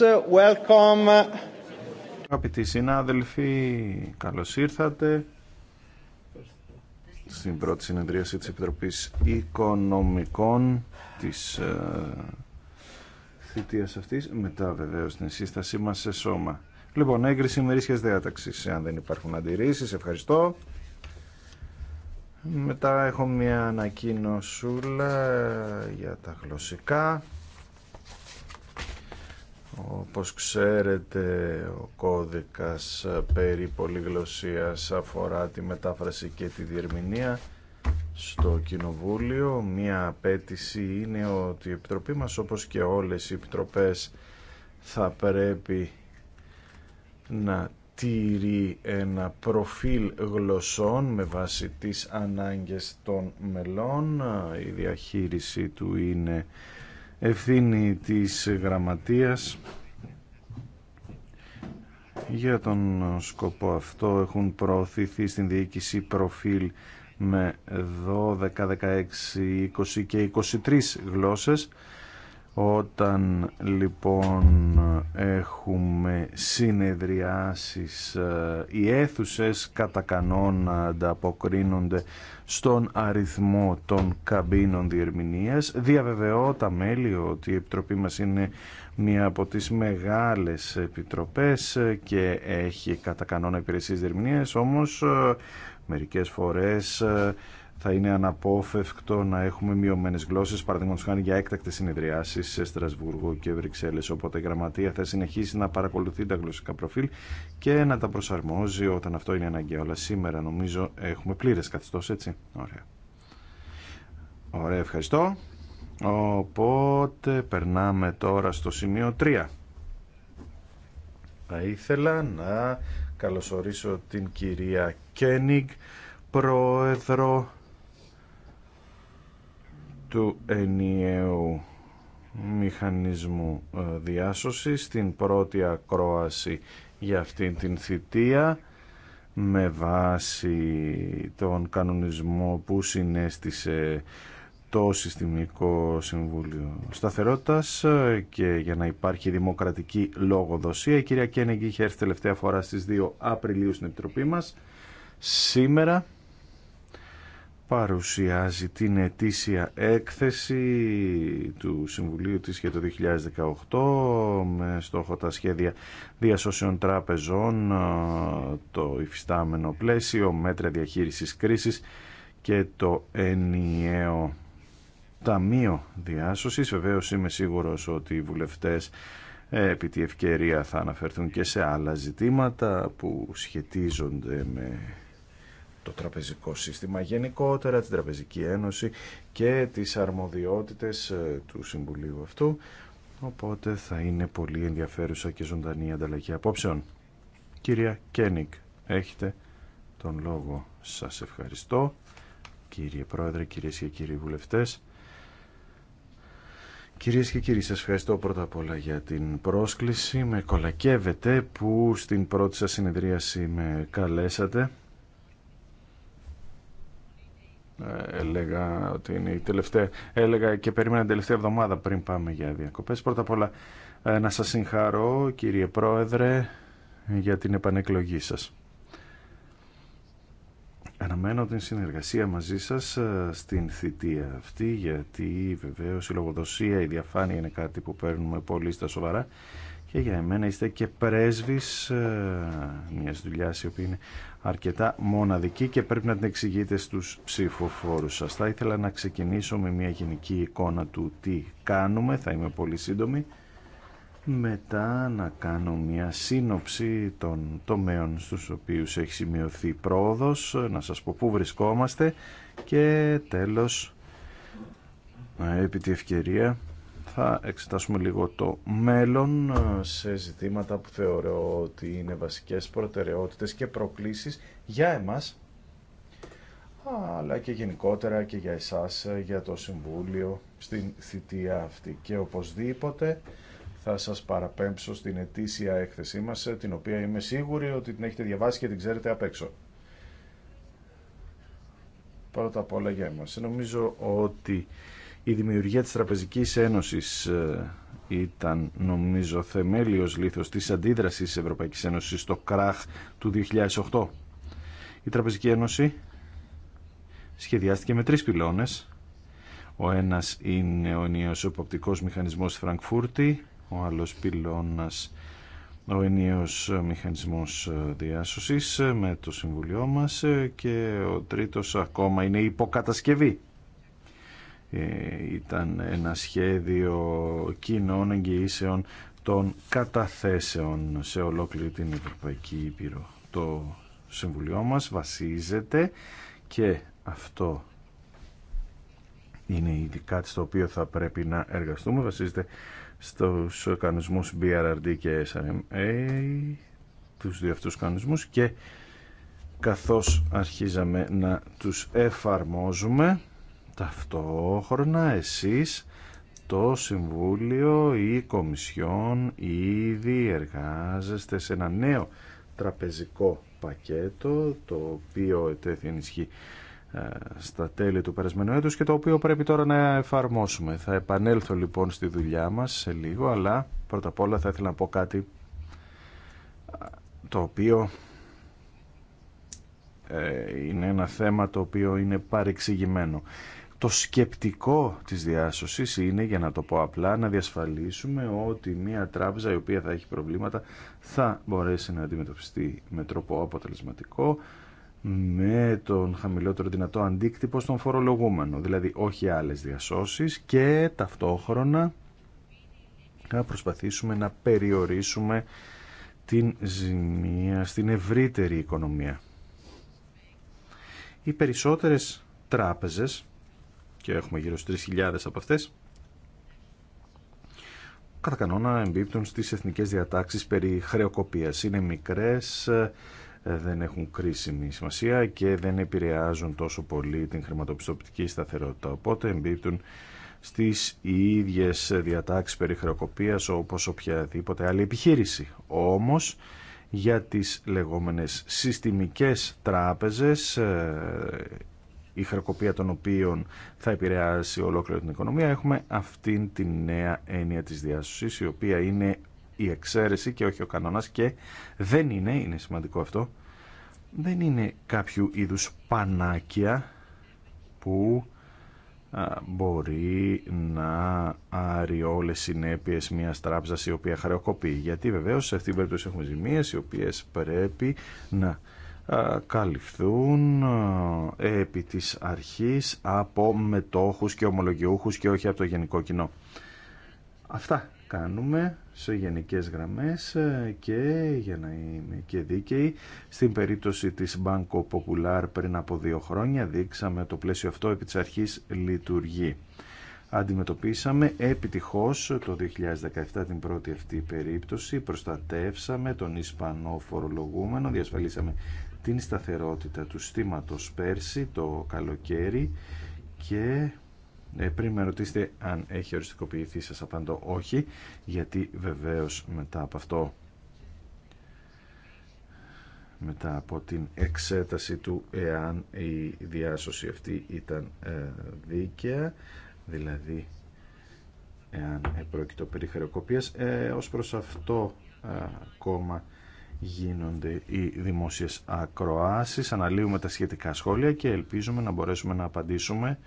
welcome. Αγαπητοί συνάδελφοι, καλώ ήρθατε στην πρώτη συνεδρίαση τη Επιτροπής Οικονομικών της ε, θητεία αυτής, μετά βεβαίω την σύστασή μα σε σώμα. Λοιπόν, έγκριση ημερήσια διάταξη αν δεν υπάρχουν αντιρρήσει. ευχαριστώ. Μετά έχω μια ανακοίνωσούλα για τα γλωσσικά. Όπως ξέρετε, ο κώδικας περί πολυγλωσσίας αφορά τη μετάφραση και τη διερμηνία στο Κοινοβούλιο. Μία απέτηση είναι ότι η Επιτροπή μας, όπως και όλες οι Επιτροπές, θα πρέπει να τηρεί ένα προφίλ γλωσσών με βάση τις ανάγκες των μελών. Η διαχείριση του είναι ευθύνη της γραμματείας. Για τον σκοπό αυτό έχουν προωθηθεί στην διοίκηση προφίλ με 12, 16, 20 και 23 γλώσσες όταν λοιπόν έχουμε συνεδριάσεις, ε, οι αίθουσες κατά κανόνα ανταποκρίνονται στον αριθμό των καμπίνων διερμηνίας. Διαβεβαιώ τα μέλη ότι η Επιτροπή μας είναι μία από τις μεγάλες επιτροπές και έχει κατά κανόνα υπηρεσίες διερμηνίας, όμως ε, μερικές φορές ε, θα είναι αναπόφευκτο να έχουμε μειωμένε γλώσσε, παραδείγματο χάρη για έκτακτε συνεδριάσει σε Στρασβούργο και Βρυξέλλε. Οπότε η Γραμματεία θα συνεχίσει να παρακολουθεί τα γλωσσικά προφίλ και να τα προσαρμόζει όταν αυτό είναι αναγκαίο. Αλλά σήμερα νομίζω έχουμε πλήρε καθιστώ, έτσι. Ωραία. Ωραία, ευχαριστώ. Οπότε περνάμε τώρα στο σημείο 3. Θα ήθελα να καλωσορίσω την κυρία Κένιγκ, πρόεδρο του ενιαίου μηχανισμού ε, διάσωσης στην πρώτη ακρόαση για αυτήν την θητεία με βάση τον κανονισμό που συνέστησε το Συστημικό Συμβούλιο Σταθερότητας ε, και για να υπάρχει δημοκρατική λόγοδοσία. Η κυρία Κένεγκη είχε έρθει τελευταία φορά στις 2 Απριλίου στην Επιτροπή μας. Σήμερα παρουσιάζει την ετήσια έκθεση του Συμβουλίου της για το 2018 με στόχο τα σχέδια διασώσεων τράπεζων, το υφιστάμενο πλαίσιο, μέτρα διαχείρισης κρίσης και το ενιαίο ταμείο διάσωσης. Βεβαίως είμαι σίγουρος ότι οι βουλευτές ε, επί τη ευκαιρία θα αναφερθούν και σε άλλα ζητήματα που σχετίζονται με το τραπεζικό σύστημα, γενικότερα την Τραπεζική Ένωση και τις αρμοδιότητες ε, του Συμβουλίου αυτού, οπότε θα είναι πολύ ενδιαφέρουσα και ζωντανή ανταλλαγή απόψεων. Κυρία Κένικ, έχετε τον λόγο. Σας ευχαριστώ, κύριε Πρόεδρε, κυρίες και κύριοι βουλευτές. Κυρίες και κύριοι, σας ευχαριστώ πρώτα απ' όλα για την πρόσκληση. Με κολακεύετε που στην πρώτη σας συνεδρίαση με καλέσατε ε, έλεγα ότι είναι η έλεγα και περίμενα την τελευταία εβδομάδα πριν πάμε για διακοπές πρώτα απ' όλα ε, να σας συγχαρώ κύριε Πρόεδρε για την επανεκλογή σας Αναμένω την συνεργασία μαζί σας ε, στην θητεία αυτή γιατί βεβαίως η λογοδοσία, η διαφάνεια είναι κάτι που παίρνουμε πολύ στα σοβαρά και για εμένα είστε και πρέσβης ε, μιας δουλειάς η οποία είναι αρκετά μοναδική και πρέπει να την εξηγείτε στους ψηφοφόρους σας. Θα ήθελα να ξεκινήσω με μια γενική εικόνα του τι κάνουμε, θα είμαι πολύ σύντομη, μετά να κάνω μια σύνοψη των τομέων στους οποίους έχει σημειωθεί πρόοδος, να σας πω πού βρισκόμαστε και τέλος, επί τη ευκαιρία, θα εξετάσουμε λίγο το μέλλον ε, σε ζητήματα που θεωρώ ότι είναι βασικές προτεραιότητες και προκλήσεις για εμάς αλλά και γενικότερα και για εσάς, ε, για το Συμβούλιο στην θητεία αυτή και οπωσδήποτε θα σας παραπέμψω στην ετήσια έκθεσή μας ε, την οποία είμαι σίγουρη ότι την έχετε διαβάσει και την ξέρετε απ' έξω. Πρώτα απ' όλα για εμάς. Νομίζω ότι η δημιουργία της Τραπεζικής Ένωσης ε, ήταν νομίζω θεμέλιος λίθος της αντίδρασης της Ευρωπαϊκής Ένωσης στο κράχ του 2008. Η Τραπεζική Ένωση σχεδιάστηκε με τρεις πυλώνες. Ο ένας είναι ο ενιαίος υποπτικός μηχανισμός Φραγκφούρτη, ο άλλος πυλώνας ο ενιαίος μηχανισμός ε, διάσωσης ε, με το Συμβουλίο μας και ο τρίτος ακόμα είναι η υποκατασκευή ε, ήταν ένα σχέδιο κοινών εγγυήσεων των καταθέσεων σε ολόκληρη την Ευρωπαϊκή Ήπειρο. Το Συμβουλίο μας βασίζεται και αυτό είναι ήδη κάτι στο οποίο θα πρέπει να εργαστούμε. Βασίζεται στους κανονισμούς BRRD και SRMA, τους δύο αυτούς κανονισμούς και καθώς αρχίζαμε να τους εφαρμόζουμε Ταυτόχρονα εσείς το Συμβούλιο ή η Κομισιόν ήδη εργάζεστε σε ένα νέο τραπεζικό πακέτο το οποίο ετέθη ενισχύ ε, στα τέλη του περασμένου έτους και το οποίο πρέπει τώρα να εφαρμόσουμε. Θα επανέλθω λοιπόν στη δουλειά μας σε λίγο, αλλά πρώτα απ' όλα θα ήθελα να πω κάτι ε, το οποίο ε, είναι ένα θέμα το οποίο είναι παρεξηγημένο το σκεπτικό της διάσωσης είναι, για να το πω απλά, να διασφαλίσουμε ότι μια τράπεζα η οποία θα έχει προβλήματα θα μπορέσει να αντιμετωπιστεί με τρόπο αποτελεσματικό με τον χαμηλότερο δυνατό αντίκτυπο στον φορολογούμενο, δηλαδή όχι άλλες διασώσεις και ταυτόχρονα να προσπαθήσουμε να περιορίσουμε την ζημία στην ευρύτερη οικονομία. Οι περισσότερες τράπεζες και έχουμε γύρω στις 3.000 από αυτές, κατά κανόνα εμπίπτουν στις εθνικές διατάξεις περί χρεοκοπίας. Είναι μικρές, δεν έχουν κρίσιμη σημασία και δεν επηρεάζουν τόσο πολύ την χρηματοπιστωτική σταθερότητα. Οπότε εμπίπτουν στις ίδιες διατάξεις περί χρεοκοπίας όπως οποιαδήποτε άλλη επιχείρηση. Όμως για τις λεγόμενες συστημικές τράπεζες η χρεοκοπία των οποίων θα επηρεάσει ολόκληρη την οικονομία, έχουμε αυτήν την νέα έννοια της διάσωσης, η οποία είναι η εξαίρεση και όχι ο κανόνας και δεν είναι, είναι σημαντικό αυτό, δεν είναι κάποιο είδους πανάκια που μπορεί να άρει όλε οι συνέπειε μια τράπεζα η οποία χρεοκοπεί. Γιατί βεβαίως σε αυτήν την περίπτωση έχουμε ζημίες οι οποίες πρέπει να καλυφθούν επί της αρχής από μετόχους και ομολογιούχους και όχι από το γενικό κοινό. Αυτά κάνουμε σε γενικές γραμμές ε, και για να είμαι και δίκαιοι στην περίπτωση της Banco Popular πριν από δύο χρόνια δείξαμε το πλαίσιο αυτό επί της αρχής λειτουργεί. Αντιμετωπίσαμε επιτυχώς το 2017 την πρώτη αυτή περίπτωση, προστατεύσαμε τον Ισπανό φορολογούμενο, διασφαλίσαμε την σταθερότητα του στήματος πέρσι το καλοκαίρι και ε, πριν με ρωτήσετε αν έχει οριστικοποιηθεί σας απαντώ όχι γιατί βεβαίως μετά από αυτό μετά από την εξέταση του εάν η διάσωση αυτή ήταν ε, δίκαια δηλαδή εάν επρόκειτο περί ε, ως προς αυτό ε, ακόμα γίνονται οι δημόσιες ακροάσεις. Αναλύουμε τα σχετικά σχόλια και ελπίζουμε να μπορέσουμε να απαντήσουμε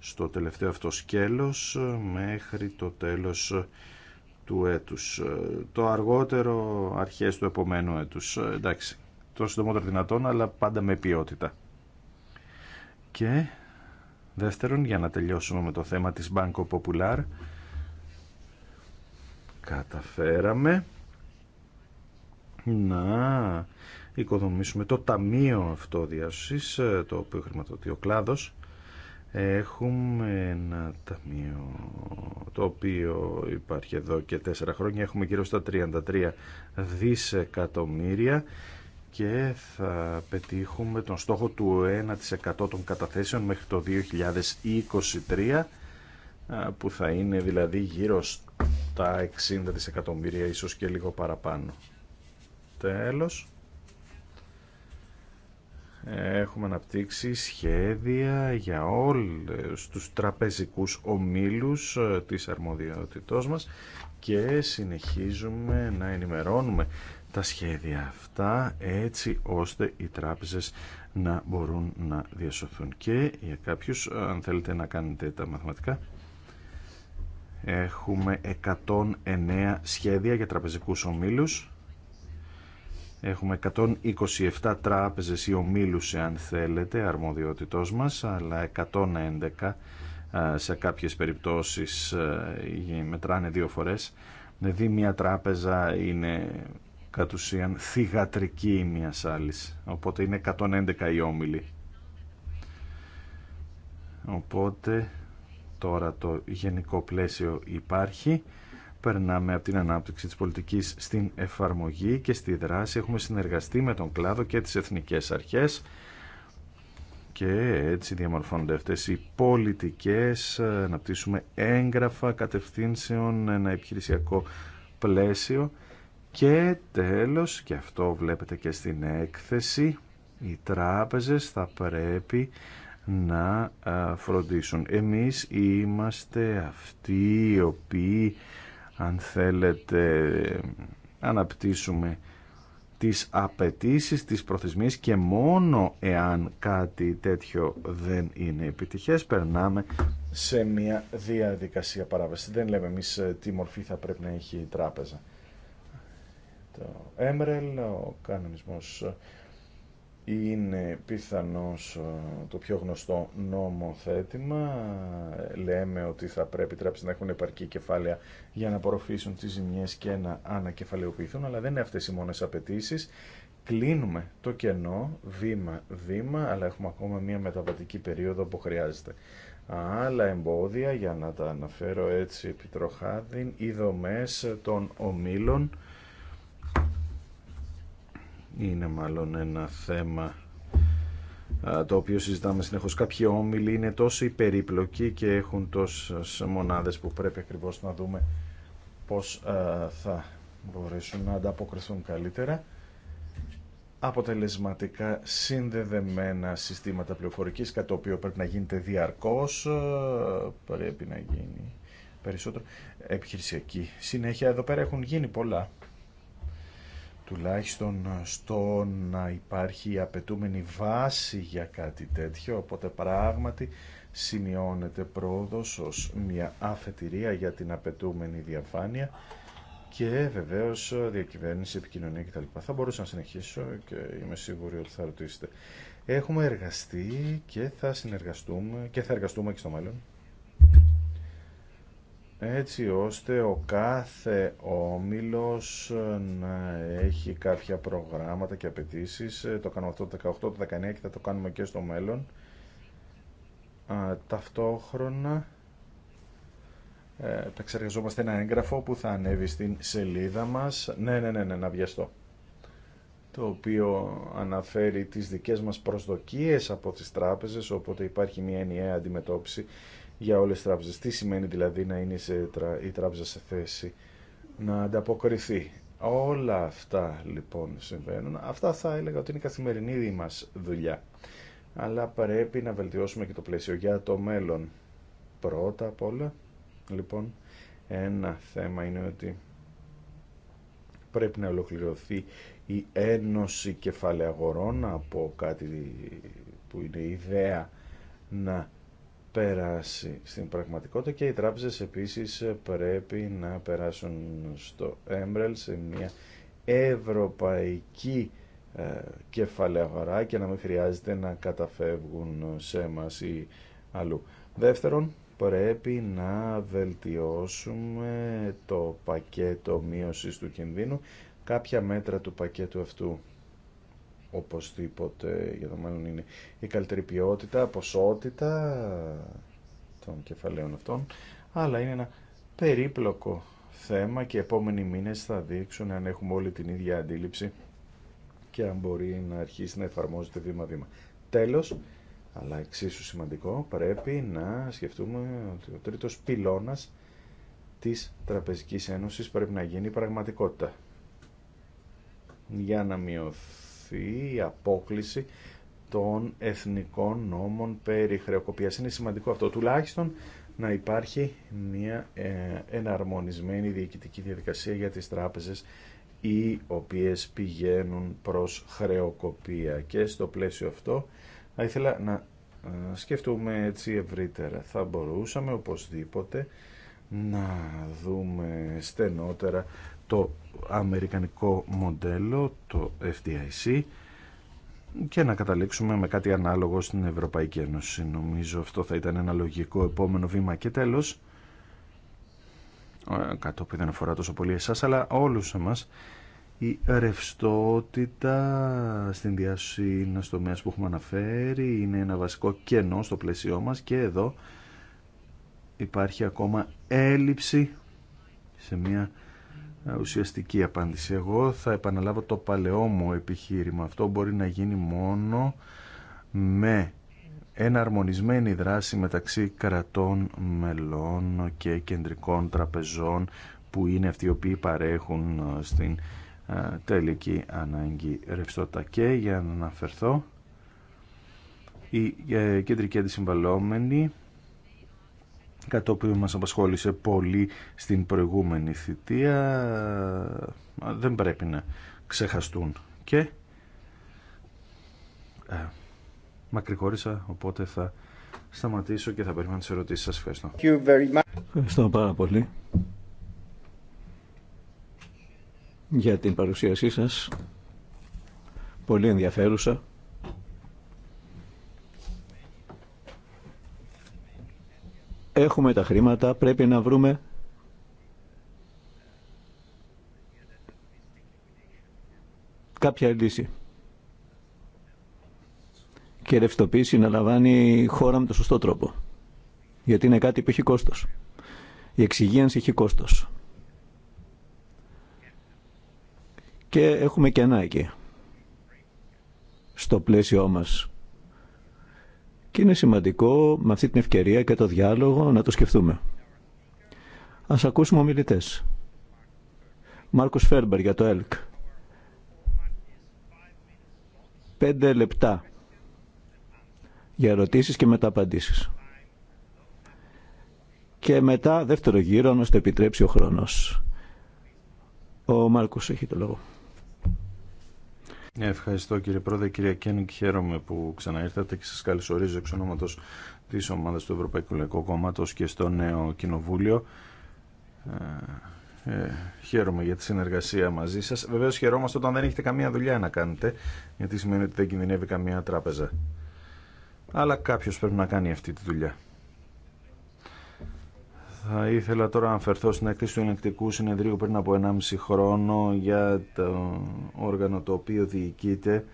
στο τελευταίο αυτό σκέλος μέχρι το τέλος του έτους. Το αργότερο αρχές του επομένου έτους. Εντάξει, το συντομότερο δυνατόν, αλλά πάντα με ποιότητα. Και δεύτερον, για να τελειώσουμε με το θέμα της Banco Popular, καταφέραμε να οικοδομήσουμε το ταμείο αυτό διάσωσης, ε, το οποίο χρηματοδοτεί ο κλάδος. Έχουμε ένα ταμείο το οποίο υπάρχει εδώ και τέσσερα χρόνια. Έχουμε γύρω στα 33 δισεκατομμύρια και θα πετύχουμε τον στόχο του 1% των καταθέσεων μέχρι το 2023 που θα είναι δηλαδή γύρω στα 60 δισεκατομμύρια ίσως και λίγο παραπάνω. Τέλος. Έχουμε αναπτύξει σχέδια για όλους τους τραπεζικούς ομίλους ε, της αρμοδιότητός μας και συνεχίζουμε να ενημερώνουμε τα σχέδια αυτά έτσι ώστε οι τράπεζες να μπορούν να διασωθούν. Και για κάποιους, ε, αν θέλετε να κάνετε τα μαθηματικά, έχουμε 109 σχέδια για τραπεζικούς ομίλους Έχουμε 127 τράπεζες ή ομίλους, αν θέλετε, αρμοδιότητός μας, αλλά 111 σε κάποιες περιπτώσεις μετράνε δύο φορές. Δηλαδή μια τράπεζα είναι κατ' ουσίαν θυγατρική μιας άλλης, οπότε είναι 111 οι όμιλοι. Οπότε τώρα το γενικό πλαίσιο υπάρχει περνάμε από την ανάπτυξη της πολιτικής στην εφαρμογή και στη δράση. Έχουμε συνεργαστεί με τον κλάδο και τις εθνικές αρχές και έτσι διαμορφώνονται αυτές οι πολιτικές, να πτήσουμε έγγραφα κατευθύνσεων, ένα επιχειρησιακό πλαίσιο και τέλος, και αυτό βλέπετε και στην έκθεση, οι τράπεζες θα πρέπει να φροντίσουν. Εμείς είμαστε αυτοί οι οποίοι αν θέλετε αναπτύσσουμε τις απαιτήσει, τις προθεσμίες και μόνο εάν κάτι τέτοιο δεν είναι επιτυχές περνάμε σε μια διαδικασία παράβαση. Δεν λέμε εμείς ε, τι μορφή θα πρέπει να έχει η τράπεζα. Το ο κανονισμός ε, είναι πιθανώς ε, το πιο γνωστό νομοθέτημα. Λέμε ότι θα πρέπει οι τράπεζες να έχουν επαρκή κεφάλαια για να απορροφήσουν τις ζημιές και να ανακεφαλαιοποιηθούν, αλλά δεν είναι αυτές οι μόνες απαιτήσεις. Κλείνουμε το κενό βήμα-βήμα, αλλά έχουμε ακόμα μία μεταβατική περίοδο που χρειάζεται. Άλλα εμπόδια, για να τα αναφέρω έτσι επιτροχάδιν, οι δομές των ομίλων, είναι μάλλον ένα θέμα το οποίο συζητάμε συνεχώς. Κάποιοι όμιλοι είναι τόσο υπερίπλοκοι και έχουν τόσες μονάδες που πρέπει ακριβώς να δούμε πώς θα μπορέσουν να ανταποκριθούν καλύτερα. Αποτελεσματικά συνδεδεμένα συστήματα πληροφορικής, κατά το οποίο πρέπει να γίνεται διαρκώς, πρέπει να γίνει περισσότερο επιχειρησιακή συνέχεια. Εδώ πέρα έχουν γίνει πολλά τουλάχιστον ε, στο να υπάρχει η απαιτούμενη βάση για κάτι τέτοιο, οπότε πράγματι σημειώνεται πρόοδος ως μια αφετηρία για την απαιτούμενη διαφάνεια και βεβαίως ε, διακυβέρνηση, επικοινωνία κτλ. Θα μπορούσα να συνεχίσω και είμαι σίγουρη ότι θα ρωτήσετε. Έχουμε εργαστεί και θα συνεργαστούμε και θα εργαστούμε και στο μέλλον έτσι ώστε ο κάθε όμιλος να έχει κάποια προγράμματα και απαιτήσει. Ε, το κάνουμε αυτό το 18, το 19 και θα το κάνουμε και στο μέλλον. ταυτόχρονα ε, εξεργαζόμαστε ένα έγγραφο που θα ανέβει στην σελίδα μας. Ναι, ναι, ναι, ναι, να βιαστώ. Το οποίο αναφέρει τις δικές μας προσδοκίες από τις τράπεζες, οπότε υπάρχει μια ενιαία αντιμετώπιση για όλες τι τράπεζε. Τι σημαίνει δηλαδή να είναι σε, η τράπεζα σε θέση να ανταποκριθεί. Όλα αυτά λοιπόν συμβαίνουν. Αυτά θα έλεγα ότι είναι η καθημερινή μα δουλειά. Αλλά πρέπει να βελτιώσουμε και το πλαίσιο για το μέλλον. Πρώτα απ' όλα, λοιπόν, ένα θέμα είναι ότι πρέπει να ολοκληρωθεί η Ένωση Κεφαλαίου Αγορών από κάτι που είναι ιδέα να περάσει στην πραγματικότητα και οι τράπεζες επίσης πρέπει να περάσουν στο Έμπρελ σε μια ευρωπαϊκή ε, κεφαλαία αγορά και να μην χρειάζεται να καταφεύγουν σε εμάς ή αλλού. Δεύτερον, πρέπει να βελτιώσουμε το πακέτο μείωσης του κινδύνου. Κάποια μέτρα του πακέτου αυτού οπωσδήποτε για το μέλλον είναι η καλύτερη ποιότητα, ποσότητα των κεφαλαίων αυτών, αλλά είναι ένα περίπλοκο θέμα και οι επόμενοι μήνες θα δείξουν αν έχουμε όλη την ίδια αντίληψη και αν μπορεί να αρχίσει να εφαρμόζεται βήμα-βήμα. Τέλος, αλλά εξίσου σημαντικό, πρέπει να σκεφτούμε ότι ο τρίτος πυλώνας της Τραπεζικής Ένωσης πρέπει να γίνει πραγματικότητα για να μειωθεί ή η η απόκληση των εθνικών νόμων περί χρεοκοπίας. Είναι σημαντικό αυτό τουλάχιστον να υπάρχει μια ε, εναρμονισμένη διοικητική διαδικασία για τις τράπεζες οι οποίες πηγαίνουν προς χρεοκοπία. Και στο πλαίσιο αυτό θα ήθελα να ε, σκεφτούμε έτσι ευρύτερα. Θα μπορούσαμε οπωσδήποτε να δούμε στενότερα το αμερικανικό μοντέλο, το FDIC, και να καταλήξουμε με κάτι ανάλογο στην Ευρωπαϊκή Ένωση. Νομίζω αυτό θα ήταν ένα λογικό επόμενο βήμα και τέλος, ε, κάτω που δεν αφορά τόσο πολύ εσάς, αλλά όλους εμάς, η ρευστότητα στην διάσωση είναι στο μέσο που έχουμε αναφέρει, είναι ένα βασικό κενό στο πλαίσιό μας και εδώ υπάρχει ακόμα έλλειψη σε μια ουσιαστική απάντηση. Εγώ θα επαναλάβω το παλαιό μου επιχείρημα. Αυτό μπορεί να γίνει μόνο με εναρμονισμένη δράση μεταξύ κρατών μελών και κεντρικών τραπεζών που είναι αυτοί οι οποίοι παρέχουν στην τελική ανάγκη ρευστότητα. Και για να αναφερθώ, οι ε, κεντρικοί αντισυμβαλόμενοι κάτι το οποίο μας απασχόλησε πολύ στην προηγούμενη θητεία δεν πρέπει να ξεχαστούν και ε, οπότε θα σταματήσω και θα περιμένω τις ερωτήσεις σας ευχαριστώ ευχαριστώ πάρα πολύ για την παρουσίασή σας πολύ ενδιαφέρουσα Έχουμε τα χρήματα, πρέπει να βρούμε κάποια λύση. Και ρευστοποίηση να λαμβάνει η χώρα με τον σωστό τρόπο. Γιατί είναι κάτι που έχει κόστος. Η εξυγίανση έχει κόστος. Και έχουμε κενά εκεί. Στο πλαίσιό μας και είναι σημαντικό με αυτή την ευκαιρία και το διάλογο να το σκεφτούμε. Ας ακούσουμε ομιλητές. Μάρκος Φέρμπερ για το ΕΛΚ. Πέντε λεπτά για ερωτήσεις και μετά απαντήσεις. Και μετά δεύτερο γύρο, αν επιτρέψει ο χρόνος. Ο Μάρκος έχει το λόγο. Ευχαριστώ κύριε Πρόεδρε, κυρία Κένικ, χαίρομαι που ξαναήρθατε και σας καλωσορίζω εξ ονόματος της ομάδας του Ευρωπαϊκού Λαϊκού Κόμματος και στο νέο Κοινοβούλιο. Ε, ε, χαίρομαι για τη συνεργασία μαζί σας. Βεβαίως χαιρόμαστε όταν δεν έχετε καμία δουλειά να κάνετε, γιατί σημαίνει ότι δεν κινδυνεύει καμία τράπεζα. Αλλά κάποιος πρέπει να κάνει αυτή τη δουλειά. Θα ήθελα τώρα να αναφερθώ στην έκθεση του ελεγκτικού συνεδρίου πριν από 1,5 χρόνο για το όργανο το οποίο διοικείται,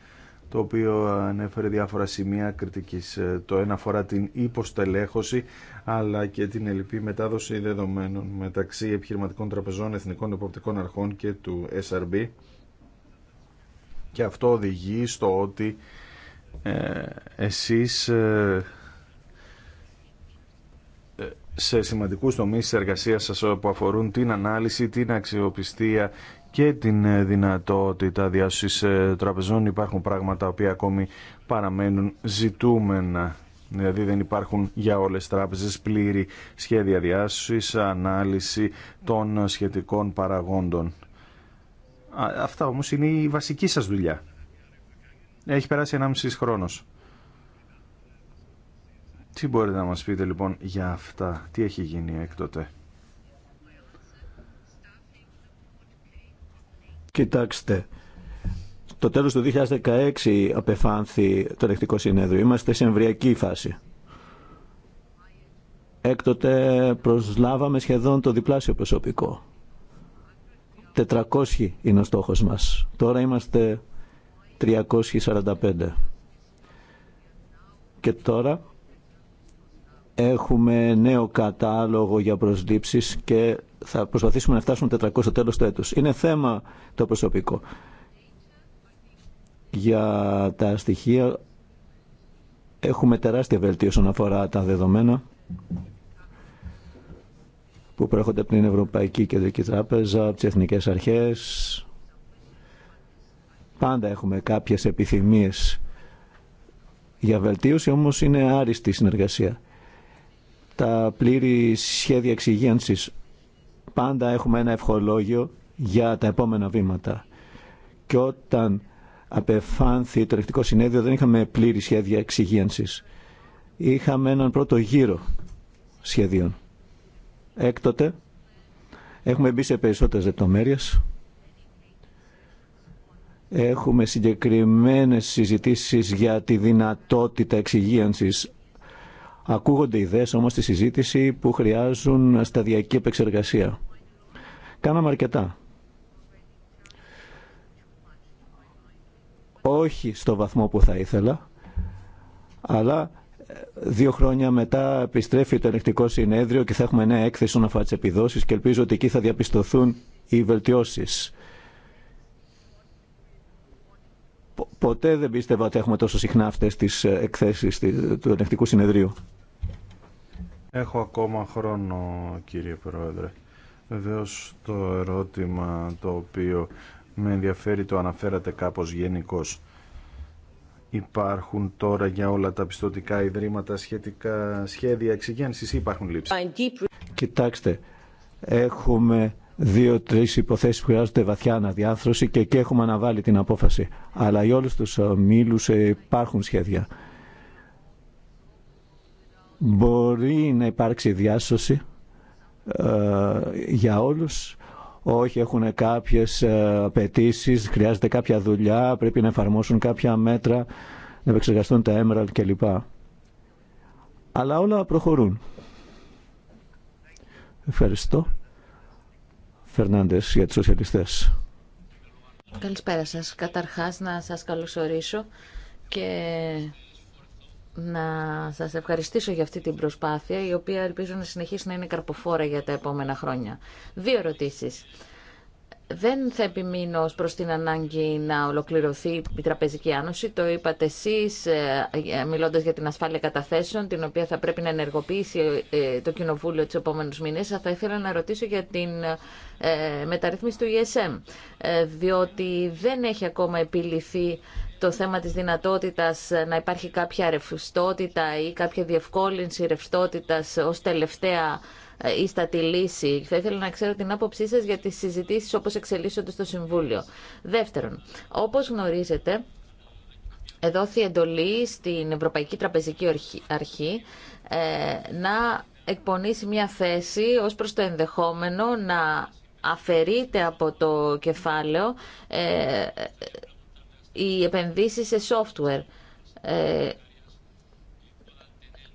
το οποίο ανέφερε διάφορα σημεία κριτικής. Το ένα αφορά την υποστελέχωση, αλλά και την ελληπή μετάδοση δεδομένων μεταξύ επιχειρηματικών τραπεζών, εθνικών εποπτικών αρχών και του SRB. Και αυτό οδηγεί στο ότι ε, εσείς... Ε, σε σημαντικούς τομείς τη εργασίας σας που αφορούν την ανάλυση, την αξιοπιστία και την ε, δυνατότητα διάσωσης ε, τραπεζών υπάρχουν πράγματα οποία ακόμη παραμένουν ζητούμενα. Δηλαδή δεν υπάρχουν για όλες τις τράπεζες πλήρη σχέδια διάσωσης, ανάλυση των σχετικών παραγόντων. Αυτά όμως είναι η βασική σας δουλειά. Έχει περάσει 1,5 χρόνος. Τι μπορείτε να μας πείτε λοιπόν για αυτά, τι έχει γίνει έκτοτε. Κοιτάξτε, το τέλος του 2016 απεφάνθη το ελεκτικό συνέδριο. Είμαστε σε εμβριακή φάση. Έκτοτε προσλάβαμε σχεδόν το διπλάσιο προσωπικό. 400 είναι ο στόχος μας. Τώρα είμαστε 345. Και τώρα έχουμε νέο κατάλογο για προσλήψεις και θα προσπαθήσουμε να φτάσουμε 400 στο τέλος του έτους. Είναι θέμα το προσωπικό. Για τα στοιχεία έχουμε τεράστια βελτίωση όσον αφορά τα δεδομένα που προέρχονται από την Ευρωπαϊκή Κεντρική Τράπεζα, από τις Εθνικές Αρχές. Πάντα έχουμε κάποιες επιθυμίες για βελτίωση, όμως είναι άριστη η συνεργασία τα πλήρη σχέδια εξυγένσης. Πάντα έχουμε ένα ευχολόγιο για τα επόμενα βήματα. Και όταν απεφάνθη το ρεκτικό συνέδριο δεν είχαμε πλήρη σχέδια εξυγένσης. Είχαμε έναν πρώτο γύρο σχεδίων. Έκτοτε έχουμε μπει σε περισσότερες λεπτομέρειες. Έχουμε συγκεκριμένες συζητήσεις για τη δυνατότητα εξυγίανσης Ακούγονται ιδέες όμως στη συζήτηση που χρειάζουν σταδιακή επεξεργασία. Κάναμε αρκετά. Όχι στο βαθμό που θα ήθελα, αλλά ε, δύο χρόνια μετά επιστρέφει το ελεκτικό συνέδριο και θα έχουμε νέα έκθεση να αφορά τι επιδόσει και ελπίζω ότι εκεί θα διαπιστωθούν οι βελτιώσεις. Ποτέ δεν πίστευα ότι έχουμε τόσο συχνά αυτέ τι ε, εκθέσει του ελεκτικού συνεδρίου. Έχω ακόμα χρόνο κύριε Πρόεδρε. Βεβαίω το ερώτημα το οποίο με ενδιαφέρει το αναφέρατε κάπως γενικώ. Υπάρχουν τώρα για όλα τα πιστοτικά ιδρύματα σχετικά σχέδια εξυγένσης ή υπάρχουν λήψεις. Κοιτάξτε, έχουμε δύο-τρει υποθέσει που χρειάζονται βαθιά αναδιάθρωση και εκεί έχουμε αναβάλει την απόφαση. Αλλά για όλου του μήλους υπάρχουν σχέδια. Μπορεί να υπάρξει διάσωση ε, για όλους. Όχι, έχουν κάποιες ε, απαιτήσει, χρειάζεται κάποια δουλειά, πρέπει να εφαρμόσουν κάποια μέτρα, να επεξεργαστούν τα έμεραλ κλπ. Αλλά όλα προχωρούν. Ευχαριστώ. Φερνάντες για τους σοσιαλιστές. Καλησπέρα σας. Καταρχάς να σας καλωσορίσω και να σας ευχαριστήσω για αυτή την προσπάθεια, η οποία ελπίζω να συνεχίσει να είναι καρποφόρα για τα επόμενα χρόνια. Δύο ερωτήσεις. Δεν θα επιμείνω ως προς την ανάγκη να ολοκληρωθεί η Τραπεζική Άνωση. Το είπατε εσείς, ε, ε, μιλώντας για την ασφάλεια καταθέσεων, την οποία θα πρέπει να ενεργοποιήσει ε, το Κοινοβούλιο τους επόμενους μήνες. Θα ήθελα να ρωτήσω για την μεταρρύθμιση του ESM, διότι δεν έχει ακόμα επιληθεί το θέμα της δυνατότητας να υπάρχει κάποια ρευστότητα ή κάποια διευκόλυνση ρευστότητας ως τελευταία ή ε, στα τη λύση. Θα ήθελα να ξέρω την άποψή σας για τις συζητήσεις όπως εξελίσσονται στο Συμβούλιο. Δεύτερον, όπως γνωρίζετε, δόθη εντολή στην Ευρωπαϊκή Τραπεζική Αρχή ε, να εκπονήσει μια θέση ως προς το ενδεχόμενο να αφαιρείται από το κεφάλαιο ε, οι επενδύσεις σε software. Ε,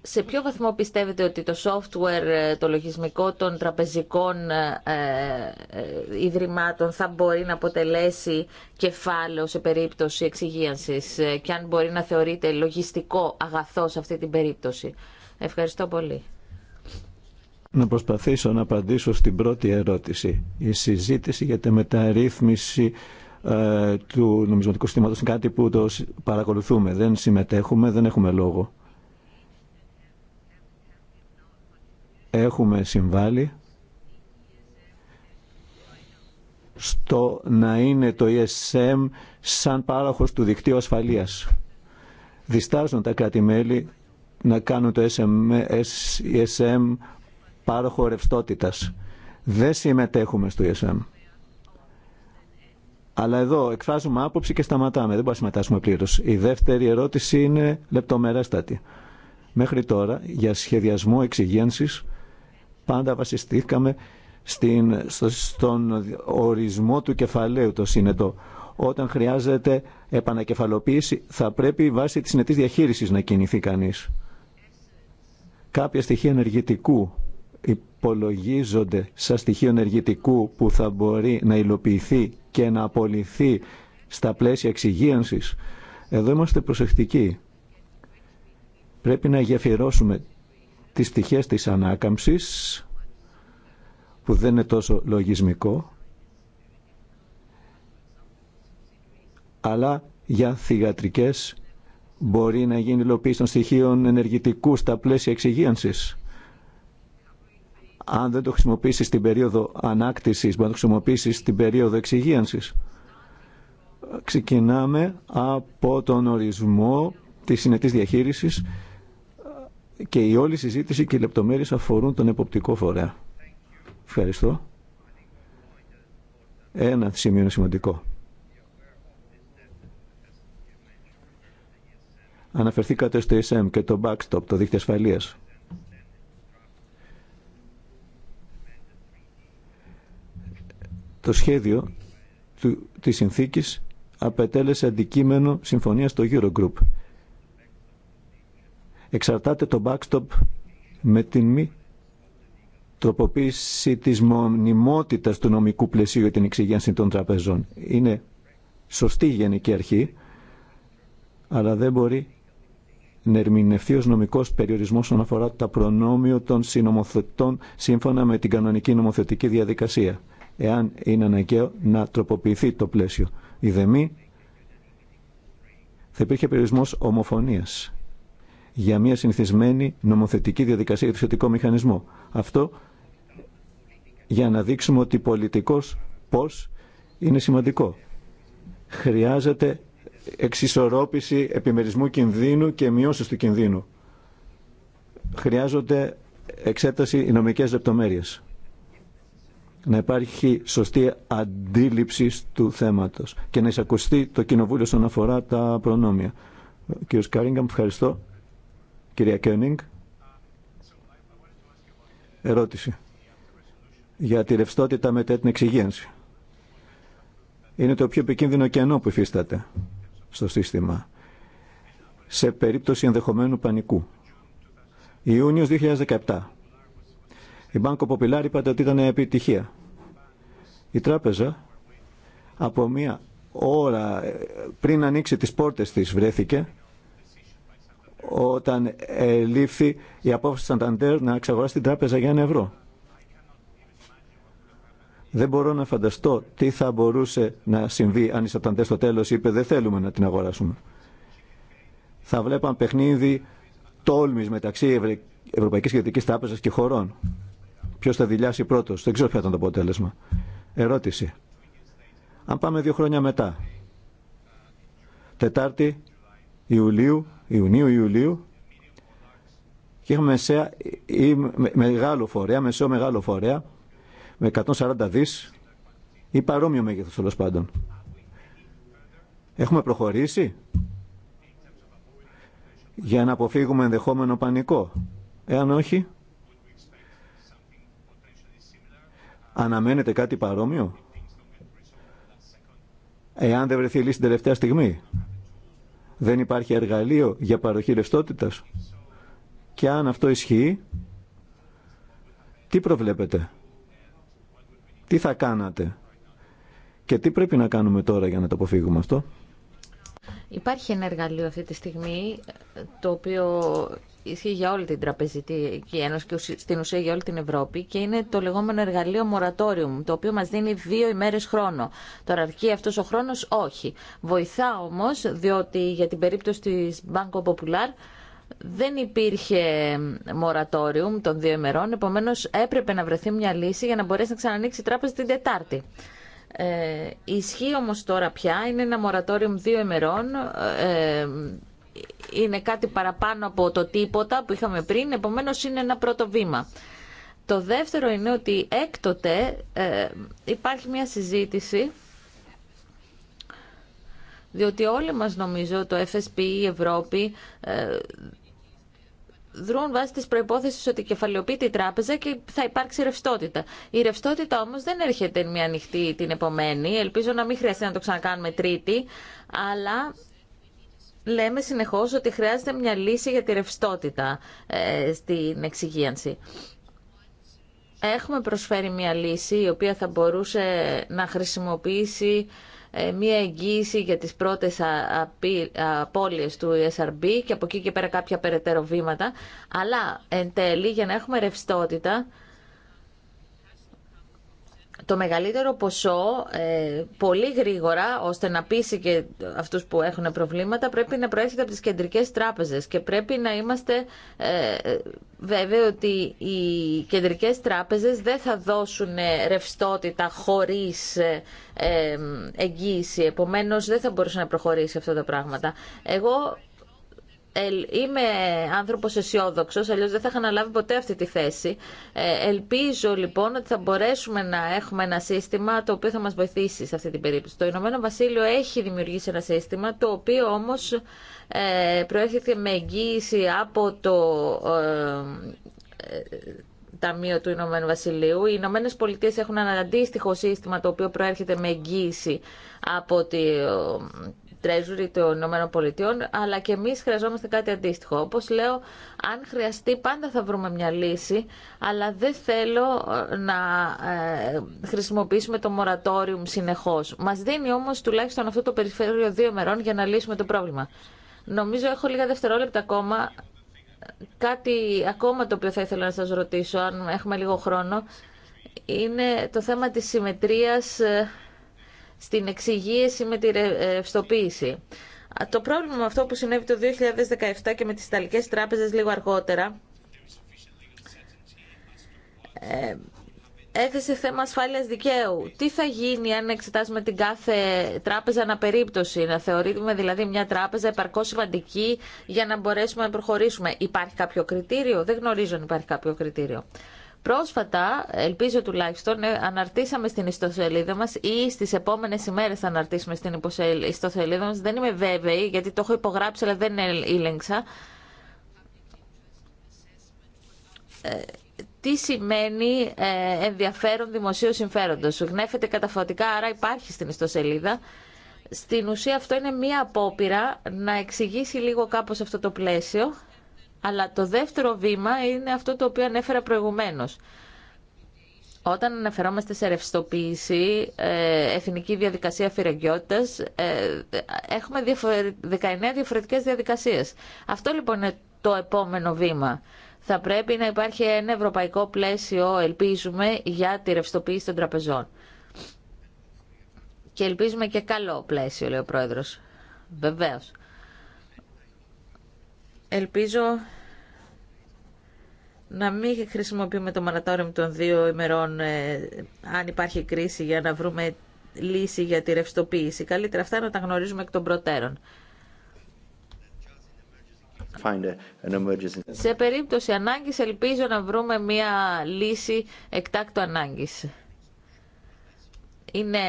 σε ποιο βαθμό πιστεύετε ότι το software, ε, το λογισμικό των τραπεζικών ε, ε, ιδρυμάτων θα μπορεί να αποτελέσει κεφάλαιο σε περίπτωση εξυγίανσης ε, και αν μπορεί να θεωρείται λογιστικό αγαθό σε αυτή την περίπτωση. Ευχαριστώ πολύ. Να προσπαθήσω να απαντήσω στην πρώτη ερώτηση. Η συζήτηση για τη μεταρρύθμιση ε, του νομισματικού συστήματος είναι κάτι που το παρακολουθούμε. Δεν συμμετέχουμε, δεν έχουμε λόγο. Έχουμε συμβάλει στο να είναι το ESM σαν πάροχος του δικτύου ασφαλείας. Διστάζουν τα κράτη-μέλη να κάνουν το ESM πάροχο ρευστότητας. Δεν συμμετέχουμε στο ESM. Αλλά εδώ εκφράζουμε άποψη και σταματάμε. Δεν μπορούμε να συμμετάσχουμε πλήρω. Η δεύτερη ερώτηση είναι λεπτομερέστατη. Μέχρι τώρα, για σχεδιασμό εξυγένση, πάντα βασιστήκαμε στην, στον ορισμό του κεφαλαίου το συνετό. Όταν χρειάζεται επανακεφαλοποίηση, θα πρέπει βάσει τη συνετή διαχείριση να κινηθεί κανεί. Κάποια στοιχεία ενεργητικού υπολογίζονται σαν στοιχείο ενεργητικού που θα μπορεί να υλοποιηθεί και να απολυθεί στα πλαίσια εξυγίανσης. Εδώ είμαστε προσεκτικοί. Πρέπει να γεφυρώσουμε τις στοιχές της ανάκαμψης που δεν είναι τόσο λογισμικό αλλά για θυγατρικές μπορεί να γίνει υλοποίηση των στοιχείων ενεργητικού στα πλαίσια εξυγίανσης αν δεν το χρησιμοποιήσει στην περίοδο ανάκτησης, μπορεί να το χρησιμοποιήσει στην περίοδο εξυγίανσης. Ξεκινάμε από τον ορισμό της συνετής διαχείρισης και η όλη συζήτηση και οι λεπτομέρειες αφορούν τον εποπτικό φορέα. Ευχαριστώ. Ένα σημείο είναι σημαντικό. Αναφερθήκατε στο ESM και το backstop, το δίκτυο ασφαλείας. Το σχέδιο του, της συνθήκης απετέλεσε αντικείμενο συμφωνίας στο Eurogroup. Εξαρτάται το backstop με την μη τροποποίηση της μονιμότητας του νομικού πλαισίου για την εξυγένση των τραπεζών. Είναι σωστή η γενική αρχή, αλλά δεν μπορεί να ερμηνευτεί ως νομικός περιορισμός όσον αφορά τα προνόμιο των συνομοθετών σύμφωνα με την κανονική νομοθετική διαδικασία εάν είναι αναγκαίο να τροποποιηθεί το πλαίσιο. Η δεμή θα υπήρχε περιορισμό ομοφωνία για μια συνηθισμένη νομοθετική διαδικασία για το σχετικό μηχανισμό. Αυτό για να δείξουμε ότι πολιτικός πώς είναι σημαντικό. Χρειάζεται εξισορρόπηση επιμερισμού κινδύνου και μειώσεις του κινδύνου. Χρειάζονται εξέταση νομικές λεπτομέρειες να υπάρχει σωστή αντίληψη του θέματος και να εισακουστεί το Κοινοβούλιο στον αφορά τα προνόμια. Κύριος Κάριγκαμ, ευχαριστώ. Κυρία Κένιγκ, ερώτηση για τη ρευστότητα μετά την εξυγίανση. Είναι το πιο επικίνδυνο κενό που υφίσταται στο σύστημα σε περίπτωση ενδεχομένου πανικού. Ιούνιος 2017 η Banco Popular είπατε ότι ήταν επιτυχία. Η τράπεζα από μία ώρα ε, πριν ανοίξει τις πόρτες της βρέθηκε όταν λήφθη η απόφαση Αντάντερ να εξαγοράσει την τράπεζα για ένα ευρώ. Δεν μπορώ να φανταστώ τι θα μπορούσε να συμβεί αν η Σανταντέρ στο τέλος είπε δεν θέλουμε να την αγοράσουμε. Θα βλέπαν παιχνίδι τόλμης μεταξύ Ευρωπαϊκής Κεντρικής Τράπεζας και χωρών. Ποιο θα δηλιάσει πρώτο. Δεν ξέρω ποιο ήταν το αποτέλεσμα. Ερώτηση. Αν πάμε δύο χρόνια μετά, Τετάρτη Ιουλίου, Ιουνίου, Ιουλίου, και είχαμε μεσαία, ή μεγάλο φορέα, μεσαίο μεγάλο φορέα, με 140 δις ή παρόμοιο μέγεθος τέλο πάντων. Έχουμε προχωρήσει για να αποφύγουμε ενδεχόμενο πανικό. Εάν όχι, Αναμένετε κάτι παρόμοιο. Εάν δεν βρεθεί λύση την τελευταία στιγμή. Δεν υπάρχει εργαλείο για παροχή ρευστότητα. Και αν αυτό ισχύει, τι προβλέπετε. Τι θα κάνατε. Και τι πρέπει να κάνουμε τώρα για να το αποφύγουμε αυτό. Υπάρχει ένα εργαλείο αυτή τη στιγμή το οποίο ισχύει για όλη την Τραπεζική Ένωση και στην ουσία για όλη την Ευρώπη και είναι το λεγόμενο εργαλείο moratorium, το οποίο μας δίνει δύο ημέρες χρόνο. Τώρα αρκεί αυτός ο χρόνος, όχι. Βοηθά όμως, διότι για την περίπτωση της Banco Popular δεν υπήρχε moratorium των δύο ημερών, επομένως έπρεπε να βρεθεί μια λύση για να μπορέσει να ξανανοίξει η τράπεζα την Τετάρτη. Ε, ισχύει όμως τώρα πια, είναι ένα moratorium δύο ημερών, ε, είναι κάτι παραπάνω από το τίποτα που είχαμε πριν, επομένως είναι ένα πρώτο βήμα. Το δεύτερο είναι ότι έκτοτε ε, υπάρχει μια συζήτηση διότι όλοι μας νομίζω το FSP, η Ευρώπη ε, δρούν βάσει τη προπόθεση ότι κεφαλαιοποιεί την τράπεζα και θα υπάρξει ρευστότητα. Η ρευστότητα όμω δεν έρχεται μια ανοιχτή την επομένη. Ελπίζω να μην χρειαστεί να το ξανακάνουμε τρίτη, αλλά λέμε συνεχώς ότι χρειάζεται μια λύση για τη ρευστότητα ε, στην εξυγίανση. Έχουμε προσφέρει μια λύση η οποία θα μπορούσε να χρησιμοποιήσει ε, μία εγγύηση για τις πρώτες απώλειες του ESRB και από εκεί και πέρα κάποια περαιτέρω βήματα. Αλλά εν τέλει για να έχουμε ρευστότητα το μεγαλύτερο ποσό ε, πολύ γρήγορα, ώστε να πείσει και αυτούς που έχουν προβλήματα, πρέπει να προέρχεται από τις κεντρικές τράπεζες και πρέπει να είμαστε ε, βέβαιοι ότι οι κεντρικές τράπεζες δεν θα δώσουν ε, ρευστότητα χωρίς ε, εγγύηση. Επομένως, δεν θα μπορούσε να προχωρήσει αυτά τα πράγματα. Εγώ είμαι άνθρωπος αισιόδοξο, αλλιώ δεν θα είχα λάβει ποτέ αυτή τη θέση. Ε, ελπίζω λοιπόν ότι θα μπορέσουμε να έχουμε ένα σύστημα το οποίο θα μας βοηθήσει σε αυτή την περίπτωση. Το Ηνωμένο Βασίλειο έχει δημιουργήσει ένα σύστημα το οποίο όμως ε, προέρχεται με εγγύηση από το ε, Ταμείο του Ηνωμένου Βασιλείου. Οι Ηνωμένε Πολιτείε έχουν ένα αντίστοιχο σύστημα το οποίο προέρχεται με εγγύηση από το Treasury των Ηνωμένων αλλά και εμεί χρειαζόμαστε κάτι αντίστοιχο. Όπω λέω, αν χρειαστεί πάντα θα βρούμε μια λύση, αλλά δεν θέλω ε, να ε, χρησιμοποιήσουμε το moratorium συνεχώ. Μα δίνει όμω τουλάχιστον αυτό το περιφέρειο δύο μερών για να λύσουμε το πρόβλημα. Νομίζω έχω λίγα δευτερόλεπτα ακόμα. Κάτι ακόμα το οποίο θα ήθελα να σας ρωτήσω, αν έχουμε λίγο χρόνο, είναι το θέμα της συμμετρίας ε, στην εξυγίεση με τη ρευστοποίηση. Ε, το πρόβλημα με αυτό που συνέβη το 2017 και με τις Ιταλικές τράπεζες λίγο αργότερα ε, έθεσε θέμα ασφάλειας δικαίου. Τι θα γίνει αν εξετάσουμε την κάθε τράπεζα αναπερίπτωση, να θεωρήσουμε δηλαδή μια τράπεζα επαρκώς σημαντική για να μπορέσουμε να προχωρήσουμε. Υπάρχει κάποιο κριτήριο, δεν γνωρίζω αν υπάρχει κάποιο κριτήριο. Πρόσφατα, ελπίζω τουλάχιστον, ε, αναρτήσαμε στην ιστοσελίδα μας ή στις επόμενες ημέρες θα αναρτήσουμε στην ιστοσελίδα μας. Δεν είμαι βέβαιη γιατί το έχω υπογράψει αλλά δεν έλεγξα. Ε, ε, τι σημαίνει ενδιαφέρον δημοσίου συμφέροντος. Γνέφεται καταφωτικά, άρα υπάρχει στην ιστοσελίδα. Στην ουσία αυτό είναι μία απόπειρα να εξηγήσει λίγο κάπως αυτό το πλαίσιο αλλά το δεύτερο βήμα είναι αυτό το οποίο ανέφερα προηγουμένως. Όταν αναφερόμαστε σε ρευστοποίηση, ε, εθνική διαδικασία φυραγγιότητας, ε, έχουμε 19 διαφορετικές διαδικασίες. Αυτό λοιπόν είναι το επόμενο βήμα. Θα πρέπει να υπάρχει ένα ευρωπαϊκό πλαίσιο, ελπίζουμε, για τη ρευστοποίηση των τραπεζών. Και ελπίζουμε και καλό πλαίσιο, λέει ο Πρόεδρος. Βεβαίως. Ελπίζω να μην χρησιμοποιούμε το μανατόριο των δύο ημερών ε, αν υπάρχει κρίση για να βρούμε λύση για τη ρευστοποίηση. Καλύτερα αυτά να τα γνωρίζουμε εκ των προτέρων. Σε περίπτωση ανάγκης ελπίζω να βρούμε μία λύση εκτάκτου ανάγκης. Είναι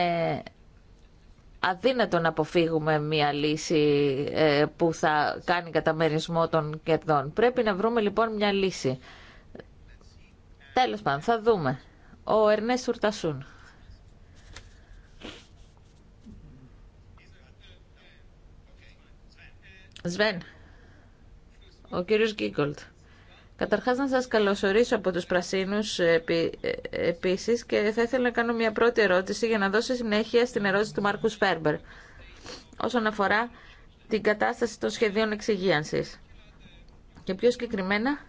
αδύνατο να αποφύγουμε μια λύση ε, που θα κάνει καταμερισμό των κερδών. Πρέπει να βρούμε λοιπόν μια λύση. Τέλος πάντων, θα δούμε. Ο Ερνές Ουρτασούν. Σβέν, ο κύριος Γκίγκολτ. Καταρχάς να σας καλωσορίσω από τους Πρασίνους ε, επί, ε, επίσης και θα ήθελα να κάνω μια πρώτη ερώτηση για να δώσω συνέχεια στην ερώτηση του Μάρκου Φέρμπερ όσον αφορά την κατάσταση των σχεδίων εξυγίανσης. Και πιο συγκεκριμένα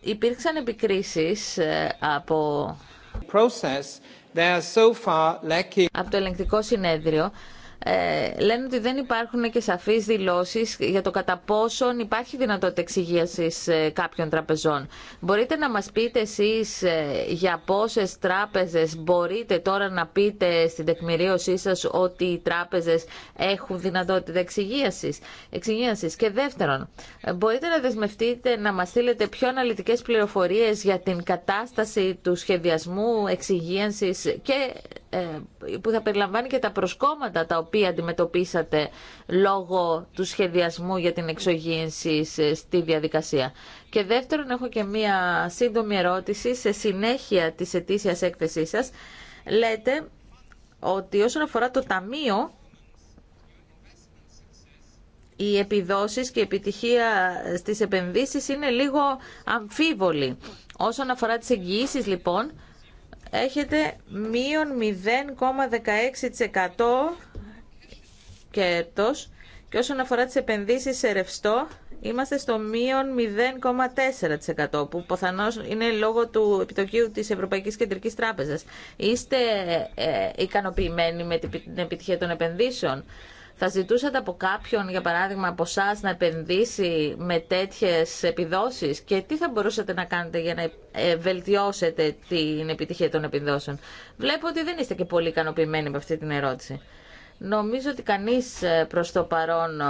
υπήρξαν επικρίσεις ε, από, από το ελεγκτικό συνέδριο ε, λένε ότι δεν υπάρχουν και σαφείς δηλώσεις για το κατά πόσον υπάρχει δυνατότητα εξυγίασης ε, κάποιων τραπεζών. Μπορείτε να μας πείτε εσείς ε, για πόσες τράπεζες μπορείτε τώρα να πείτε στην τεκμηρίωσή σας ότι οι τράπεζες έχουν δυνατότητα εξυγίασης. Και δεύτερον, μπορείτε να δεσμευτείτε να μας στείλετε πιο αναλυτικές πληροφορίες για την κατάσταση του σχεδιασμού εξυγίανσης και ε, που θα περιλαμβάνει και τα προσκόμματα τα οποία αντιμετωπίσατε λόγω του σχεδιασμού για την εξογήινση στη διαδικασία. Και δεύτερον, έχω και μία σύντομη ερώτηση σε συνέχεια της ετήσιας έκθεσής σας. Λέτε ότι όσον αφορά το Ταμείο, οι επιδόσεις και η επιτυχία στις επενδύσεις είναι λίγο αμφίβολη. Όσον αφορά τις εγγυήσεις, λοιπόν, έχετε μείον 0,16% κέρδος και όσον αφορά τις επενδύσεις σε ρευστό είμαστε στο μείον 0,4% που ποθανώς είναι λόγω του επιτοκίου της Ευρωπαϊκής Κεντρικής Τράπεζας. Είστε ε, ικανοποιημένοι με την επιτυχία των επενδύσεων. Θα ζητούσατε από κάποιον, για παράδειγμα, από εσά να επενδύσει με τέτοιε επιδόσεις και τι θα μπορούσατε να κάνετε για να ε, βελτιώσετε την επιτυχία των επιδόσεων. Βλέπω ότι δεν είστε και πολύ ικανοποιημένοι με αυτή την ερώτηση. Νομίζω ότι κανείς ε, προς το παρόν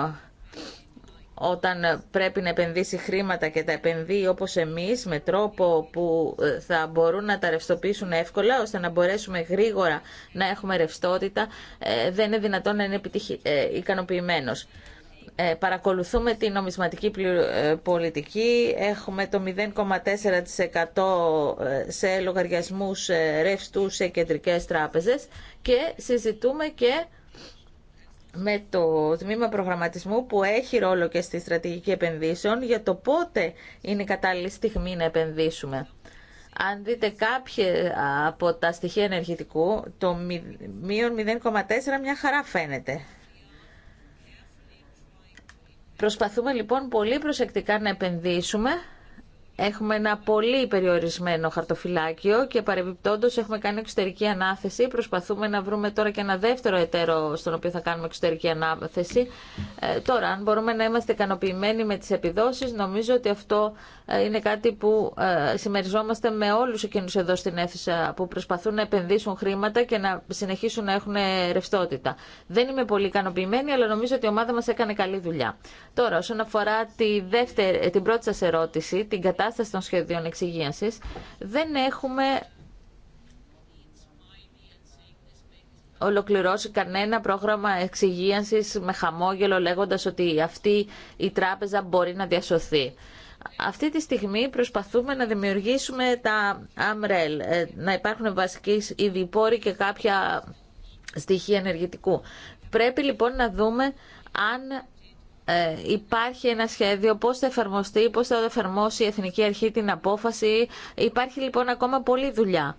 όταν πρέπει να επενδύσει χρήματα και τα επενδύει όπως εμείς με τρόπο που ε, θα μπορούν να τα ρευστοποιήσουν εύκολα ώστε να μπορέσουμε γρήγορα να έχουμε ρευστότητα ε, δεν είναι δυνατόν να είναι επιτυχη... Ε, ικανοποιημένος. παρακολουθούμε την νομισματική πολιτική. Έχουμε το 0,4% σε λογαριασμούς ρευστού σε κεντρικές τράπεζες και συζητούμε και με το τμήμα προγραμματισμού που έχει ρόλο και στη στρατηγική επενδύσεων για το πότε είναι η κατάλληλη στιγμή να επενδύσουμε. Αν δείτε κάποια από τα στοιχεία ενεργητικού, το μείον 0,4 μια χαρά φαίνεται. Προσπαθούμε λοιπόν πολύ προσεκτικά να επενδύσουμε Έχουμε ένα πολύ περιορισμένο χαρτοφυλάκιο και παρεμπιπτόντω έχουμε κάνει εξωτερική ανάθεση. Προσπαθούμε να βρούμε τώρα και ένα δεύτερο εταίρο στον οποίο θα κάνουμε εξωτερική ανάθεση. Ε, τώρα, αν μπορούμε να είμαστε ικανοποιημένοι με τι επιδόσει, νομίζω ότι αυτό ε, είναι κάτι που ε, συμμεριζόμαστε με όλου εκείνου εδώ στην αίθουσα που προσπαθούν να επενδύσουν χρήματα και να συνεχίσουν να έχουν ρευστότητα. Δεν είμαι πολύ ικανοποιημένη, αλλά νομίζω ότι η ομάδα μα έκανε καλή δουλειά. Τώρα, όσον αφορά τη δεύτερη, την πρώτη σα ερώτηση, την κατάσταση κατάσταση των σχεδίων δεν έχουμε ολοκληρώσει κανένα πρόγραμμα εξυγίανσης με χαμόγελο λέγοντας ότι αυτή η τράπεζα μπορεί να διασωθεί. Αυτή τη στιγμή προσπαθούμε να δημιουργήσουμε τα AMREL, ε, να υπάρχουν βασικοί ειδηπόροι και κάποια στοιχεία ενεργητικού. Πρέπει λοιπόν να δούμε αν ε, υπάρχει ένα σχέδιο, πώς θα εφαρμοστεί, πώς θα εφαρμόσει η Εθνική Αρχή την απόφαση. Υπάρχει λοιπόν ακόμα πολλή δουλειά.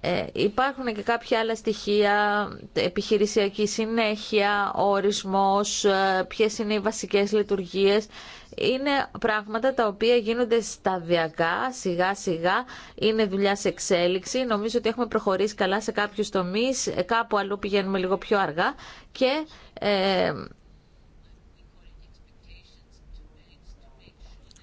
Ε, υπάρχουν και κάποια άλλα στοιχεία, επιχειρησιακή συνέχεια, ο ορισμός, ε, ποιες είναι οι βασικές λειτουργίες. Είναι πράγματα τα οποία γίνονται σταδιακά, σιγά σιγά, είναι δουλειά σε εξέλιξη. Νομίζω ότι έχουμε προχωρήσει καλά σε κάποιους τομείς, κάπου αλλού πηγαίνουμε λίγο πιο αργά και... Ε,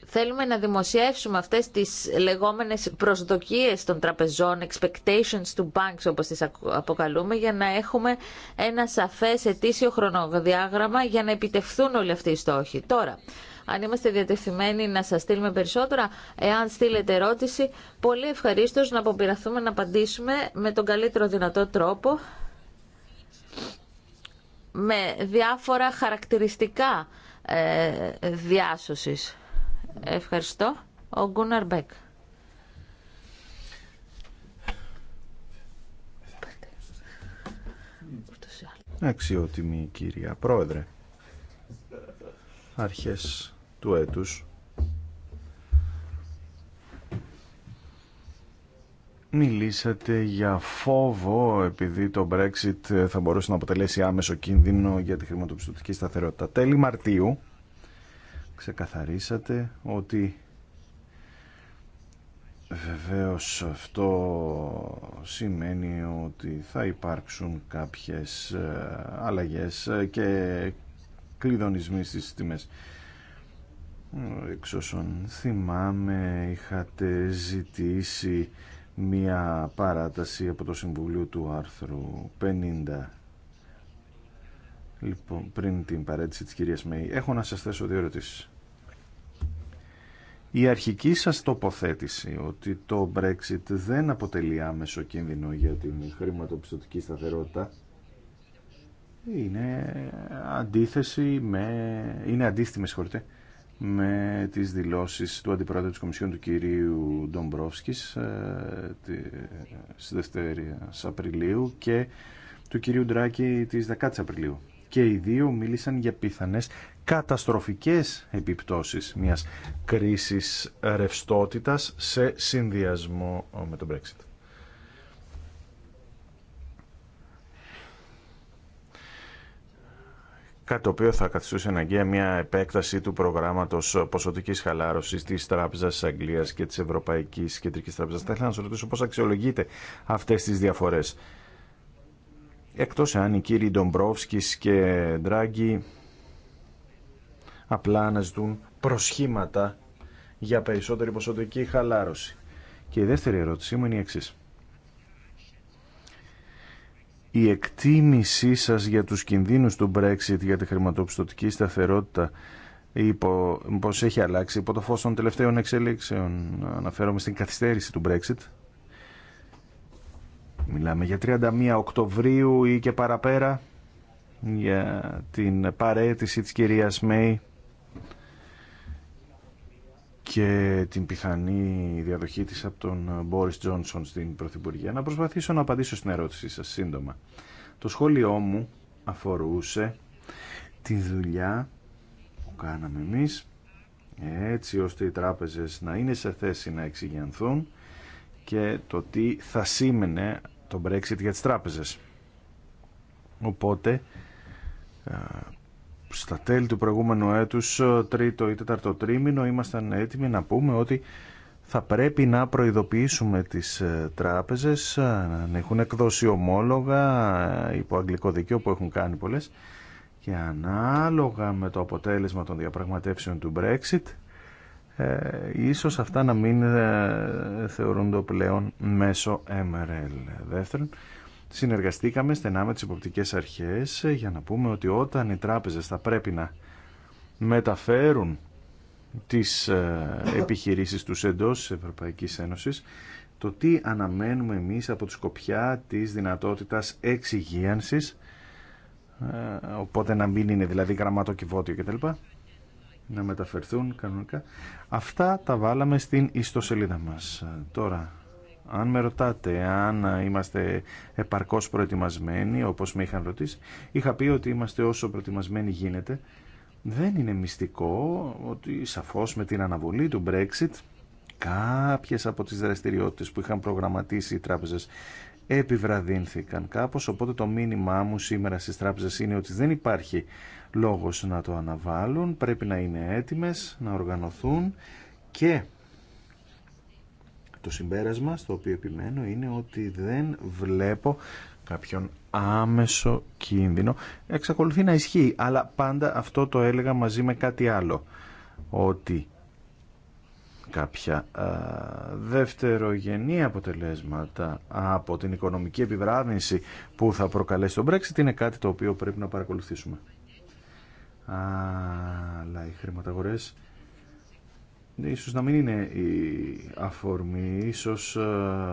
θέλουμε να δημοσιεύσουμε αυτές τις λεγόμενες προσδοκίες των τραπεζών, expectations to banks όπως τις αποκαλούμε, για να έχουμε ένα σαφές ετήσιο χρονοδιάγραμμα για να επιτευχθούν όλοι αυτοί οι στόχοι. Τώρα, αν είμαστε διατεθειμένοι να σας στείλουμε περισσότερα, εάν στείλετε ερώτηση, πολύ ευχαρίστω να αποπειραθούμε να απαντήσουμε με τον καλύτερο δυνατό τρόπο, με διάφορα χαρακτηριστικά ε, διάσωσης. Ευχαριστώ. Ο Γκούναρ Μπέκ. Αξιότιμη κυρία Πρόεδρε, αρχές του έτους Μιλήσατε για φόβο επειδή το Brexit θα μπορούσε να αποτελέσει άμεσο κίνδυνο για τη χρηματοπιστωτική σταθερότητα. Τέλη Μαρτίου ξεκαθαρίσατε ότι βεβαίως αυτό σημαίνει ότι θα υπάρξουν κάποιες ε, αλλαγές και κλειδονισμοί στις τιμές. Εξ όσων θυμάμαι είχατε ζητήσει μία παράταση από το Συμβουλίο του άρθρου 50 Λοιπόν, πριν την παρέτηση της κυρίας Μέη, έχω να σας θέσω δύο ερωτήσεις. Η αρχική σας τοποθέτηση ότι το Brexit δεν αποτελεί άμεσο κίνδυνο για την χρηματοπιστωτική σταθερότητα είναι αντίθεση με... είναι αντίθετη, με συγχωρείτε, με τις δηλώσεις του Αντιπρόεδρου της Κομισιόν του κυρίου Ντομπρόφσκης ε, στις Απριλίου και του κυρίου Ντράκη της 10 Απριλίου και οι δύο μίλησαν για πιθανές καταστροφικές επιπτώσεις μιας κρίσης ρευστότητας σε συνδυασμό με τον Brexit. κάτι το οποίο θα καθιστούσε αναγκαία μια επέκταση του προγράμματος ποσοτικής χαλάρωσης τη Τράπεζα, Αγγλίας και της Ευρωπαϊκής Κεντρική Τράπεζα. Θα ήθελα να σα ρωτήσω πώς αξιολογείτε αυτές τις διαφορές εκτός αν οι κύριοι Ντομπρόφσκης και Ντράγκη απλά αναζητούν προσχήματα για περισσότερη ποσοτική χαλάρωση. Και η δεύτερη ερώτησή μου είναι η εξής. Η εκτίμησή σας για τους κινδύνους του Brexit για τη χρηματοπιστωτική σταθερότητα υπό, πως έχει αλλάξει υπό το φως των τελευταίων εξελίξεων. Αναφέρομαι στην καθυστέρηση του Brexit Μιλάμε για 31 Οκτωβρίου ή και παραπέρα για την παρέτηση της κυρίας Μέη και την πιθανή διαδοχή της από τον Μπόρις Τζόνσον στην Πρωθυπουργία. Να προσπαθήσω να απαντήσω στην ερώτησή σας σύντομα. Το σχόλιο μου αφορούσε τη δουλειά που κάναμε εμείς έτσι ώστε οι τράπεζες να είναι σε θέση να εξηγιανθούν και το τι θα σήμαινε το Brexit για τις τράπεζες. Οπότε στα τέλη του προηγούμενου έτους, τρίτο ή τέταρτο τρίμηνο, ήμασταν έτοιμοι να πούμε ότι θα πρέπει να προειδοποιήσουμε τις ε, τράπεζες, να έχουν εκδώσει ομόλογα ε, υπό αγγλικό δικαίωμα που έχουν κάνει πολλές και ανάλογα με το αποτέλεσμα των διαπραγματεύσεων του Brexit ε, ίσως αυτά να μην ε, θεωρούνται πλέον μέσω MRL. Δεύτερον, συνεργαστήκαμε στενά με τις υποπτικές αρχές ε, για να πούμε ότι όταν οι τράπεζες θα πρέπει να μεταφέρουν τις επιχειρήσεις τους εντός της Ευρωπαϊκής Ένωσης, το τι αναμένουμε εμείς από τη σκοπιά της δυνατότητας εξυγίανσης, οπότε να μην είναι δηλαδή γραμματοκιβώτιο κτλ να μεταφερθούν κανονικά. Αυτά τα βάλαμε στην ιστοσελίδα μας. Τώρα, αν με ρωτάτε αν είμαστε επαρκώς προετοιμασμένοι, όπως με είχαν ρωτήσει, είχα πει ότι είμαστε όσο προετοιμασμένοι γίνεται. Δεν είναι μυστικό ότι σαφώς με την αναβολή του Brexit κάποιες από τις δραστηριότητες που είχαν προγραμματίσει οι τράπεζες επιβραδύνθηκαν κάπως, οπότε το μήνυμά μου σήμερα στις τράπεζες είναι ότι δεν υπάρχει λόγος να το αναβάλουν, πρέπει να είναι έτοιμες, να οργανωθούν και το συμπέρασμα στο οποίο επιμένω είναι ότι δεν βλέπω κάποιον άμεσο κίνδυνο. Εξακολουθεί να ισχύει, αλλά πάντα αυτό το έλεγα μαζί με κάτι άλλο, ότι κάποια δευτερογενή αποτελέσματα από την οικονομική επιβράδυνση που θα προκαλέσει το Brexit είναι κάτι το οποίο πρέπει να παρακολουθήσουμε. Αλλά οι χρηματαγορές ίσως να μην είναι η αφορμή, ίσως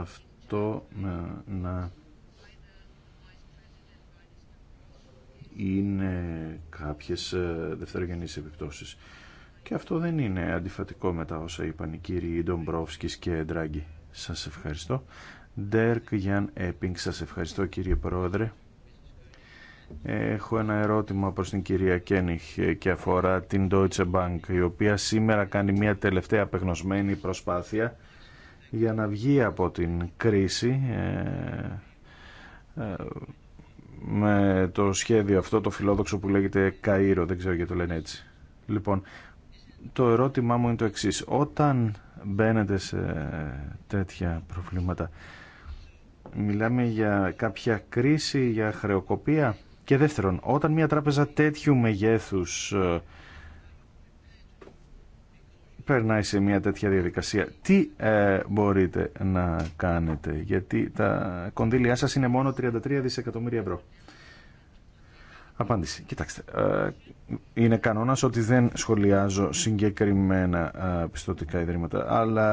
αυτό να, να είναι κάποιες δευτερογενείς επιπτώσεις. Και αυτό δεν είναι αντιφατικό με τα όσα είπαν οι κύριοι Ντομπρόφσκη και Ντράγκη. Σας ευχαριστώ. Ντέρκ Γιάν Έπινγκ, σας ευχαριστώ κύριε Πρόεδρε. Έχω ένα ερώτημα προς την κυρία Κένιχ και αφορά την Deutsche Bank, η οποία σήμερα κάνει μια τελευταία απεγνωσμένη προσπάθεια για να βγει από την κρίση ε, ε, με το σχέδιο αυτό το φιλόδοξο που λέγεται Καΐρο, δεν ξέρω γιατί το λένε έτσι. Λοιπόν, το ερώτημά μου είναι το εξής. Όταν μπαίνετε σε τέτοια προβλήματα, μιλάμε για κάποια κρίση, για χρεοκοπία. Και δεύτερον, όταν μια τράπεζα τέτοιου μεγέθους ε, περνάει σε μια τέτοια διαδικασία, τι ε, μπορείτε να κάνετε, γιατί τα κονδύλια σας είναι μόνο 33 δισεκατομμύρια ευρώ. Απάντηση. Κοιτάξτε, ε, είναι κανόνας ότι δεν σχολιάζω συγκεκριμένα ε, πιστοτικά ιδρύματα, αλλά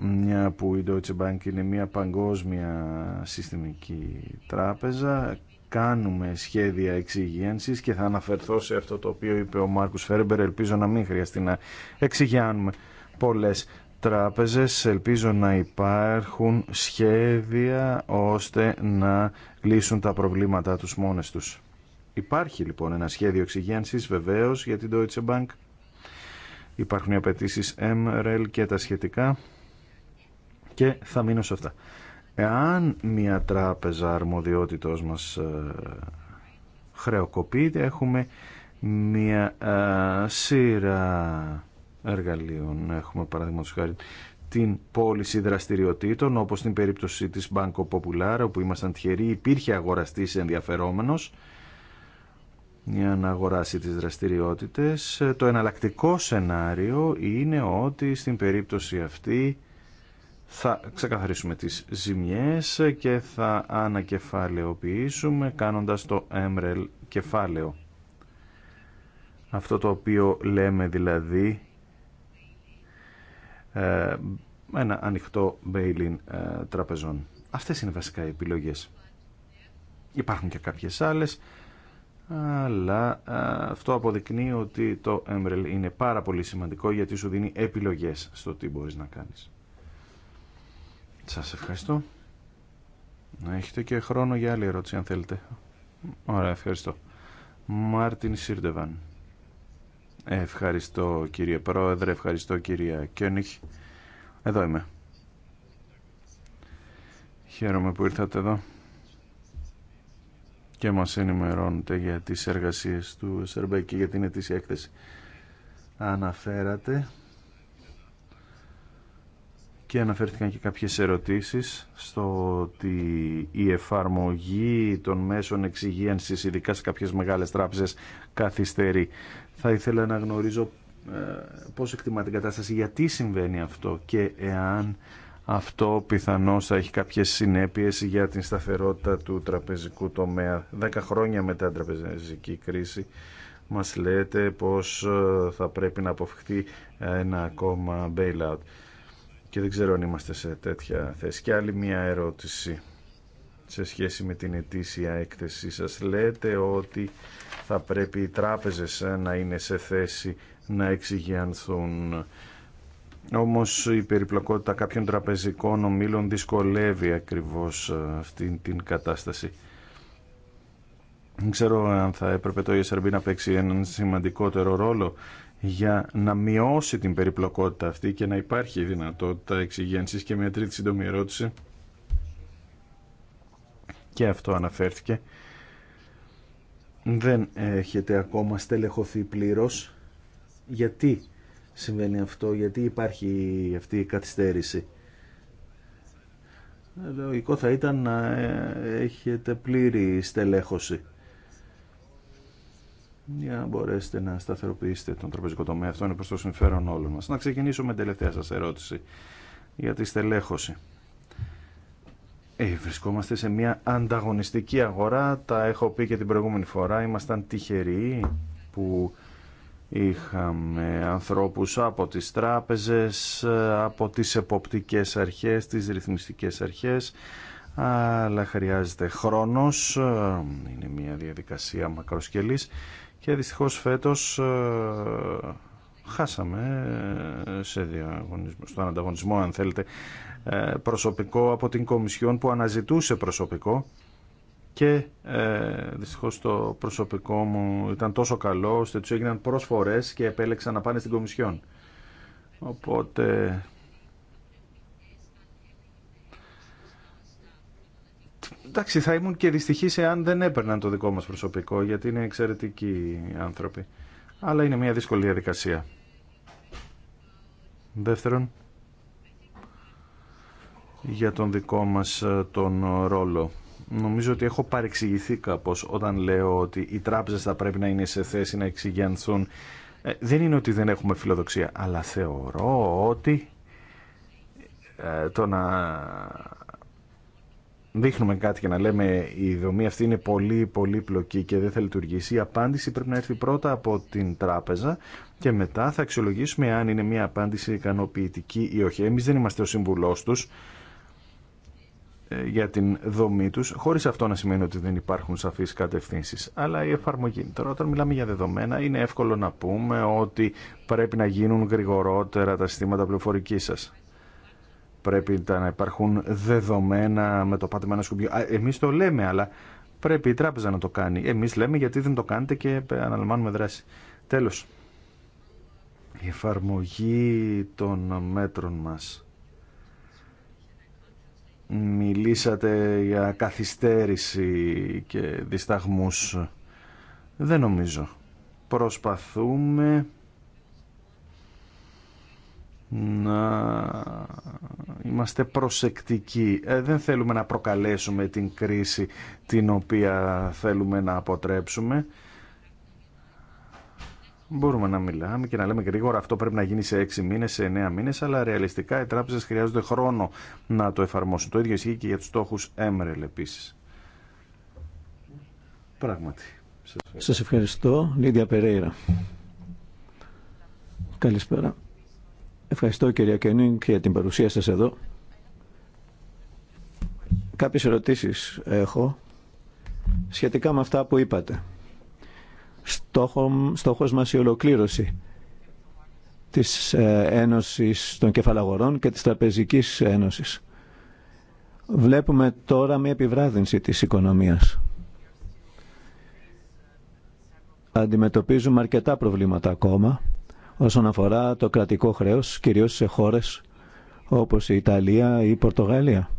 μια που η Deutsche Bank είναι μια παγκόσμια συστημική τράπεζα, κάνουμε σχέδια εξυγίανσης και θα αναφερθώ σε αυτό το οποίο είπε ο Μάρκους Φέρμπερ, ελπίζω να μην χρειαστεί να εξυγιάνουμε πολλές τράπεζες ελπίζω να υπάρχουν σχέδια ώστε να λύσουν τα προβλήματά τους μόνες τους. Υπάρχει λοιπόν ένα σχέδιο εξυγένσης βεβαίως για την Deutsche Bank. Υπάρχουν οι απαιτήσει MRL και τα σχετικά και θα μείνω σε αυτά. Εάν μια τράπεζα αρμοδιότητός μας ε, χρεοκοπείται, έχουμε μια ε, σειρά εργαλείων. Έχουμε παραδείγματος χάρη την πώληση δραστηριοτήτων, όπως στην περίπτωση της Banco Popular, όπου ήμασταν τυχεροί, υπήρχε αγοραστής ενδιαφερόμενος για να αγοράσει τις δραστηριότητες. Το εναλλακτικό σενάριο είναι ότι στην περίπτωση αυτή θα ξεκαθαρίσουμε τις ζημιές και θα ανακεφαλαιοποιήσουμε κάνοντας το MREL κεφάλαιο. Αυτό το οποίο λέμε δηλαδή ε, ένα ανοιχτό bail-in ε, τραπεζών. Αυτές είναι βασικά οι επιλογές. Υπάρχουν και κάποιες άλλες αλλά αυτό αποδεικνύει ότι το Emerald είναι πάρα πολύ σημαντικό γιατί σου δίνει επιλογές στο τι μπορείς να κάνεις. Σας ευχαριστώ. Να έχετε και χρόνο για άλλη ερώτηση αν θέλετε. Ωραία, ευχαριστώ. Μάρτιν Σίρντεβαν. Ευχαριστώ κύριε Πρόεδρε, ευχαριστώ κυρία Κένιχ. Εδώ είμαι. Χαίρομαι που ήρθατε εδώ και μας ενημερώνετε για τις εργασίες του ΣΕΡΜΠΕΚ και για την ετήσια έκθεση. Αναφέρατε και αναφέρθηκαν και κάποιες ερωτήσεις στο ότι η εφαρμογή των μέσων εξυγίανσης ειδικά σε κάποιες μεγάλες τράπεζες καθυστερεί. Θα ήθελα να γνωρίζω ε, πώς εκτιμά την κατάσταση, γιατί συμβαίνει αυτό και εάν αυτό πιθανώς θα έχει κάποιες συνέπειες για την σταθερότητα του τραπεζικού τομέα. Δέκα χρόνια μετά την τραπεζική κρίση μας λέτε πως ε, θα πρέπει να αποφευχθεί ένα ακόμα bailout. Και δεν ξέρω αν είμαστε σε τέτοια θέση. Και άλλη μια ερώτηση σε σχέση με την ετήσια έκθεσή σας. Λέτε ότι θα πρέπει οι τράπεζες να είναι σε θέση να εξηγιανθούν όμως η περιπλοκότητα κάποιων τραπεζικών ομίλων δυσκολεύει ακριβώς ε, αυτή την κατάσταση. Δεν ξέρω αν θα έπρεπε το ESRB να παίξει έναν σημαντικότερο ρόλο για να μειώσει την περιπλοκότητα αυτή και να υπάρχει δυνατότητα εξυγένσης και μια τρίτη σύντομη ερώτηση και αυτό αναφέρθηκε δεν έχετε ακόμα στελεχωθεί πλήρως γιατί συμβαίνει αυτό, γιατί υπάρχει αυτή η καθυστέρηση. Ε, λογικό θα ήταν να ε, έχετε πλήρη στελέχωση για να μπορέσετε να σταθεροποιήσετε τον τραπεζικό τομέα. Αυτό είναι προς το συμφέρον όλων μας. Να ξεκινήσω με την τελευταία σας ερώτηση για τη στελέχωση. Ε, βρισκόμαστε σε μια ανταγωνιστική αγορά, τα έχω πει και την προηγούμενη φορά, ήμασταν τυχεροί που Είχαμε ανθρώπους από τις τράπεζες, από τις εποπτικές αρχές, τις ρυθμιστικές αρχές, αλλά χρειάζεται χρόνος, είναι μια διαδικασία μακροσκελής και δυστυχώς φέτος ε, χάσαμε σε διαγωνισμό, στον ανταγωνισμό αν θέλετε ε, προσωπικό από την Κομισιόν που αναζητούσε προσωπικό και ε, δυστυχώς το προσωπικό μου ήταν τόσο καλό ώστε τους έγιναν προσφορές και επέλεξαν να πάνε στην Κομισιόν. Οπότε... Εντάξει, θα ήμουν και δυστυχής εάν δεν έπαιρναν το δικό μας προσωπικό, γιατί είναι εξαιρετικοί άνθρωποι. Αλλά είναι μια δύσκολη διαδικασία. Δεύτερον, για τον δικό μας ε, τον ρόλο. Νομίζω ότι έχω παρεξηγηθεί κάπως όταν λέω ότι οι τράπεζες θα πρέπει να είναι σε θέση να εξηγενθούν. Ε, δεν είναι ότι δεν έχουμε φιλοδοξία, αλλά θεωρώ ότι ε, το να δείχνουμε κάτι και να λέμε η δομή αυτή είναι πολύ πολύ πλοκή και δεν θα λειτουργήσει, η απάντηση πρέπει να έρθει πρώτα από την τράπεζα και μετά θα αξιολογήσουμε αν είναι μια απάντηση ικανοποιητική ή όχι. Εμείς δεν είμαστε ο σύμβουλός τους, ε, για την δομή τους, χωρίς αυτό να σημαίνει ότι δεν υπάρχουν σαφείς κατευθύνσεις, αλλά η εφαρμογή. Τώρα όταν μιλάμε για δεδομένα είναι εύκολο να πούμε ότι πρέπει να γίνουν γρηγορότερα τα συστήματα πληροφορικής σας. Πρέπει να υπάρχουν δεδομένα με το πάτημα ένα σκουπιού. Εμείς το λέμε, αλλά πρέπει η τράπεζα να το κάνει. Εμείς λέμε γιατί δεν το κάνετε και αναλαμβάνουμε δράση. Τέλος, η εφαρμογή των μέτρων μας Μιλήσατε για καθυστέρηση και δισταγμούς. Δεν νομίζω. Προσπαθούμε να είμαστε προσεκτικοί. Ε, δεν θέλουμε να προκαλέσουμε την κρίση την οποία θέλουμε να αποτρέψουμε. Μπορούμε να μιλάμε και να λέμε γρήγορα αυτό πρέπει να γίνει σε 6 μήνες, σε 9 μήνες, αλλά ρεαλιστικά οι τράπεζε χρειάζονται χρόνο να το εφαρμόσουν. Το ίδιο ισχύει και για τους στόχου MREL επίση. Πράγματι. Σας ευχαριστώ. Λίδια Περέιρα. Καλησπέρα. Ευχαριστώ κυρία Κένινγκ για την παρουσία σας εδώ. Κάποιες ερωτήσεις έχω σχετικά με αυτά που είπατε. Στόχο, στόχος μας η ολοκλήρωση της ε, Ένωσης των Κεφαλαγορών και της Τραπεζικής Ένωσης. Βλέπουμε τώρα μια επιβράδυνση της οικονομίας. Αντιμετωπίζουμε αρκετά προβλήματα ακόμα όσον αφορά το κρατικό χρέος, κυρίως σε χώρες όπως η Ιταλία ή η Πορτογαλία.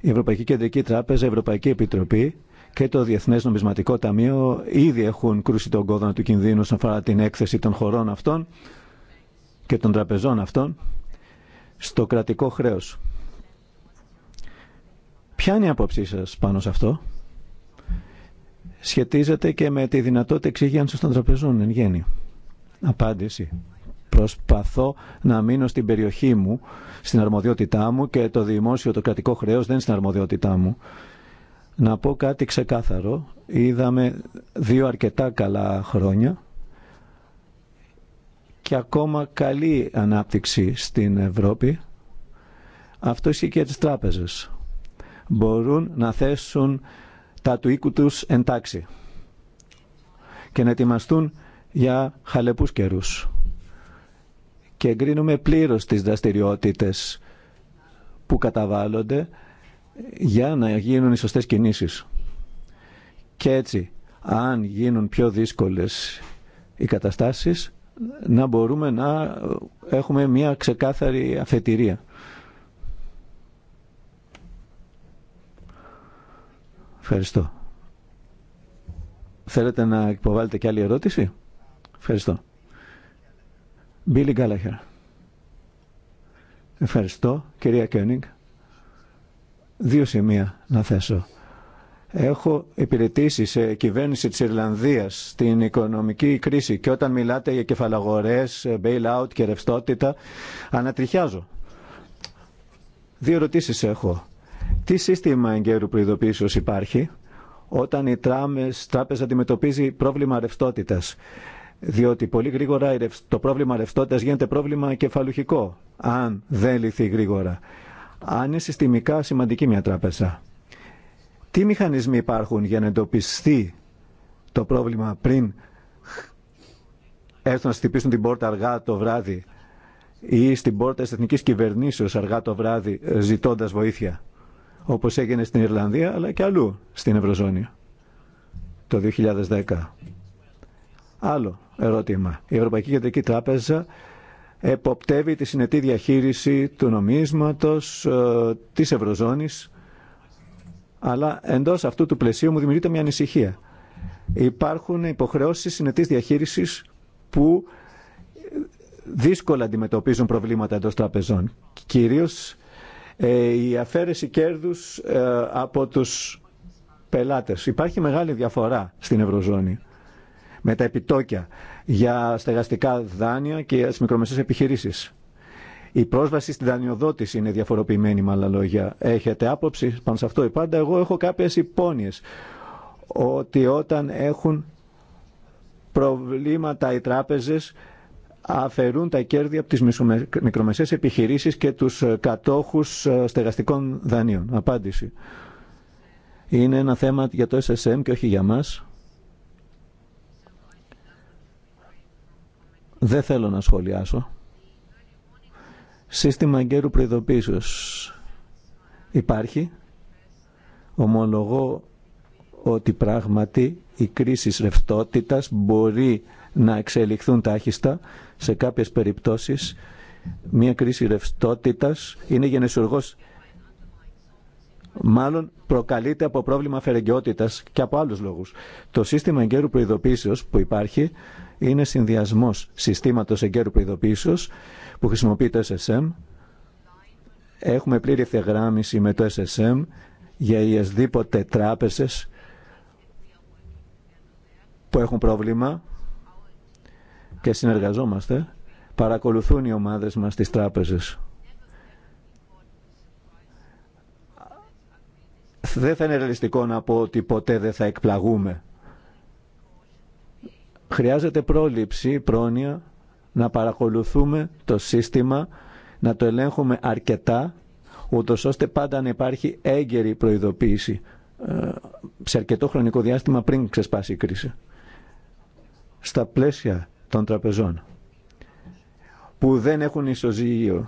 Η Ευρωπαϊκή Κεντρική Τράπεζα, η Ευρωπαϊκή Επιτροπή και το Διεθνές Νομισματικό Ταμείο ήδη έχουν κρούσει τον κόδωνα του κινδύνου όσον αφορά την έκθεση των χωρών αυτών και των τραπεζών αυτών στο κρατικό χρέος. Ποια είναι η άποψή σας πάνω σε αυτό? Σχετίζεται και με τη δυνατότητα εξήγησης των τραπεζών εν γέννη. Απάντηση. Προσπαθώ να μείνω στην περιοχή μου, στην αρμοδιότητά μου και το δημόσιο, το κρατικό χρέος δεν είναι στην αρμοδιότητά μου. Να πω κάτι ξεκάθαρο. Είδαμε δύο αρκετά καλά χρόνια και ακόμα καλή ανάπτυξη στην Ευρώπη. Αυτό ισχύει και τις τράπεζες. Μπορούν να θέσουν τα του οίκου τους εντάξει και να ετοιμαστούν για χαλεπούς καιρούς. Και εγκρίνουμε πλήρως τις δραστηριότητες που καταβάλλονται για να γίνουν οι σωστές κινήσεις. Και έτσι, αν γίνουν πιο δύσκολες οι καταστάσεις, να μπορούμε να έχουμε μια ξεκάθαρη αφετηρία. Ευχαριστώ. Θέλετε να υποβάλλετε και άλλη ερώτηση. Ευχαριστώ. Μπίλι Γκάλαχερ. Ευχαριστώ, κυρία Κένιγκ. Δύο σημεία να θέσω. Έχω υπηρετήσει σε κυβέρνηση της Ιρλανδίας την οικονομική κρίση και όταν μιλάτε για κεφαλαγορές, bail-out και ρευστότητα, ανατριχιάζω. Δύο ερωτήσεις έχω. Τι σύστημα εγκαίρου προειδοποίησης υπάρχει όταν η τράμες, τράπεζα αντιμετωπίζει πρόβλημα ρευστότητας. Διότι πολύ γρήγορα το πρόβλημα ρευστότητας γίνεται πρόβλημα κεφαλουχικό, αν δεν λυθεί γρήγορα αν είναι συστημικά σημαντική μια τράπεζα. Τι μηχανισμοί υπάρχουν για να εντοπιστεί το πρόβλημα πριν έρθουν να χτυπήσουν την πόρτα αργά το βράδυ ή στην πόρτα της εθνικής κυβερνήσεως αργά το βράδυ ε, ζητώντας βοήθεια όπως έγινε στην Ιρλανδία αλλά και αλλού στην Ευρωζώνη το 2010. Άλλο ερώτημα. Η Ευρωπαϊκή Κεντρική Τράπεζα εποπτεύει τη συνετή διαχείριση του νομίσματος ε, της Ευρωζώνης, αλλά εντός αυτού του πλαισίου μου δημιουργείται μια ανησυχία. Υπάρχουν υποχρεώσεις συνετής διαχείρισης που δύσκολα αντιμετωπίζουν προβλήματα εντός τραπεζών. Κυρίως ε, η αφαίρεση κέρδους ε, από τους πελάτες. Υπάρχει μεγάλη διαφορά στην Ευρωζώνη με τα επιτόκια για στεγαστικά δάνεια και για τις μικρομεσαίες επιχειρήσεις. Η πρόσβαση στην δανειοδότηση είναι διαφοροποιημένη με άλλα λόγια. Έχετε άποψη πάνω σε αυτό. Ε, πάντα εγώ έχω κάποιες υπόνοιες ότι όταν έχουν προβλήματα οι τράπεζες αφαιρούν τα κέρδη από τις μικρομεσαίες επιχειρήσεις και τους κατόχους ε, στεγαστικών δανείων. Απάντηση. Είναι ένα θέμα για το SSM και όχι για μας. Δεν θέλω να σχολιάσω. Σύστημα εγκαίρου προειδοποίησης υπάρχει. Ομολογώ ότι πράγματι οι κρίσεις ρευστότητας μπορεί να εξελιχθούν τάχιστα σε κάποιες περιπτώσεις. Μία κρίση ρευστότητας είναι γενεσιουργός μάλλον προκαλείται από πρόβλημα αφαιρεγκαιότητας και από άλλους λόγους. Το σύστημα εγκαίρου προειδοποίησεως που υπάρχει είναι συνδυασμός συστήματος εγκαίρου προειδοποίησεως που χρησιμοποιεί το SSM. Έχουμε πλήρη ευθεγράμμιση με το SSM για οιασδήποτε τράπεζε που έχουν πρόβλημα και συνεργαζόμαστε. Παρακολουθούν οι ομάδε μα τι τράπεζες. Δεν θα είναι ρεαλιστικό να πω ότι ποτέ δεν θα εκπλαγούμε Χρειάζεται πρόληψη, πρόνοια, να παρακολουθούμε το σύστημα, να το ελέγχουμε αρκετά, ούτως ώστε πάντα να υπάρχει έγκαιρη προειδοποίηση ε, σε αρκετό χρονικό διάστημα πριν ξεσπάσει η κρίση. Στα πλαίσια των τραπεζών που δεν έχουν ισοζύγιο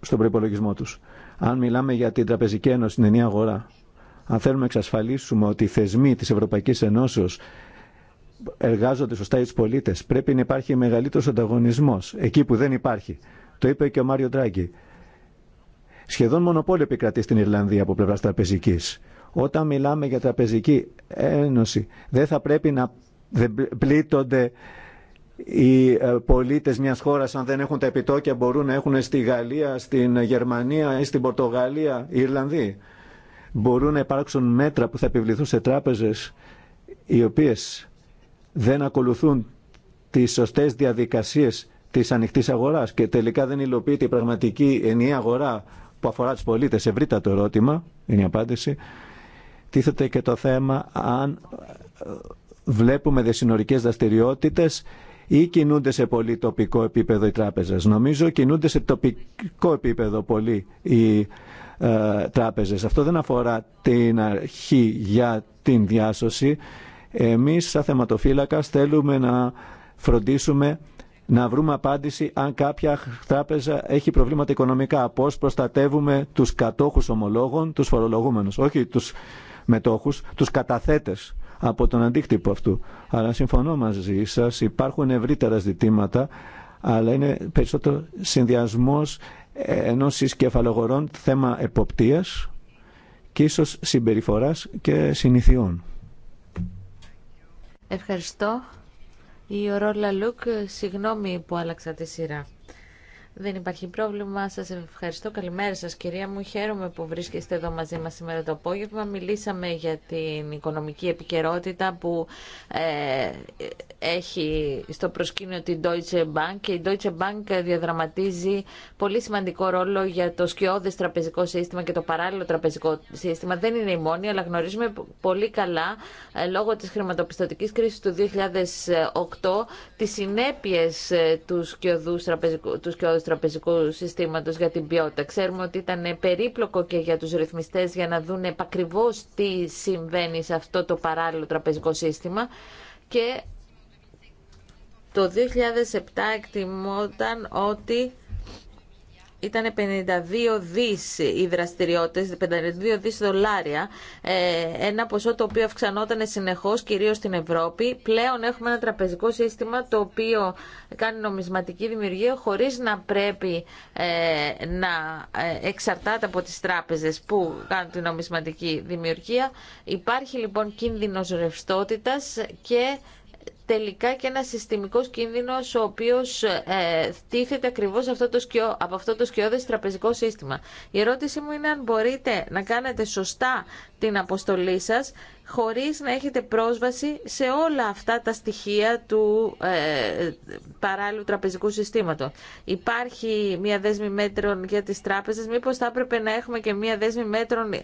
στον προπολογισμό τους. Αν μιλάμε για την Τραπεζική Ένωση την Ενία αγορά, αν θέλουμε να εξασφαλίσουμε ότι οι θεσμοί της Ευρωπαϊκής Ενώσεως εργάζονται σωστά οι πολίτε. Πρέπει να υπάρχει μεγαλύτερο ανταγωνισμό εκεί που δεν υπάρχει. Το είπε και ο Μάριο Ντράγκη. Σχεδόν μονοπόλιο επικρατεί στην Ιρλανδία από πλευρά τραπεζική. Όταν μιλάμε για τραπεζική ένωση, δεν θα πρέπει να πλήττονται οι ε, πολίτες μιας χώρας αν δεν έχουν τα επιτόκια μπορούν να έχουν στη Γαλλία, στην Γερμανία ή στην Πορτογαλία οι Ιρλανδοί. Μπορούν να υπάρξουν μέτρα που θα επιβληθούν σε τράπεζες οι οποίες δεν ακολουθούν τις σωστές διαδικασίες της ανοιχτής αγοράς και τελικά δεν υλοποιείται η πραγματική ενιαία αγορά που αφορά τους πολίτες. Ευρύτατο το ερώτημα, είναι η απάντηση. Τίθεται και το θέμα αν ε, βλέπουμε δεσυνορικές δραστηριότητε ή κινούνται σε πολύ τοπικό επίπεδο οι τράπεζες. Νομίζω κινούνται σε τοπικό επίπεδο πολύ οι ε, τράπεζες. Αυτό δεν αφορά την αρχή για την διάσωση. Εμείς σαν θεματοφύλακα θέλουμε να φροντίσουμε να βρούμε απάντηση αν κάποια τράπεζα έχει προβλήματα οικονομικά. Πώς προστατεύουμε τους κατόχους ομολόγων, τους φορολογούμενους, όχι τους μετόχους, τους καταθέτες από τον αντίκτυπο αυτού. Αλλά συμφωνώ μαζί σας, υπάρχουν ευρύτερα ζητήματα, αλλά είναι περισσότερο συνδυασμός ενό συσκεφαλογορών θέμα εποπτείας και ίσως συμπεριφοράς και συνηθιών. Ευχαριστώ. Η Ορόλα Λουκ, συγγνώμη που άλλαξα τη σειρά. Δεν υπάρχει πρόβλημα. Σας ευχαριστώ. Καλημέρα σας κυρία μου. Χαίρομαι που βρίσκεστε εδώ μαζί μας σήμερα το απόγευμα. Μιλήσαμε για την οικονομική επικαιρότητα που ε, έχει στο προσκήνιο την Deutsche Bank και η Deutsche Bank διαδραματίζει πολύ σημαντικό ρόλο για το σκιώδες τραπεζικό σύστημα και το παράλληλο τραπεζικό σύστημα. Δεν είναι η μόνη, αλλά γνωρίζουμε πολύ καλά ε, λόγω της χρηματοπιστωτικής κρίσης του 2008 τις συνέπειες ε, του σκιώδους τραπεζικού τραπεζικού συστήματος για την ποιότητα. Ξέρουμε ότι ήταν περίπλοκο και για τους ρυθμιστές για να δουν επακριβώς τι συμβαίνει σε αυτό το παράλληλο τραπεζικό σύστημα και το 2007 εκτιμόταν ότι ήταν 52 δις οι δραστηριότητες, 52 δις δολάρια, ε, ένα ποσό το οποίο αυξανόταν συνεχώς κυρίως στην Ευρώπη. Πλέον έχουμε ένα τραπεζικό σύστημα το οποίο κάνει νομισματική δημιουργία χωρίς να πρέπει ε, να ε, εξαρτάται από τις τράπεζες που κάνουν τη νομισματική δημιουργία. Υπάρχει λοιπόν κίνδυνος ρευστότητας και τελικά και ένα συστημικός κίνδυνος ο οποίος ε, τίθεται ακριβώς από αυτό το σκιώδε τραπεζικό σύστημα. Η ερώτηση μου είναι αν μπορείτε να κάνετε σωστά την αποστολή σας χωρίς να έχετε πρόσβαση σε όλα αυτά τα στοιχεία του ε, παράλληλου τραπεζικού συστήματος. Υπάρχει μία δέσμη μέτρων για τις τράπεζε, μήπω θα έπρεπε να έχουμε και μία δέσμη μέτρων ε,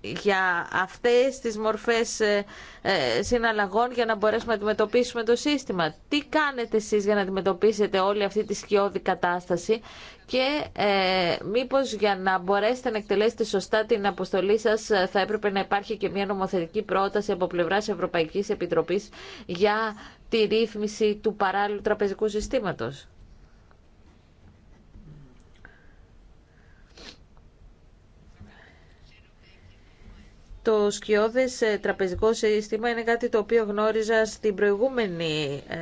για αυτές τις μορφές ε, ε, συναλλαγών για να μπορέσουμε να αντιμετωπίσουμε το σύστημα. Τι κάνετε εσείς για να αντιμετωπίσετε όλη αυτή τη σκιώδη κατάσταση και ε, μήπως για να μπορέσετε να εκτελέσετε σωστά την αποστολή σας ε, θα έπρεπε να υπάρχει και μια νομοθετική πρόταση από πλευράς Ευρωπαϊκής Επιτροπής για τη ρύθμιση του παράλληλου τραπεζικού συστήματος. το σκιώδες ε, τραπεζικό σύστημα είναι κάτι το οποίο γνώριζα στην προηγούμενη ε,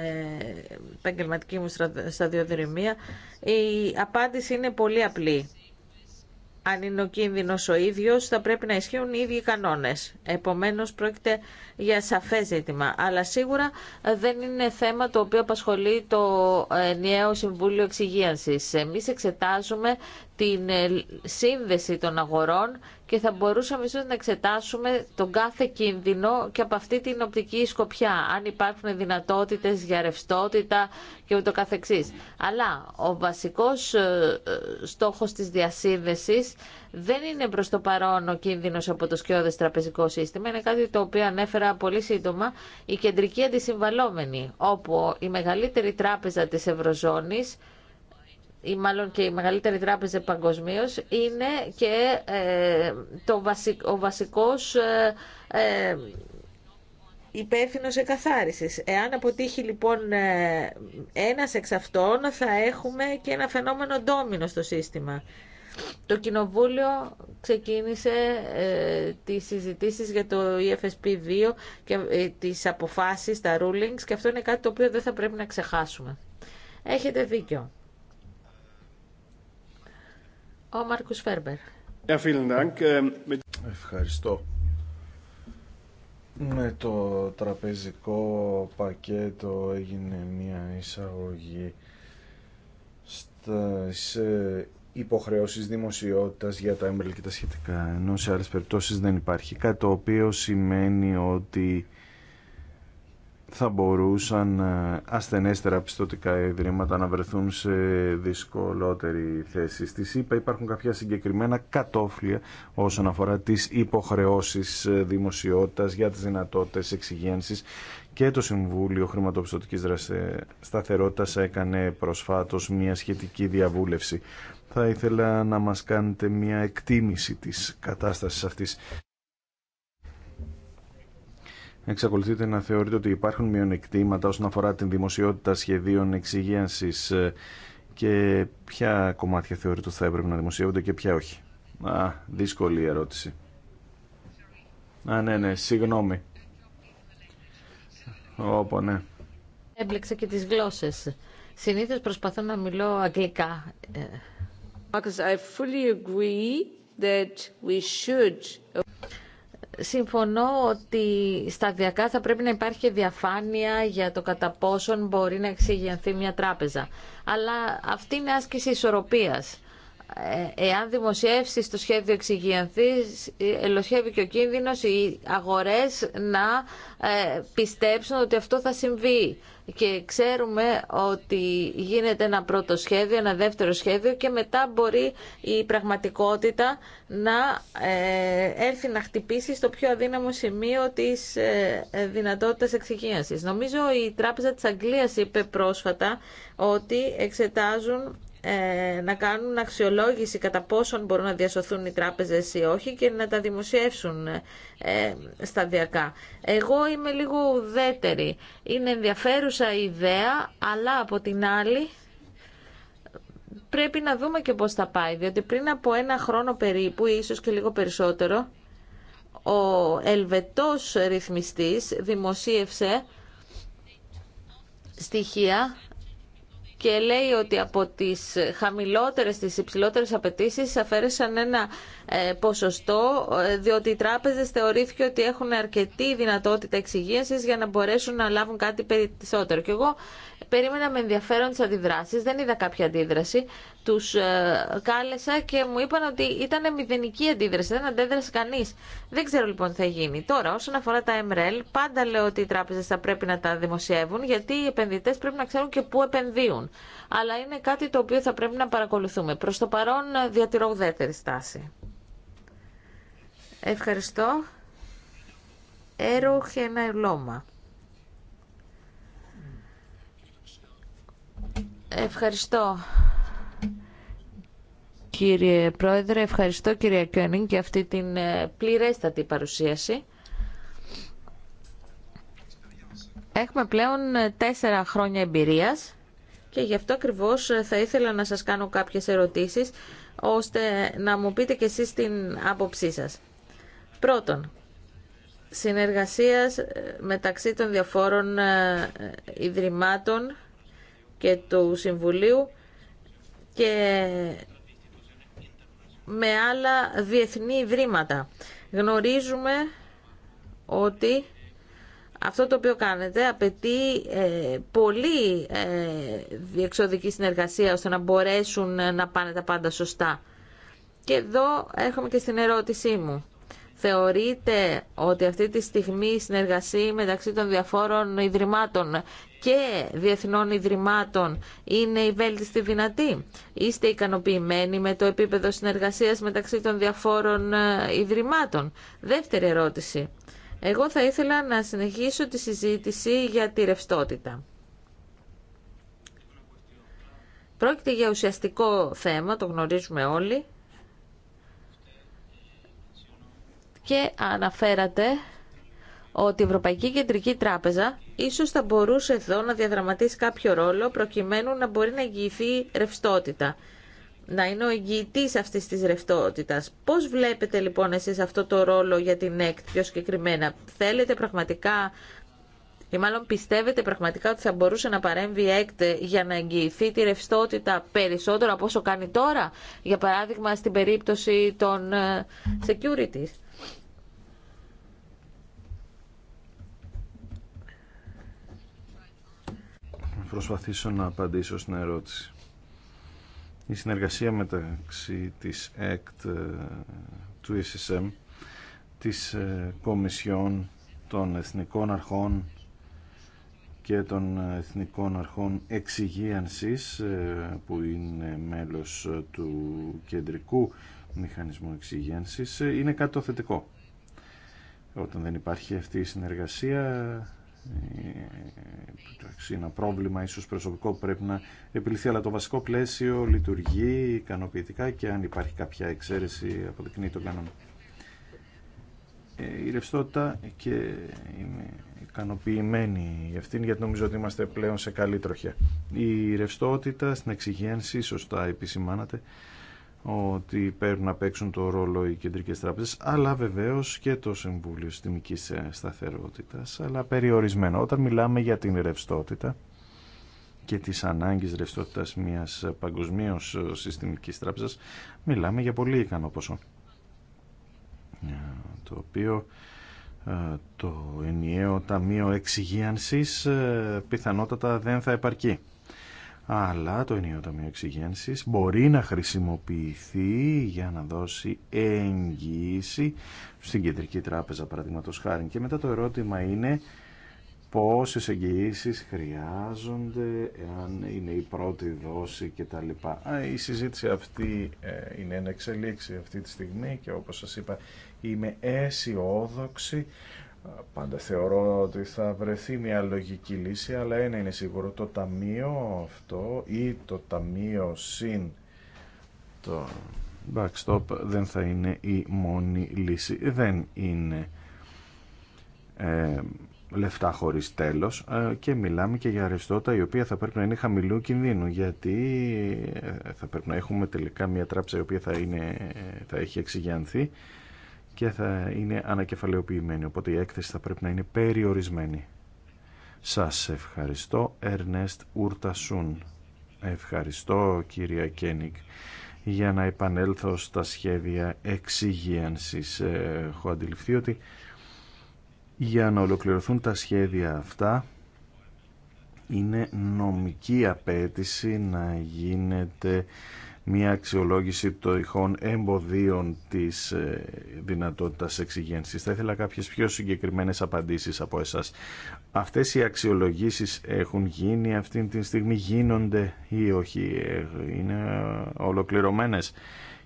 επαγγελματική μου σταδιοδρομία. Η απάντηση είναι πολύ απλή. Αν είναι ο κίνδυνο ο ίδιο, θα πρέπει να ισχύουν οι ίδιοι κανόνε. Επομένω, πρόκειται για σαφέ ζήτημα. Αλλά σίγουρα ε, δεν είναι θέμα το οποίο απασχολεί το ενιαίο Συμβούλιο Εξυγίανση. Εμεί εξετάζουμε την ε, σύνδεση των αγορών και θα μπορούσαμε ίσως να εξετάσουμε τον κάθε κίνδυνο και από αυτή την οπτική σκοπιά, αν υπάρχουν δυνατότητες για ρευστότητα και ούτω καθεξής. Αλλά ο βασικός ε, στόχος της διασύνδεσης δεν είναι προς το παρόν ο κίνδυνος από το σκιώδες τραπεζικό σύστημα, είναι κάτι το οποίο ανέφερα πολύ σύντομα, η κεντρική αντισυμβαλόμενη, όπου η μεγαλύτερη τράπεζα της Ευρωζώνης ή μάλλον και η μεγαλύτερη τράπεζα παγκοσμίω, είναι και ε, το βασικό, ο βασικός ε, ε, υπεύθυνο εκαθάριση. Εάν αποτύχει λοιπόν ε, ένα εξ αυτών, θα έχουμε και ένα φαινόμενο ντόμινο στο σύστημα. Το Κοινοβούλιο ξεκίνησε ε, τις συζητήσεις για το EFSP2 και ε, τις αποφάσεις, τα rulings και αυτό είναι κάτι το οποίο δεν θα πρέπει να ξεχάσουμε. Έχετε δίκιο ο Μάρκος Φέρμπερ. Ähm, Ευχαριστώ. Με το τραπεζικό πακέτο έγινε μια εισαγωγή στις ε, υποχρεώσεις δημοσιότητας για τα έμπρελ και τα σχετικά, ενώ σε άλλες περιπτώσεις δεν υπάρχει, κάτι το οποίο σημαίνει ότι θα μπορούσαν ε, ασθενέστερα πιστοτικά ιδρύματα να βρεθούν σε δυσκολότερη θέση. Στη ΣΥΠΑ υπάρχουν κάποια συγκεκριμένα κατόφλια όσον αφορά τις υποχρεώσεις ε, δημοσιότητας για τις δυνατότητες εξυγένσης και το Συμβούλιο Χρηματοπιστωτικής ε, Σταθερότητας έκανε προσφάτως μια σχετική διαβούλευση. Θα ήθελα να μας κάνετε μια εκτίμηση της κατάστασης αυτής εξακολουθείτε να θεωρείτε ότι υπάρχουν μειονεκτήματα όσον αφορά την δημοσιότητα σχεδίων εξυγίανση ε, και ποια κομμάτια θεωρείτε ότι θα έπρεπε να δημοσιεύονται και ποια όχι. Α, δύσκολη ερώτηση. Α, ναι, ναι, συγγνώμη. Όπο, ναι. Έμπλεξα και τις γλώσσες. Συνήθως προσπαθώ να μιλώ αγγλικά. Ε. I fully agree that we should... Συμφωνώ ότι σταδιακά θα πρέπει να υπάρχει διαφάνεια για το κατά πόσον μπορεί να εξηγενθεί μια τράπεζα. Αλλά αυτή είναι άσκηση ισορροπίας. Ε, εάν δημοσιεύσει το σχέδιο εξυγιανθεί, ελοχεύει και ο κίνδυνος οι αγορές να ε, πιστέψουν ότι αυτό θα συμβεί και ξέρουμε ότι γίνεται ένα πρώτο σχέδιο, ένα δεύτερο σχέδιο και μετά μπορεί η πραγματικότητα να ε, έρθει να χτυπήσει στο πιο αδύναμο σημείο της ε, δυνατότητας εξοικίασης. Νομίζω η Τράπεζα της Αγγλίας είπε πρόσφατα ότι εξετάζουν ε, να κάνουν αξιολόγηση κατά πόσον μπορούν να διασωθούν οι τράπεζες ή όχι και να τα δημοσιεύσουν ε, σταδιακά. Εγώ είμαι λίγο ουδέτερη. Είναι ενδιαφέρουσα η ιδέα, αλλά από την άλλη πρέπει να δούμε και πώς θα πάει, διότι πριν από ένα χρόνο περίπου, ίσως και λίγο περισσότερο, ο Ελβετός ρυθμιστής δημοσίευσε στοιχεία και λέει ότι από τις χαμηλότερες, τις υψηλότερες απαιτήσει αφαίρεσαν ένα ε, ποσοστό ε, διότι οι τράπεζες θεωρήθηκε ότι έχουν αρκετή δυνατότητα εξυγίασης για να μπορέσουν να λάβουν κάτι περισσότερο. Και εγώ Περίμενα με ενδιαφέρον τι αντιδράσει. δεν είδα κάποια αντίδραση. Τους ε, κάλεσα και μου είπαν ότι ήταν μηδενική αντίδραση, δεν αντέδρασε κανεί. Δεν ξέρω λοιπόν τι θα γίνει. Τώρα, όσον αφορά τα MRL, πάντα λέω ότι οι τράπεζε θα πρέπει να τα δημοσιεύουν, γιατί οι επενδυτές πρέπει να ξέρουν και πού επενδύουν. Αλλά είναι κάτι το οποίο θα πρέπει να παρακολουθούμε. Προς το παρόν διατηρώ ουδέτερη στάση. Ευχαριστώ. Έρωχε ένα ελώμα. Ευχαριστώ. Κύριε Πρόεδρε, ευχαριστώ κυρία Κιόνιν για αυτή την ε, πληρέστατη παρουσίαση. Έχουμε πλέον ε, τέσσερα χρόνια εμπειρίας και γι' αυτό ακριβώς ε, θα ήθελα να σας κάνω κάποιες ερωτήσεις ώστε να μου πείτε και εσείς την άποψή σας. Πρώτον, συνεργασίας μεταξύ των διαφόρων ιδρυμάτων και του Συμβουλίου και με άλλα διεθνή ιδρύματα. Γνωρίζουμε ότι αυτό το οποίο κάνετε απαιτεί ε, πολύ ε, διεξοδική συνεργασία ώστε να μπορέσουν ε, να πάνε τα πάντα σωστά. Και εδώ έρχομαι και στην ερώτησή μου. Θεωρείτε ότι αυτή τη στιγμή η συνεργασία μεταξύ των διαφόρων ιδρυμάτων και διεθνών ιδρυμάτων είναι η βέλτιστη δυνατή. Είστε ικανοποιημένοι με το επίπεδο συνεργασίας μεταξύ των διαφόρων ε, ιδρυμάτων. Δεύτερη ερώτηση. Εγώ θα ήθελα να συνεχίσω τη συζήτηση για τη ρευστότητα. Πρόκειται για ουσιαστικό θέμα, το γνωρίζουμε όλοι. Και αναφέρατε ότι η Ευρωπαϊκή Κεντρική Τράπεζα ίσω θα μπορούσε εδώ να διαδραματίσει κάποιο ρόλο προκειμένου να μπορεί να εγγυηθεί ρευστότητα. Να είναι ο εγγυητή αυτή της ρευστότητα. Πώ βλέπετε λοιπόν εσεί αυτό το ρόλο για την ΕΚΤ πιο συγκεκριμένα. Θέλετε πραγματικά ή μάλλον πιστεύετε πραγματικά ότι θα μπορούσε να παρέμβει η ΕΚΤ για να εγγυηθεί τη ρευστότητα περισσότερο από όσο κάνει τώρα, για παράδειγμα στην περίπτωση των ε, securities. προσπαθήσω να απαντήσω στην ερώτηση. Η συνεργασία μεταξύ της ΕΚΤ, ε, του SSM, της ε, Κομισιόν, των Εθνικών Αρχών και των ε, Εθνικών Αρχών Εξυγίανσης, που είναι μέλος του Κεντρικού Μηχανισμού Εξυγίανσης, είναι κάτι το θετικό. Όταν δεν υπάρχει αυτή η συνεργασία είναι ένα πρόβλημα ίσως προσωπικό που πρέπει να επιληθεί αλλά το βασικό πλαίσιο λειτουργεί ικανοποιητικά και αν υπάρχει κάποια εξαίρεση αποδεικνύει τον κανόνα ε, η ρευστότητα και είμαι ικανοποιημένη για αυτήν γιατί νομίζω ότι είμαστε πλέον σε καλή τροχιά η ρευστότητα στην εξυγένση σωστά επισημάνατε ότι παίρνουν να παίξουν το ρόλο οι κεντρικές τράπεζες, αλλά βεβαίως και το Συμβούλιο Συστημικής ε, Σταθερότητας, αλλά περιορισμένο. Όταν μιλάμε για την ρευστότητα και τις ανάγκες ρευστότητας μιας παγκοσμίω ε, συστημικής τράπεζας, μιλάμε για πολύ ικανό ποσό. Ε, το οποίο το ενιαίο Ταμείο Εξυγίανσης πιθανότατα δεν θα επαρκεί αλλά το ενίο ταμείο εξυγένσης μπορεί να χρησιμοποιηθεί για να δώσει εγγύηση στην κεντρική τράπεζα παραδείγματο χάρη. Και μετά το ερώτημα είναι πόσες εγγυήσει χρειάζονται, εάν είναι η πρώτη δόση κτλ. Η συζήτηση αυτή ε, είναι ένα εξελίξη αυτή τη στιγμή και όπως σας είπα είμαι αισιόδοξη Πάντα θεωρώ ότι θα βρεθεί μια λογική λύση, αλλά ένα είναι σίγουρο, το ταμείο αυτό ή το ταμείο συν το backstop δεν θα είναι η μόνη λύση. Δεν είναι ε, λεφτά χωρίς τέλος ε, και μιλάμε και για αριστότα η οποία θα πρέπει να είναι χαμηλού κινδύνου γιατί ε, θα πρέπει να έχουμε τελικά μια τράψα η οποία θα, είναι, ε, θα έχει εξηγιανθεί και θα είναι ανακεφαλαιοποιημένη. Οπότε η έκθεση θα πρέπει να είναι περιορισμένη. Σας ευχαριστώ, Ερνέστ Ουρτασούν. Ευχαριστώ, κυρία Κένικ, για να επανέλθω στα σχέδια εξυγίανσης. Ε, έχω αντιληφθεί ότι για να ολοκληρωθούν τα σχέδια αυτά είναι νομική απέτηση να γίνεται μια αξιολόγηση των ηχών εμποδίων της ε, δυνατότητας εξυγένσης. Θα ήθελα κάποιες πιο συγκεκριμένες απαντήσεις από εσάς. Αυτές οι αξιολογήσεις έχουν γίνει αυτή τη στιγμή, γίνονται ή όχι, ε, είναι ολοκληρωμένες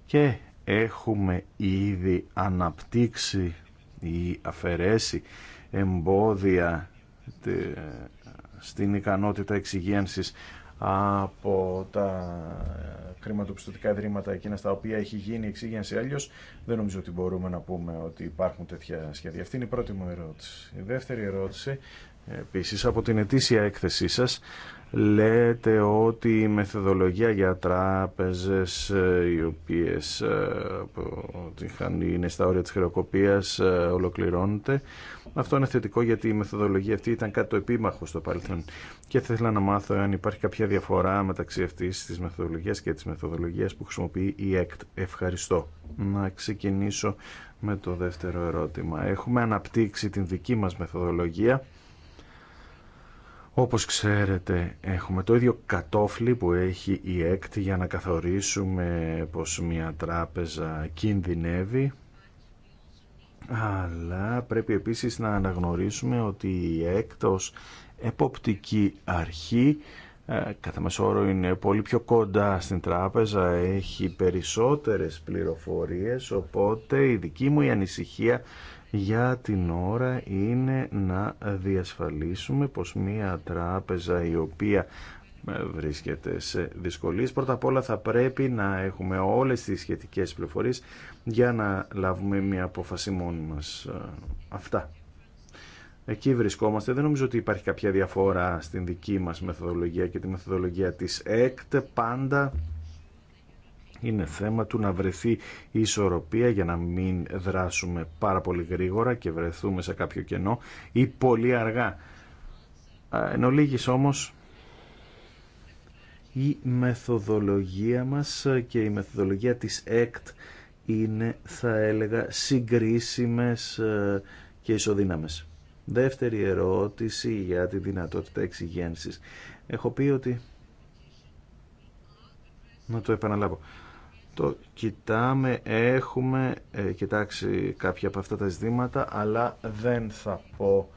και έχουμε ήδη αναπτύξει ή αφαιρέσει εμπόδια στην ικανότητα εξυγένσης από τα ε, χρηματοπιστωτικά ιδρύματα εκείνα στα οποία έχει γίνει η εξήγηση. Αλλιώ δεν νομίζω ότι μπορούμε να πούμε ότι υπάρχουν τέτοια σχέδια. Αυτή είναι η πρώτη μου ερώτηση. Η δεύτερη ερώτηση, ε, επίση από την ετήσια έκθεσή σα, λέτε ότι η μεθοδολογία για τράπεζες ε, οι οποίες ε, είναι στα όρια της χρεοκοπίας ε, ολοκληρώνεται. Αυτό είναι θετικό γιατί η μεθοδολογία αυτή ήταν κάτι το επίμαχο στο παρελθόν και θα ήθελα να μάθω αν υπάρχει κάποια διαφορά μεταξύ αυτής τη μεθοδολογία και τη μεθοδολογία που χρησιμοποιεί η ΕΚΤ. Ευχαριστώ. Να ξεκινήσω με το δεύτερο ερώτημα. Έχουμε αναπτύξει την δική μα μεθοδολογία όπως ξέρετε έχουμε το ίδιο κατόφλι που έχει η ΕΚΤ για να καθορίσουμε πως μια τράπεζα κινδυνεύει αλλά πρέπει επίσης να αναγνωρίσουμε ότι η ΕΚΤ ως εποπτική αρχή ε, κατά μέσο όρο είναι πολύ πιο κοντά στην τράπεζα, έχει περισσότερες πληροφορίες, οπότε η δική μου η ανησυχία για την ώρα είναι να διασφαλίσουμε πως μία τράπεζα η οποία ε, βρίσκεται σε δυσκολίες. Πρώτα απ' όλα θα πρέπει να έχουμε όλες τις σχετικές πληροφορίες για να λάβουμε μια απόφαση μόνοι μας. Ε, αυτά. Εκεί βρισκόμαστε. Δεν νομίζω ότι υπάρχει κάποια διαφορά στην δική μας μεθοδολογία και τη μεθοδολογία της ΕΚΤ. Πάντα είναι θέμα του να βρεθεί η ισορροπία για να μην δράσουμε πάρα πολύ γρήγορα και βρεθούμε σε κάποιο κενό ή πολύ αργά. Εν ολίγης όμως η μεθοδολογία μας και η μεθοδολογία της ΕΚΤ είναι θα έλεγα συγκρίσιμες ε, και ισοδύναμες. Δεύτερη ερώτηση για τη δυνατότητα εξυγένσης. Έχω πει ότι... Να το επαναλάβω το κοιτάμε, έχουμε ε, κοιτάξει κάποια από αυτά τα ζητήματα, αλλά δεν θα πω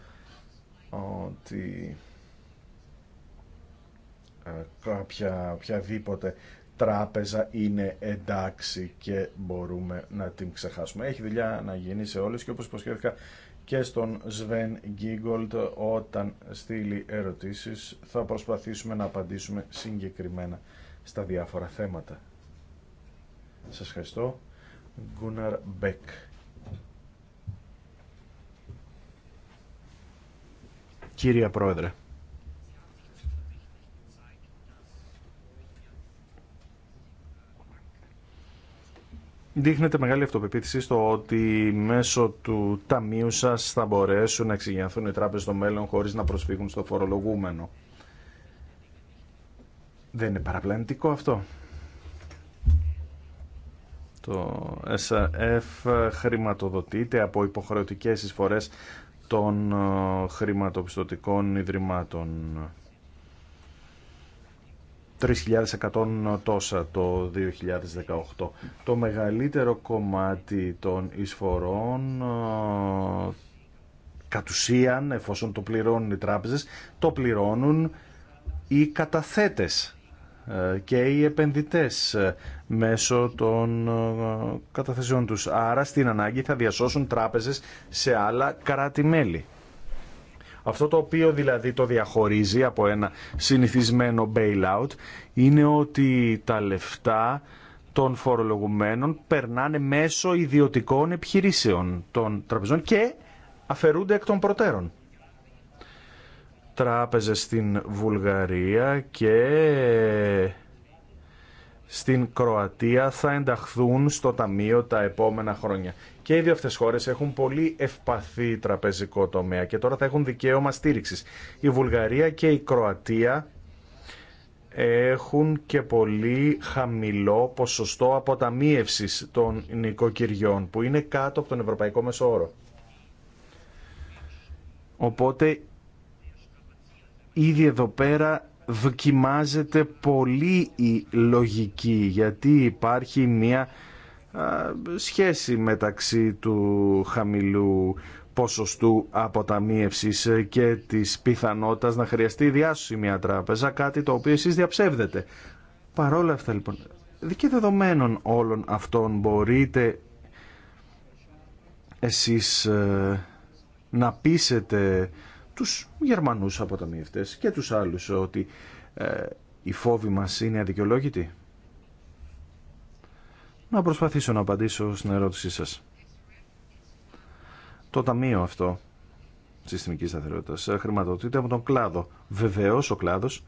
ότι ε, κάποια, οποιαδήποτε τράπεζα είναι εντάξει και μπορούμε να την ξεχάσουμε. Έχει δουλειά να γίνει σε όλες και όπως υποσχέθηκα και στον Σβεν Γκίγκολτ όταν στείλει ερωτήσεις θα προσπαθήσουμε να απαντήσουμε συγκεκριμένα στα διάφορα θέματα. Σας ευχαριστώ. Γκούναρ Μπέκ. Κύριε Πρόεδρε. Δείχνεται μεγάλη αυτοπεποίθηση στο ότι μέσω του ταμείου σας θα μπορέσουν να εξηγιανθούν οι τράπεζες στο μέλλον χωρίς να προσφύγουν στο φορολογούμενο. Δεν είναι παραπλανητικό αυτό. Το SF χρηματοδοτείται από υποχρεωτικές εισφορές των ε, χρηματοπιστωτικών ιδρυμάτων. 3.100 τόσα το 2018. Το μεγαλύτερο κομμάτι των εισφορών ε, κατ' ουσίαν, εφόσον το πληρώνουν οι τράπεζες, το πληρώνουν οι καταθέτες και οι επενδυτές ε, μέσω των ε, καταθεσιών τους. Άρα στην ανάγκη θα διασώσουν τράπεζες σε άλλα κράτη-μέλη. Αυτό το οποίο δηλαδή το διαχωρίζει από ένα συνηθισμένο bailout είναι ότι τα λεφτά των φορολογουμένων περνάνε μέσω ιδιωτικών επιχειρήσεων των τραπεζών και αφαιρούνται εκ των προτέρων τράπεζες στην Βουλγαρία και στην Κροατία θα ενταχθούν στο Ταμείο τα επόμενα χρόνια. Και οι δύο αυτές χώρες έχουν πολύ ευπαθή τραπεζικό τομέα και τώρα θα έχουν δικαίωμα στήριξης. Η Βουλγαρία και η Κροατία έχουν και πολύ χαμηλό ποσοστό αποταμίευσης των νοικοκυριών που είναι κάτω από τον Ευρωπαϊκό Μεσόωρο. Οπότε ήδη εδώ πέρα δοκιμάζεται πολύ η λογική γιατί υπάρχει μια σχέση μεταξύ του χαμηλού ποσοστού αποταμίευσης και της πιθανότητας να χρειαστεί διάσωση μια τράπεζα, κάτι το οποίο εσείς διαψεύδετε. Παρόλα αυτά λοιπόν, και δεδομένων όλων αυτών μπορείτε εσείς ε, να πείσετε τους Γερμανούς αποταμιευτές και τους άλλους ότι ε, η φόβη μας είναι αδικαιολόγητη. Να προσπαθήσω να απαντήσω στην ερώτησή σας. Το ταμείο αυτό συστημικής σταθερότητα. Ε, χρηματοδοτείται από τον κλάδο. Βεβαίως ο κλάδος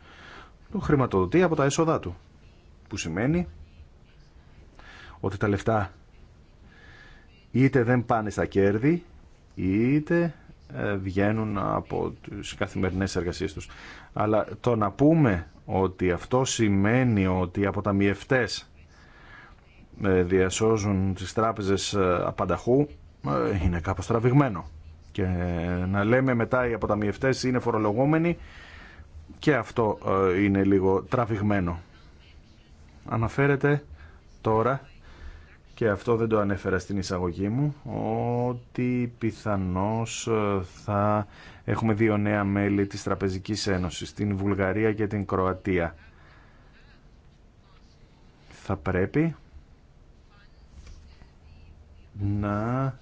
το χρηματοδοτεί από τα έσοδά του. Που σημαίνει ότι τα λεφτά είτε δεν πάνε στα κέρδη είτε ε, βγαίνουν από τις καθημερινές εργασίες τους. Αλλά το να πούμε ότι αυτό σημαίνει ότι από τα μιευτές ε, διασώζουν τις τράπεζες ε, απανταχού είναι κάπως τραβηγμένο. Και να λέμε μετά οι αποταμιευτές είναι φορολογούμενοι και αυτό είναι λίγο τραβηγμένο. Αναφέρεται τώρα και αυτό δεν το ανέφερα στην εισαγωγή μου, ότι πιθανώς ε, θα έχουμε δύο νέα μέλη της Τραπεζικής Ένωσης, την Βουλγαρία και την Κροατία. Θα πρέπει να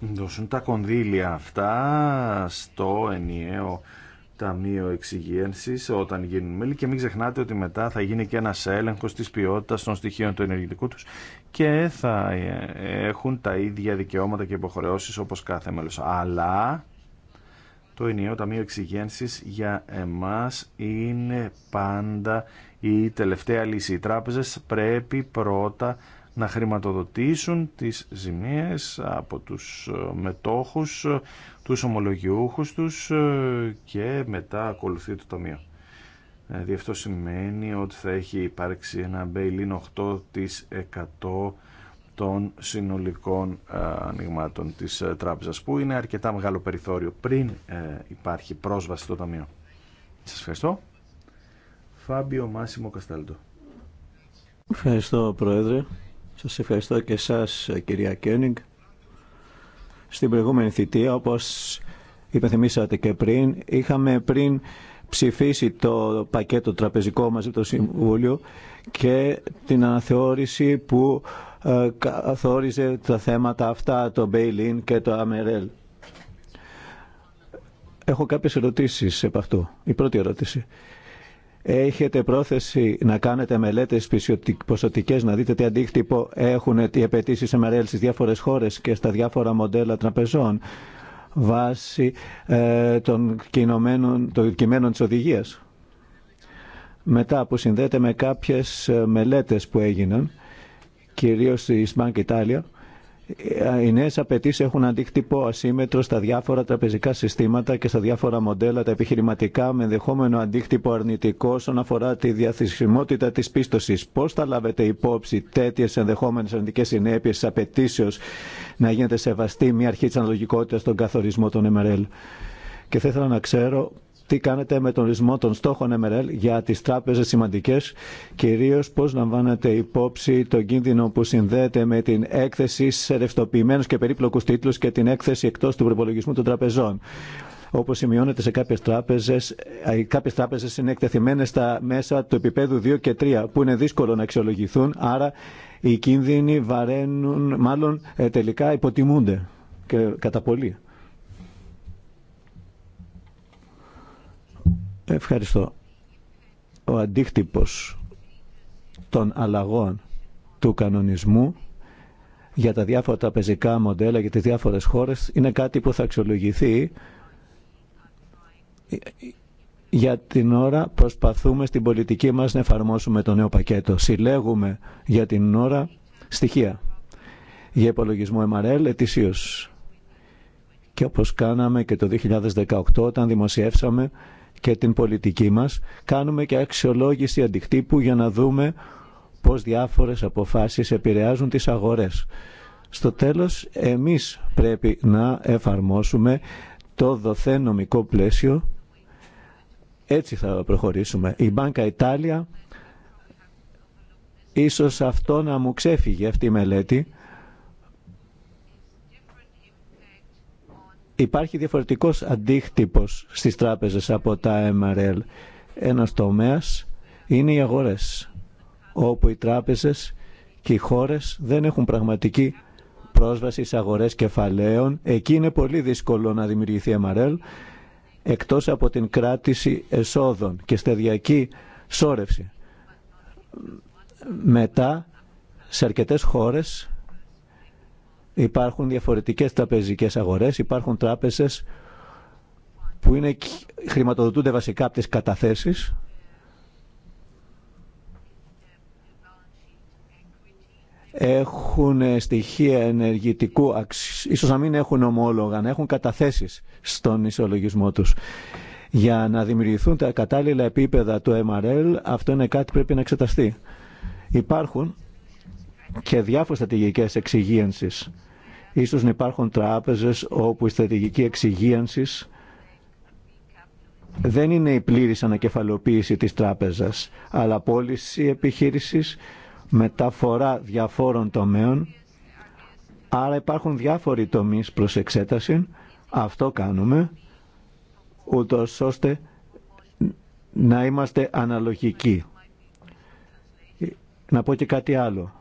δώσουν τα κονδύλια αυτά στο ενιαίο Ταμείο Εξυγένση όταν γίνουν μέλη και μην ξεχνάτε ότι μετά θα γίνει και ένα έλεγχο τη ποιότητα των στοιχείων του ενεργητικού τους και θα ε, έχουν τα ίδια δικαιώματα και υποχρεώσει όπως κάθε μέλος. Αλλά το ενιαίο Ταμείο Εξυγένσης για εμάς είναι πάντα η τελευταία λύση. Οι τράπεζε πρέπει πρώτα να χρηματοδοτήσουν τις ζημίες από τους ε, μετόχους, ε, τους ομολογιούχους τους ε, και μετά ακολουθεί το ταμείο. Δι' δηλαδή, αυτό σημαίνει ότι θα έχει υπάρξει ένα bail-in 8% των συνολικών ανοιγμάτων της τράπεζας που είναι αρκετά μεγάλο περιθώριο πριν υπάρχει πρόσβαση στο ταμείο. Σας ευχαριστώ. Φάμπιο Μάσιμο Καστάλτο. Ευχαριστώ Πρόεδρε. Σας ευχαριστώ και εσάς κυρία Κένιγκ. Στην προηγούμενη θητεία, όπως υπενθυμίσατε και πριν, είχαμε πριν ψηφίσει το πακέτο τραπεζικό μαζί το Συμβούλιο και την αναθεώρηση που ε, καθόριζε τα θέματα αυτά, το Μπέιλιν και το Αμερέλ. Έχω κάποιες ερωτήσεις επ' αυτό. Η πρώτη ερώτηση. Έχετε πρόθεση να κάνετε μελέτες ποσοτικές, να δείτε τι αντίκτυπο έχουν οι απαιτήσει MRL στι διάφορες χώρες και στα διάφορα μοντέλα τραπεζών βάσει ε, των, των κειμένων της οδηγίας. Μετά που συνδέεται με κάποιες ε, μελέτες που έγιναν, κυρίως στη Bank Italia, ε, οι νέε απαιτήσει έχουν αντίκτυπο ασύμετρο στα διάφορα τραπεζικά συστήματα και στα διάφορα μοντέλα τα επιχειρηματικά με ενδεχόμενο αντίκτυπο αρνητικό όσον αφορά τη διαθεσιμότητα τη πίστοση. Πώ θα λάβετε υπόψη τέτοιε ενδεχόμενε αρνητικέ συνέπειε τη απαιτήσεω να γίνεται σεβαστή μια αρχή τη αναλογικότητα στον καθορισμό των MRL. Και θα ήθελα να ξέρω τι κάνετε με τον ρυσμό των στόχων MRL για τις τράπεζες σημαντικές, κυρίως πώς λαμβάνετε υπόψη τον κίνδυνο που συνδέεται με την έκθεση σε ρευστοποιημένους και περίπλοκους τίτλους και την έκθεση εκτός του προπολογισμού των τραπεζών. Όπω σημειώνεται σε κάποιε τράπεζε, ε, κάποιε τράπεζε είναι εκτεθειμένε στα μέσα του επίπεδου 2 και 3, που είναι δύσκολο να αξιολογηθούν, άρα οι κίνδυνοι βαραίνουν, μάλλον ε, τελικά υποτιμούνται και κατά πολύ. Ευχαριστώ. Ο αντίκτυπος των αλλαγών του κανονισμού για τα διάφορα πεζικά μοντέλα για τις διάφορες χώρες είναι κάτι που θα αξιολογηθεί για την ώρα προσπαθούμε στην πολιτική μας να εφαρμόσουμε το νέο πακέτο. Συλλέγουμε για την ώρα στοιχεία για υπολογισμό MRL ετησίως. Και όπως κάναμε και το 2018 όταν δημοσιεύσαμε και την πολιτική μας, κάνουμε και αξιολόγηση αντικτύπου για να δούμε πώς διάφορες αποφάσεις επηρεάζουν τις αγορές. Στο τέλος, εμείς πρέπει να εφαρμόσουμε το δοθέ νομικό πλαίσιο. Έτσι θα προχωρήσουμε. Η Μπάνκα Ιτάλια, ίσως αυτό να μου ξέφυγε αυτή η μελέτη, υπάρχει διαφορετικός αντίκτυπος στις τράπεζες από τα MRL. Ένας τομέας είναι οι αγορές, όπου οι τράπεζες και οι χώρες δεν έχουν πραγματική πρόσβαση σε αγορές κεφαλαίων. Εκεί είναι πολύ δύσκολο να δημιουργηθεί MRL, εκτός από την κράτηση εσόδων και στεδιακή σώρευση. Μετά, σε αρκετές χώρες Υπάρχουν διαφορετικές τραπεζικές αγορές, υπάρχουν τράπεζες που είναι, χρηματοδοτούνται βασικά από τις καταθέσεις έχουν στοιχεία ενεργητικού, ίσως να μην έχουν ομόλογα, να έχουν καταθέσεις στον ισολογισμό τους. Για να δημιουργηθούν τα κατάλληλα επίπεδα του MRL, αυτό είναι κάτι που πρέπει να εξεταστεί. Υπάρχουν και διάφορες στρατηγικές εξυγίανσης Ίσως να υπάρχουν τράπεζες όπου η στρατηγική εξυγίανση δεν είναι η πλήρης ανακεφαλοποίηση της τράπεζας, αλλά πώληση επιχείρησης, μεταφορά διαφόρων τομέων. Άρα υπάρχουν διάφοροι τομείς προς εξέταση. Αυτό κάνουμε, ούτως ώστε να είμαστε αναλογικοί. Να πω και κάτι άλλο.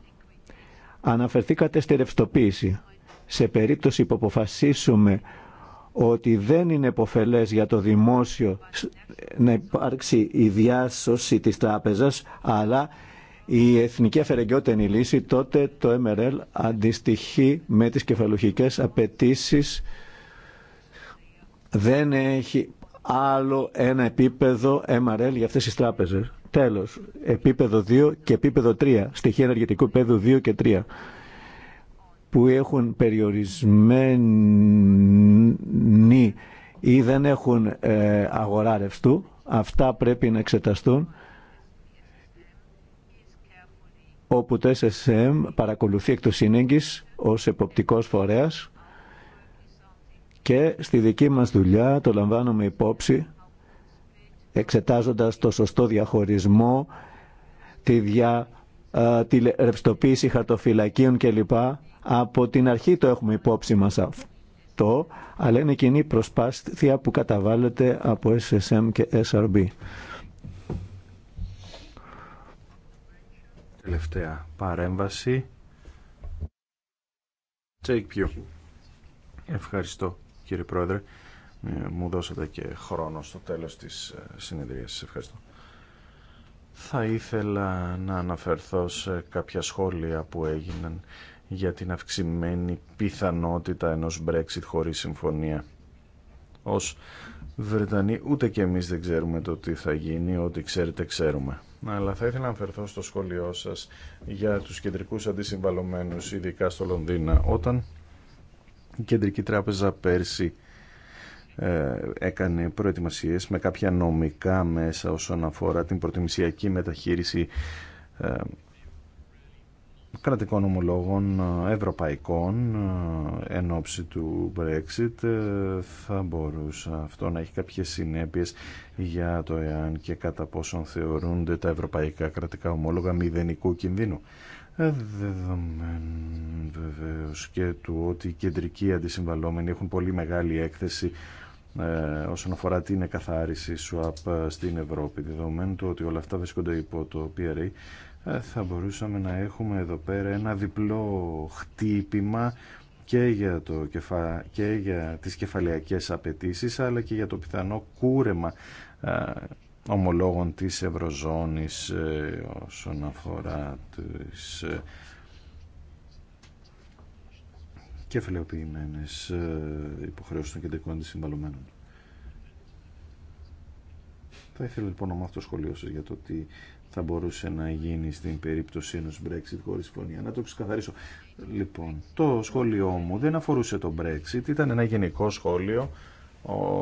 Αναφερθήκατε στη ρευστοποίηση σε περίπτωση που αποφασίσουμε ότι δεν είναι εποφελές για το δημόσιο να υπάρξει η διάσωση της τράπεζας, αλλά η εθνική αφαιρεγγιότητα είναι η λύση, τότε το MRL αντιστοιχεί με τις κεφαλουχικές απαιτήσει. Δεν έχει άλλο ένα επίπεδο MRL για αυτές τις τράπεζες. Τέλος, επίπεδο 2 και επίπεδο 3, στοιχεία ενεργητικού επίπεδου 2 και 3 που έχουν περιορισμένη ή δεν έχουν ε, αγορά ρευστού. Αυτά πρέπει να εξεταστούν όπου το SSM παρακολουθεί εκ του ως εποπτικός φορέας και στη δική μας δουλειά το λαμβάνουμε υπόψη εξετάζοντας το σωστό διαχωρισμό, τη δια, ε, τη ρευστοποίηση χαρτοφυλακίων κλπ από την αρχή το έχουμε υπόψη μας αυτό, αλλά είναι κοινή προσπάθεια που καταβάλλεται από SSM και SRB. Τελευταία παρέμβαση. Take you. Ευχαριστώ κύριε Πρόεδρε. Ε, μου δώσατε και χρόνο στο τέλος της ε, συνεδρίας. ευχαριστώ. Θα ήθελα να αναφερθώ σε κάποια σχόλια που έγιναν για την αυξημένη πιθανότητα ενός Brexit χωρίς συμφωνία. Ως Βρετανοί ούτε και εμείς δεν ξέρουμε το τι θα γίνει, ό,τι ξέρετε ξέρουμε. Αλλά θα ήθελα να αφαιρθώ στο σχόλιο σας για τους κεντρικούς αντισυμβαλωμένους, ειδικά στο Λονδίνα, όταν η Κεντρική Τράπεζα πέρσι ε, έκανε προετοιμασίες με κάποια νομικά μέσα όσον αφορά την προτιμησιακή μεταχείριση ε, κρατικών ομολόγων ε, ευρωπαϊκών ε, εν ώψη του Brexit ε, θα μπορούσε αυτό να έχει κάποιες συνέπειες για το εάν και κατά πόσον θεωρούνται τα ευρωπαϊκά κρατικά ομόλογα μηδενικού κινδύνου. Δεδομένου βεβαίω και του ότι οι κεντρικοί αντισυμβαλόμενοι έχουν πολύ μεγάλη έκθεση όσον αφορά την εκαθάριση swap στην Ευρώπη. Δεδομένου του ότι όλα αυτά βρίσκονται υπό το PRA, ε, θα μπορούσαμε να έχουμε εδώ πέρα ένα διπλό χτύπημα και για, το κεφα... και για τις κεφαλαιακές απαιτήσεις αλλά και για το πιθανό κούρεμα ε, ομολόγων της Ευρωζώνης ε, όσον αφορά τις κεφαλαιοποιημένες υποχρεώσεις των κεντρικών της Θα ήθελα λοιπόν να μάθω το σχολείο σας για το ότι θα μπορούσε να γίνει στην περίπτωση του Brexit χωρί συμφωνία. Να το ξεκαθαρίσω. Λοιπόν, το σχόλιο μου δεν αφορούσε το Brexit, ήταν ένα γενικό σχόλιο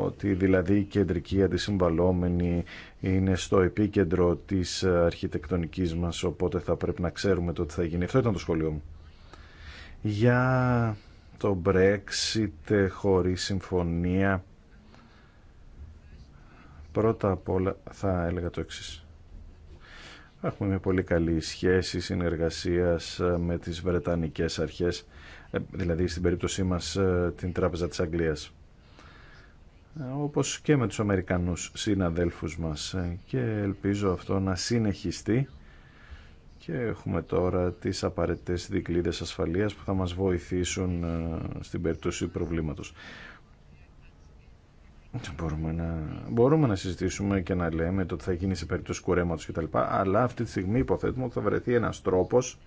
ότι δηλαδή η κεντρική αντισυμβαλόμενη είναι στο επίκεντρο της αρχιτεκτονικής μας οπότε θα πρέπει να ξέρουμε το τι θα γίνει. Αυτό ήταν το σχόλιο μου. Για το Brexit χωρίς συμφωνία πρώτα απ' όλα θα έλεγα το εξής. Έχουμε μια πολύ καλή σχέση συνεργασία ε, με τις Βρετανικές αρχές, ε, δηλαδή στην περίπτωσή μας ε, την Τράπεζα της Αγγλίας. Όπως και με τους Αμερικανούς συναδέλφους μας και ελπίζω αυτό να συνεχιστεί και έχουμε τώρα τις απαραίτητες δικλείδες ασφαλείας που θα μας βοηθήσουν στην περίπτωση προβλήματος. Μπορούμε να, μπορούμε να συζητήσουμε και να λέμε το τι θα γίνει σε περίπτωση κουρέματο κτλ. Αλλά αυτή τη στιγμή υποθέτουμε ότι θα βρεθεί ένας τρόπος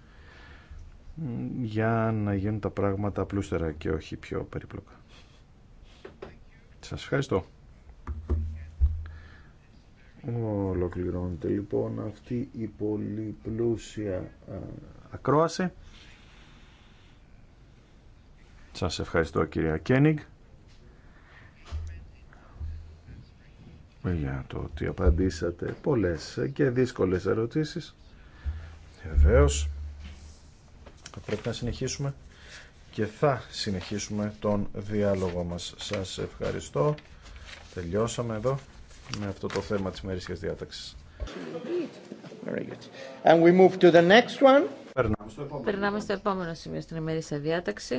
για να γίνουν τα πράγματα απλούστερα και όχι πιο περίπλοκα. Σα ευχαριστώ. Ολοκληρώνεται λοιπόν αυτή η πολύ πλούσια ε, ακρόαση. Σας ευχαριστώ κυρία Κένιγκ. για το ότι απαντήσατε πολλές και δύσκολες ερωτήσεις. Βεβαίω, θα πρέπει να συνεχίσουμε και θα συνεχίσουμε τον διάλογο μας. Σας ευχαριστώ. Τελειώσαμε εδώ με αυτό το θέμα της μερίσιας διάταξης. And we move to the next one. Περνάμε στο επόμενο, Περνάμε στο επόμενο σημείο στην ημερήσια διάταξη.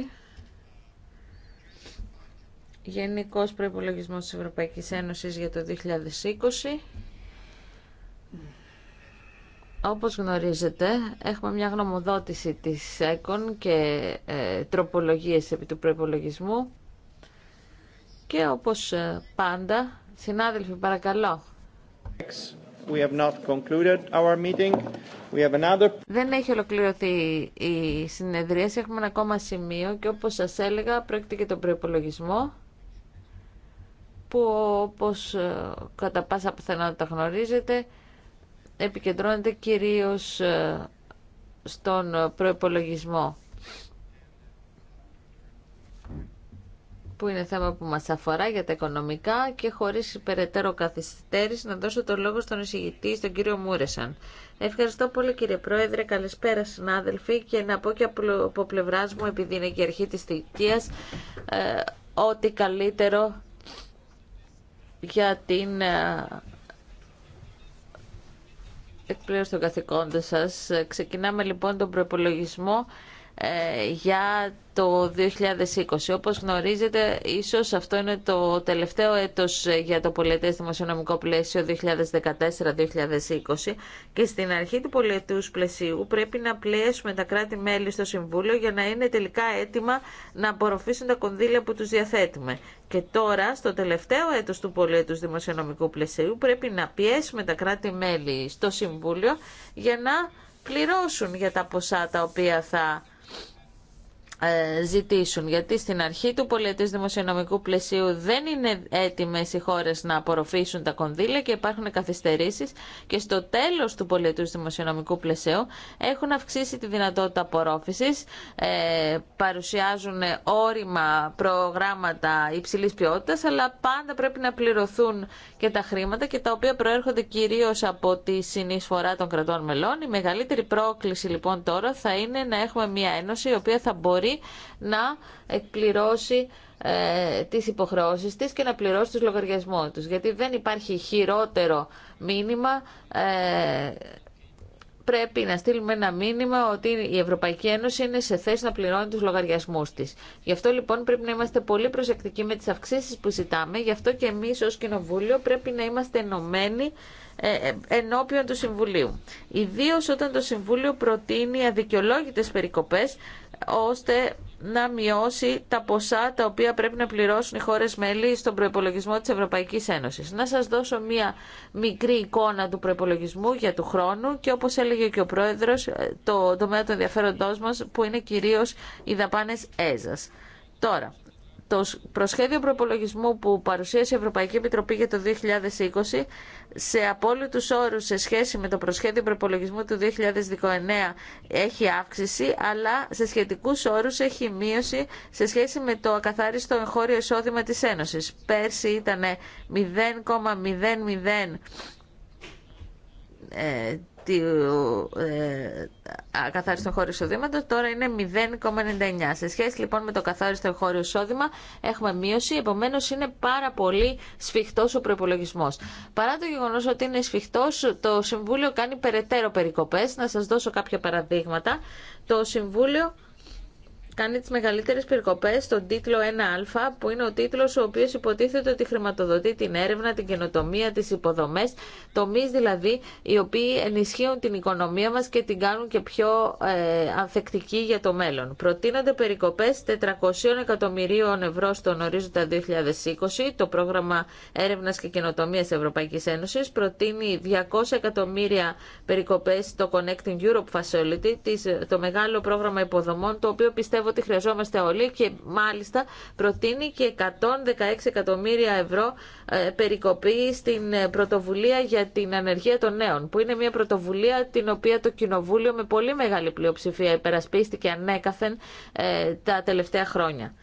Γενικός προϋπολογισμός της Ευρωπαϊκής Ένωσης για το 2020. Όπως γνωρίζετε, έχουμε μια γνωμοδότηση της ΕΚΟΝ και ε, τροπολογίες επί του προϋπολογισμού. Και όπως ε, πάντα, συνάδελφοι, παρακαλώ. We have not concluded our meeting. We have another... Δεν έχει ολοκληρωθεί η συνεδρίαση. Έχουμε ένα ακόμα σημείο και όπως σας έλεγα, πρόκειται και τον προϋπολογισμό που όπως ε, κατά πάσα πιθανότητα γνωρίζετε επικεντρώνεται κυρίως ε, στον προϋπολογισμό που είναι θέμα που μας αφορά για τα οικονομικά και χωρίς περαιτέρω καθυστέρηση να δώσω το λόγο στον εισηγητή, στον κύριο Μούρεσαν. Ευχαριστώ πολύ κύριε Πρόεδρε, καλησπέρα συνάδελφοι και να πω και από πλευράς μου επειδή είναι και αρχή της θητείας ε, ότι καλύτερο για την ε, εκπλήρωση των καθηκόντων σας. Ξεκινάμε λοιπόν τον προπολογισμό ε, για το 2020. Όπως γνωρίζετε, ίσως αυτό είναι το τελευταίο έτος για το πολιετές δημοσιονομικό πλαίσιο 2014-2020 και στην αρχή του πολιετούς πλαισίου πρέπει να πλαίσουμε τα κράτη-μέλη στο Συμβούλιο για να είναι τελικά έτοιμα να απορροφήσουν τα κονδύλια που τους διαθέτουμε. Και τώρα, στο τελευταίο έτος του πολιετούς δημοσιονομικού πλαισίου, πρέπει να πιέσουμε τα κράτη-μέλη στο Συμβούλιο για να πληρώσουν για τα ποσά τα οποία θα ε, ζητήσουν. Γιατί στην αρχή του πολιτικού δημοσιονομικού πλαισίου δεν είναι έτοιμε οι χώρε να απορροφήσουν τα κονδύλια και υπάρχουν καθυστερήσει και στο τέλο του πολιτικού δημοσιονομικού πλαισίου έχουν αυξήσει τη δυνατότητα απορρόφησης, ε, παρουσιάζουν όρημα προγράμματα υψηλή ποιότητα, αλλά πάντα πρέπει να πληρωθούν και τα χρήματα και τα οποία προέρχονται κυρίω από τη συνεισφορά των κρατών μελών. Η μεγαλύτερη πρόκληση λοιπόν τώρα θα είναι να έχουμε μια ένωση η οποία θα μπορεί να εκπληρώσει ε, τις υποχρεώσεις της και να πληρώσει τους λογαριασμούς τους. Γιατί δεν υπάρχει χειρότερο μήνυμα ε, πρέπει να στείλουμε ένα μήνυμα ότι η Ευρωπαϊκή Ένωση είναι σε θέση να πληρώνει τους λογαριασμούς της. Γι' αυτό λοιπόν πρέπει να είμαστε πολύ προσεκτικοί με τις αυξήσεις που ζητάμε, γι' αυτό και εμείς ως Κοινοβούλιο πρέπει να είμαστε ενωμένοι ε, ε, ενώπιον του Συμβουλίου. Ιδίω όταν το Συμβούλιο προτείνει αδικαιολόγητες περικοπές ώστε να μειώσει τα ποσά τα οποία πρέπει να πληρώσουν οι χώρες μέλη στον προϋπολογισμό της Ευρωπαϊκής Ένωσης. Να σας δώσω μία μικρή εικόνα του προϋπολογισμού για του χρόνου και όπως έλεγε και ο Πρόεδρος, το τομέα των ενδιαφέροντός μας που είναι κυρίως οι δαπάνες ΕΖΑΣ. Τώρα, το προσχέδιο προπολογισμού που παρουσίασε η Ευρωπαϊκή Επιτροπή για το 2020 σε απόλυτους όρους σε σχέση με το προσχέδιο προπολογισμού του 2019 έχει αύξηση αλλά σε σχετικούς όρους έχει μείωση σε σχέση με το ακαθάριστο εγχώριο εισόδημα της Ένωσης. Πέρσι ήταν 0,00 το ε, καθάριστο χώριο εισοδήματο τώρα είναι 0,99. Σε σχέση λοιπόν με το καθάριστο χώριο εισόδημα έχουμε μείωση, επομένω είναι πάρα πολύ σφιχτό ο προπολογισμό. Παρά το γεγονό ότι είναι σφιχτό, το Συμβούλιο κάνει περαιτέρω περικοπέ. Να σα δώσω κάποια παραδείγματα. Το Συμβούλιο κάνει τις μεγαλύτερες περικοπές στον τίτλο 1α, που είναι ο τίτλος ο οποίος υποτίθεται ότι χρηματοδοτεί την έρευνα, την καινοτομία, τις υποδομές, τομεί δηλαδή οι οποίοι ενισχύουν την οικονομία μας και την κάνουν και πιο ε, ανθεκτική για το μέλλον. Προτείνονται περικοπές 400 εκατομμυρίων ευρώ στον ορίζοντα 2020, το πρόγραμμα έρευνας και καινοτομία Ευρωπαϊκής Ένωσης προτείνει 200 εκατομμύρια περικοπές στο Connecting Europe Facility, το μεγάλο πρόγραμμα υποδομών, το οποίο πιστεύω ότι χρειαζόμαστε όλοι και μάλιστα προτείνει και 116 εκατομμύρια ευρώ ε, περικοπή στην ε, πρωτοβουλία για την ανεργία των νέων, που είναι μια πρωτοβουλία την οποία το Κοινοβούλιο με πολύ μεγάλη πλειοψηφία υπερασπίστηκε ανέκαθεν ε, τα τελευταία χρόνια.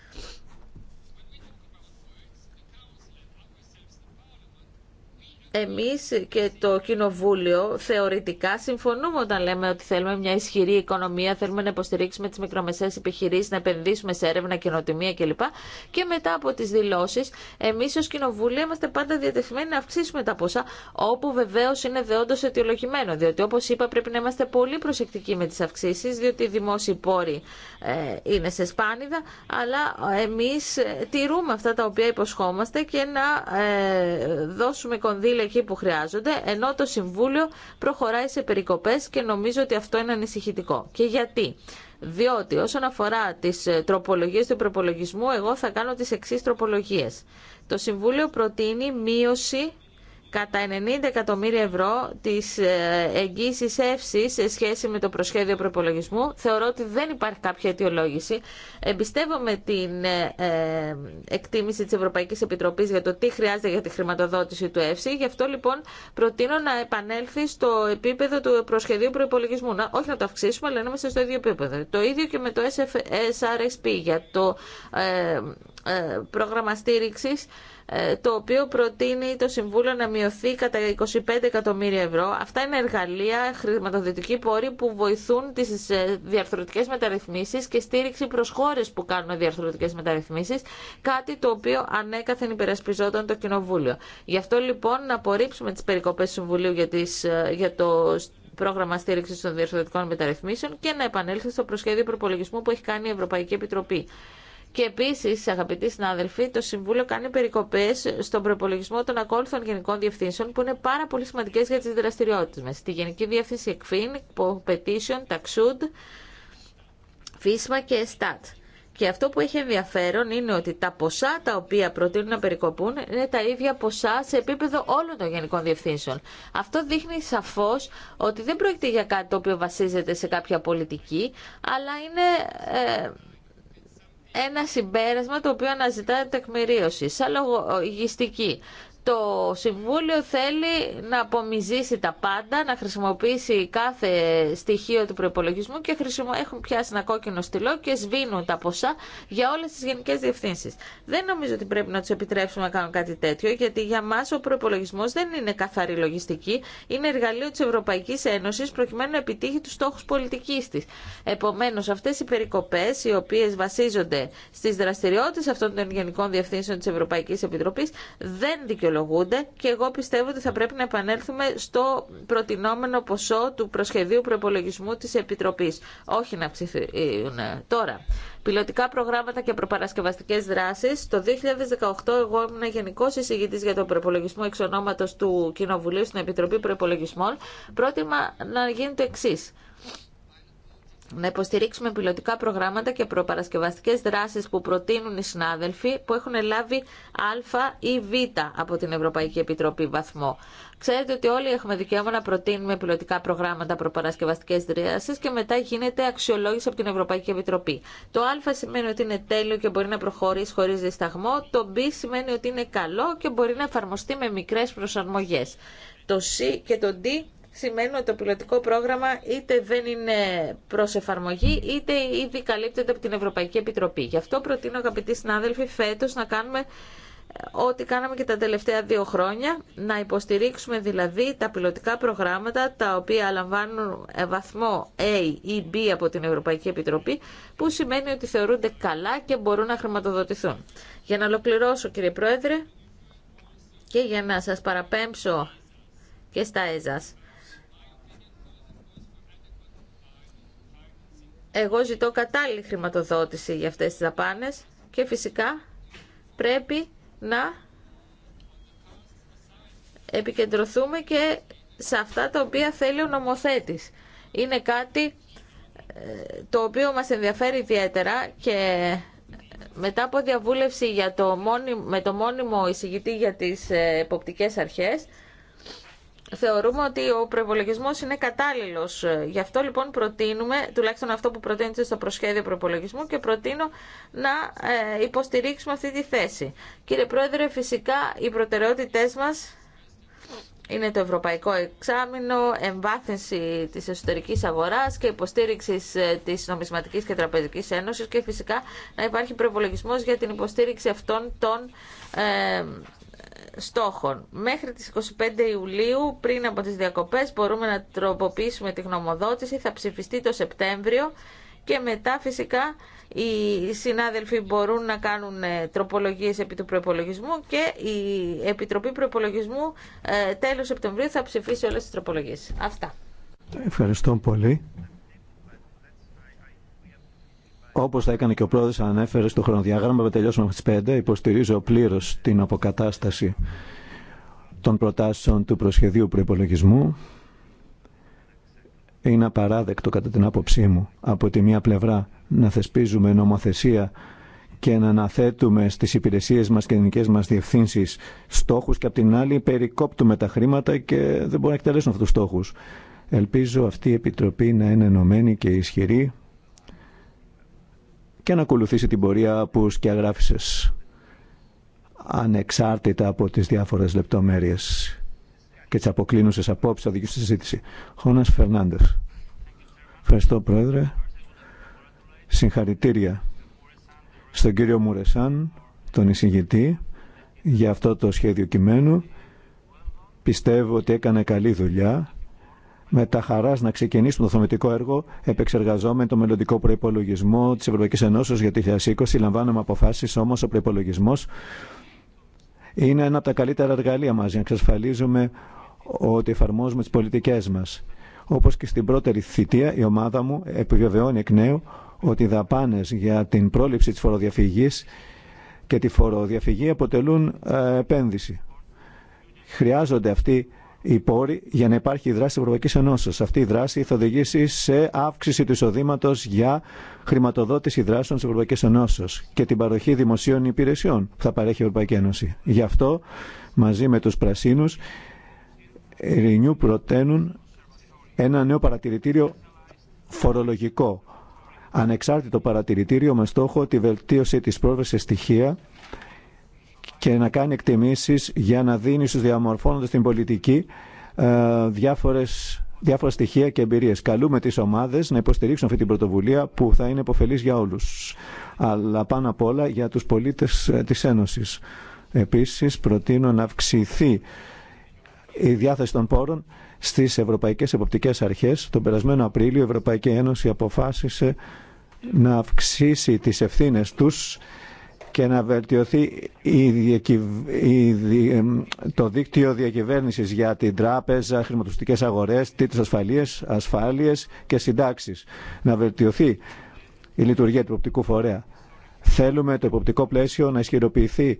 εμείς και το Κοινοβούλιο θεωρητικά συμφωνούμε όταν λέμε ότι θέλουμε μια ισχυρή οικονομία, θέλουμε να υποστηρίξουμε τις μικρομεσαίες επιχειρήσεις, να επενδύσουμε σε έρευνα, καινοτομία κλπ. Και μετά από τις δηλώσεις, εμείς ως Κοινοβούλιο είμαστε πάντα διατεθειμένοι να αυξήσουμε τα ποσά, όπου βεβαίως είναι δεόντως αιτιολογημένο, διότι όπως είπα πρέπει να είμαστε πολύ προσεκτικοί με τις αυξήσεις, διότι οι δημόσιοι πόροι ε, είναι σε σπάνιδα, αλλά ε, εμείς ε, τηρούμε αυτά τα οποία υποσχόμαστε και να ε, δώσουμε κονδύλια εκεί που χρειάζονται, ενώ το Συμβούλιο προχωράει σε περικοπές και νομίζω ότι αυτό είναι ανησυχητικό. Και γιατί. Διότι όσον αφορά τις ε, τροπολογίες του προπολογισμού, εγώ θα κάνω τις εξής τροπολογίες. Το Συμβούλιο προτείνει μείωση κατά 90 εκατομμύρια ευρώ της ε, εγγύσεις εύση σε σχέση με το προσχέδιο προπολογισμού. Θεωρώ ότι δεν υπάρχει κάποια αιτιολόγηση. Εμπιστεύομαι την ε, ε, εκτίμηση της Ευρωπαϊκής Επιτροπής για το τι χρειάζεται για τη χρηματοδότηση του ΕΦΣΙ, Γι' αυτό λοιπόν προτείνω να επανέλθει στο επίπεδο του προσχεδίου προπολογισμού. όχι να το αυξήσουμε, αλλά να είμαστε στο ίδιο επίπεδο. Το ίδιο και με το SRSP για το ε, πρόγραμμα στήριξη. Ε, το οποίο προτείνει το Συμβούλιο να μειωθεί κατά 25 εκατομμύρια ευρώ. Αυτά είναι εργαλεία, χρηματοδοτικοί πόροι που βοηθούν τι ε, διαρθρωτικέ μεταρρυθμίσει και στήριξη προ χώρε που κάνουν διαρθρωτικέ μεταρρυθμίσει. κάτι το οποίο ανέκαθεν υπερασπιζόταν το Κοινοβούλιο. Γι' αυτό λοιπόν να απορρίψουμε τι περικοπέ του Συμβουλίου για, τις, ε, για το πρόγραμμα στήριξη των διαρθρωτικών μεταρρυθμίσεων και να επανέλθει στο προσχέδιο προπολογισμού που έχει κάνει η Ευρωπαϊκή Επιτροπή. Και επίση, αγαπητοί συνάδελφοι, το Συμβούλιο κάνει περικοπέ στον προπολογισμό των ακόλουθων γενικών διευθύνσεων που είναι πάρα πολύ σημαντικέ για τι δραστηριότητε μα. Στη Γενική Διεύθυνση ΕΚΦΗΝ, Petition, Ταξούντ, Φίσμα και ΕΣΤΑΤ. Και αυτό που έχει ενδιαφέρον είναι ότι τα ποσά τα οποία προτείνουν να περικοπούν είναι τα ίδια ποσά σε επίπεδο όλων των γενικών διευθύνσεων. Αυτό δείχνει σαφώ ότι δεν πρόκειται για κάτι το οποίο βασίζεται σε κάποια πολιτική, αλλά είναι ε, ένα συμπέρασμα το οποίο αναζητάει τεκμηρίωση, σαν λογιστική το Συμβούλιο θέλει να απομυζήσει τα πάντα, να χρησιμοποιήσει κάθε στοιχείο του προπολογισμού και έχουν πιάσει ένα κόκκινο στυλό και σβήνουν τα ποσά για όλε τι γενικέ διευθύνσει. Δεν νομίζω ότι πρέπει να του επιτρέψουμε να κάνουν κάτι τέτοιο, γιατί για μα ο προπολογισμό δεν είναι καθαρή λογιστική, είναι εργαλείο τη Ευρωπαϊκή Ένωση προκειμένου να επιτύχει του στόχου πολιτική τη. Επομένω, αυτέ οι περικοπέ, οι οποίε βασίζονται στι δραστηριότητε αυτών των γενικών διευθύνσεων τη Ευρωπαϊκή Επιτροπή, δεν δικαιολογούν και εγώ πιστεύω ότι θα πρέπει να επανέλθουμε στο προτινόμενο ποσό του προσχεδίου προπολογισμού της Επιτροπής. Όχι να ψηφίσουν τώρα. Πιλωτικά προγράμματα και προπαρασκευαστικές δράσεις. Το 2018 εγώ ήμουν γενικός εισηγητής για τον προπολογισμό εξ του Κοινοβουλίου στην Επιτροπή Προπολογισμών. Πρότειμα να γίνει το εξής να υποστηρίξουμε πιλωτικά προγράμματα και προπαρασκευαστικές δράσεις που προτείνουν οι συνάδελφοι που έχουν λάβει Α ή Β από την Ευρωπαϊκή Επιτροπή βαθμό. Ξέρετε ότι όλοι έχουμε δικαίωμα να προτείνουμε πιλωτικά προγράμματα προπαρασκευαστικέ δράσει και μετά γίνεται αξιολόγηση από την Ευρωπαϊκή Επιτροπή. Το Α σημαίνει ότι είναι τέλειο και μπορεί να προχωρήσει χωρί δισταγμό. Το Β σημαίνει ότι είναι καλό και μπορεί να εφαρμοστεί με μικρέ προσαρμογέ. Το Σ και το D σημαίνει ότι το πιλωτικό πρόγραμμα είτε δεν είναι προ εφαρμογή, είτε ήδη καλύπτεται από την Ευρωπαϊκή Επιτροπή. Γι' αυτό προτείνω, αγαπητοί συνάδελφοι, φέτο να κάνουμε ε, ό,τι κάναμε και τα τελευταία δύο χρόνια, να υποστηρίξουμε δηλαδή τα πιλωτικά προγράμματα τα οποία λαμβάνουν ε, βαθμό A ή B από την Ευρωπαϊκή Επιτροπή, που σημαίνει ότι θεωρούνται καλά και μπορούν να χρηματοδοτηθούν. Για να ολοκληρώσω κύριε Πρόεδρε και για να σας παραπέμψω και στα ΕΖΑΣ. Εγώ ζητώ κατάλληλη χρηματοδότηση για αυτές τις δαπάνες και φυσικά πρέπει να επικεντρωθούμε και σε αυτά τα οποία θέλει ο νομοθέτης. Είναι κάτι ε, το οποίο μας ενδιαφέρει ιδιαίτερα και μετά από διαβούλευση για το μόνιμο, με το μόνιμο εισηγητή για τις ε, εποπτικές αρχές θεωρούμε ότι ο προπολογισμό είναι κατάλληλο. Γι' αυτό λοιπόν προτείνουμε, τουλάχιστον αυτό που προτείνεται στο προσχέδιο προπολογισμού και προτείνω να ε, υποστηρίξουμε αυτή τη θέση. Κύριε Πρόεδρε, φυσικά οι προτεραιότητέ μα είναι το Ευρωπαϊκό Εξάμεινο, εμβάθυνση της εσωτερικής αγοράς και υποστήριξη ε, της Νομισματικής και Τραπεζικής Ένωσης και φυσικά να υπάρχει προπολογισμό για την υποστήριξη αυτών των ε, στόχων. Μέχρι τις 25 Ιουλίου, πριν από τις διακοπές, μπορούμε να τροποποιήσουμε τη γνωμοδότηση. Θα ψηφιστεί το Σεπτέμβριο και μετά φυσικά οι συνάδελφοι μπορούν να κάνουν ε, τροπολογίες επί του προπολογισμού και η Επιτροπή Προπολογισμού ε, τέλος Σεπτεμβρίου θα ψηφίσει όλες τις τροπολογίες. Αυτά. Ευχαριστώ πολύ. Όπως θα έκανε και ο πρόεδρος ανέφερε στο χρονοδιάγραμμα, θα τελειώσουμε τις 5, υποστηρίζω πλήρως την αποκατάσταση των προτάσεων του προσχεδίου προπολογισμού. Είναι απαράδεκτο κατά την άποψή μου από τη μία πλευρά να θεσπίζουμε νομοθεσία και να αναθέτουμε στις υπηρεσίες μας και ελληνικές μας διευθύνσεις στόχους και από την άλλη περικόπτουμε τα χρήματα και δεν μπορούμε να εκτελέσουμε αυτούς τους στόχους. Ελπίζω αυτή η Επιτροπή να είναι ενωμένη και ισχυρή και να ακολουθήσει την πορεία που σκιαγράφησες ανεξάρτητα από τις διάφορες λεπτομέρειες και τις αποκλίνουσες απόψεις θα στη συζήτηση. Χώνας Φερνάντες. Ευχαριστώ Πρόεδρε. Συγχαρητήρια στον κύριο Μουρεσάν, τον εισηγητή, για αυτό το σχέδιο κειμένου. Πιστεύω ότι έκανε καλή δουλειά με τα χαρά να ξεκινήσουμε το θεμετικό έργο επεξεργαζόμενο το μελλοντικό προπολογισμό τη Ευρωπαϊκή Ενώσεω για το 2020. Λαμβάνουμε αποφάσει όμω ο προπολογισμό είναι ένα από τα καλύτερα εργαλεία μα για να εξασφαλίζουμε ότι εφαρμόζουμε τι πολιτικέ μα. Όπω και στην πρώτερη θητεία, η ομάδα μου επιβεβαιώνει εκ νέου ότι οι δαπάνε για την πρόληψη τη φοροδιαφυγή και τη φοροδιαφυγή αποτελούν ε, επένδυση. Χρειάζονται αυτοί οι πόροι για να υπάρχει η δράση τη Ευρωπαϊκή Ενώσεω. Αυτή η δράση θα οδηγήσει σε αύξηση του εισοδήματο για χρηματοδότηση δράσεων τη Ευρωπαϊκή Ενώσεω και την παροχή δημοσίων υπηρεσιών που θα παρέχει η Ευρωπαϊκή Ένωση. Γι' αυτό, μαζί με του Πρασίνου, Ρηνιού προτείνουν ένα νέο παρατηρητήριο φορολογικό. Ανεξάρτητο παρατηρητήριο με στόχο τη βελτίωση τη πρόσβαση στοιχεία και να κάνει εκτιμήσεις για να δίνει στους διαμορφώνοντες την πολιτική ε, διάφορες, διάφορα στοιχεία και εμπειρίες. Καλούμε τις ομάδες να υποστηρίξουν αυτή την πρωτοβουλία που θα είναι υποφελής για όλους, αλλά πάνω απ' όλα για τους πολίτες ε, της Ένωσης. Επίσης, προτείνω να αυξηθεί η διάθεση των πόρων στις Ευρωπαϊκές Εποπτικές Αρχές. Τον περασμένο Απρίλιο η Ευρωπαϊκή Ένωση αποφάσισε να αυξήσει τις ευθύνες τους και να βελτιωθεί το δίκτυο διακυβέρνησης για την τράπεζα, χρηματοστικές αγορές, τίτλες ασφαλείες, ασφάλειες και συντάξεις. Να βελτιωθεί η λειτουργία του υποπτικού φορέα. Θέλουμε το υποπτικό πλαίσιο να ισχυροποιηθεί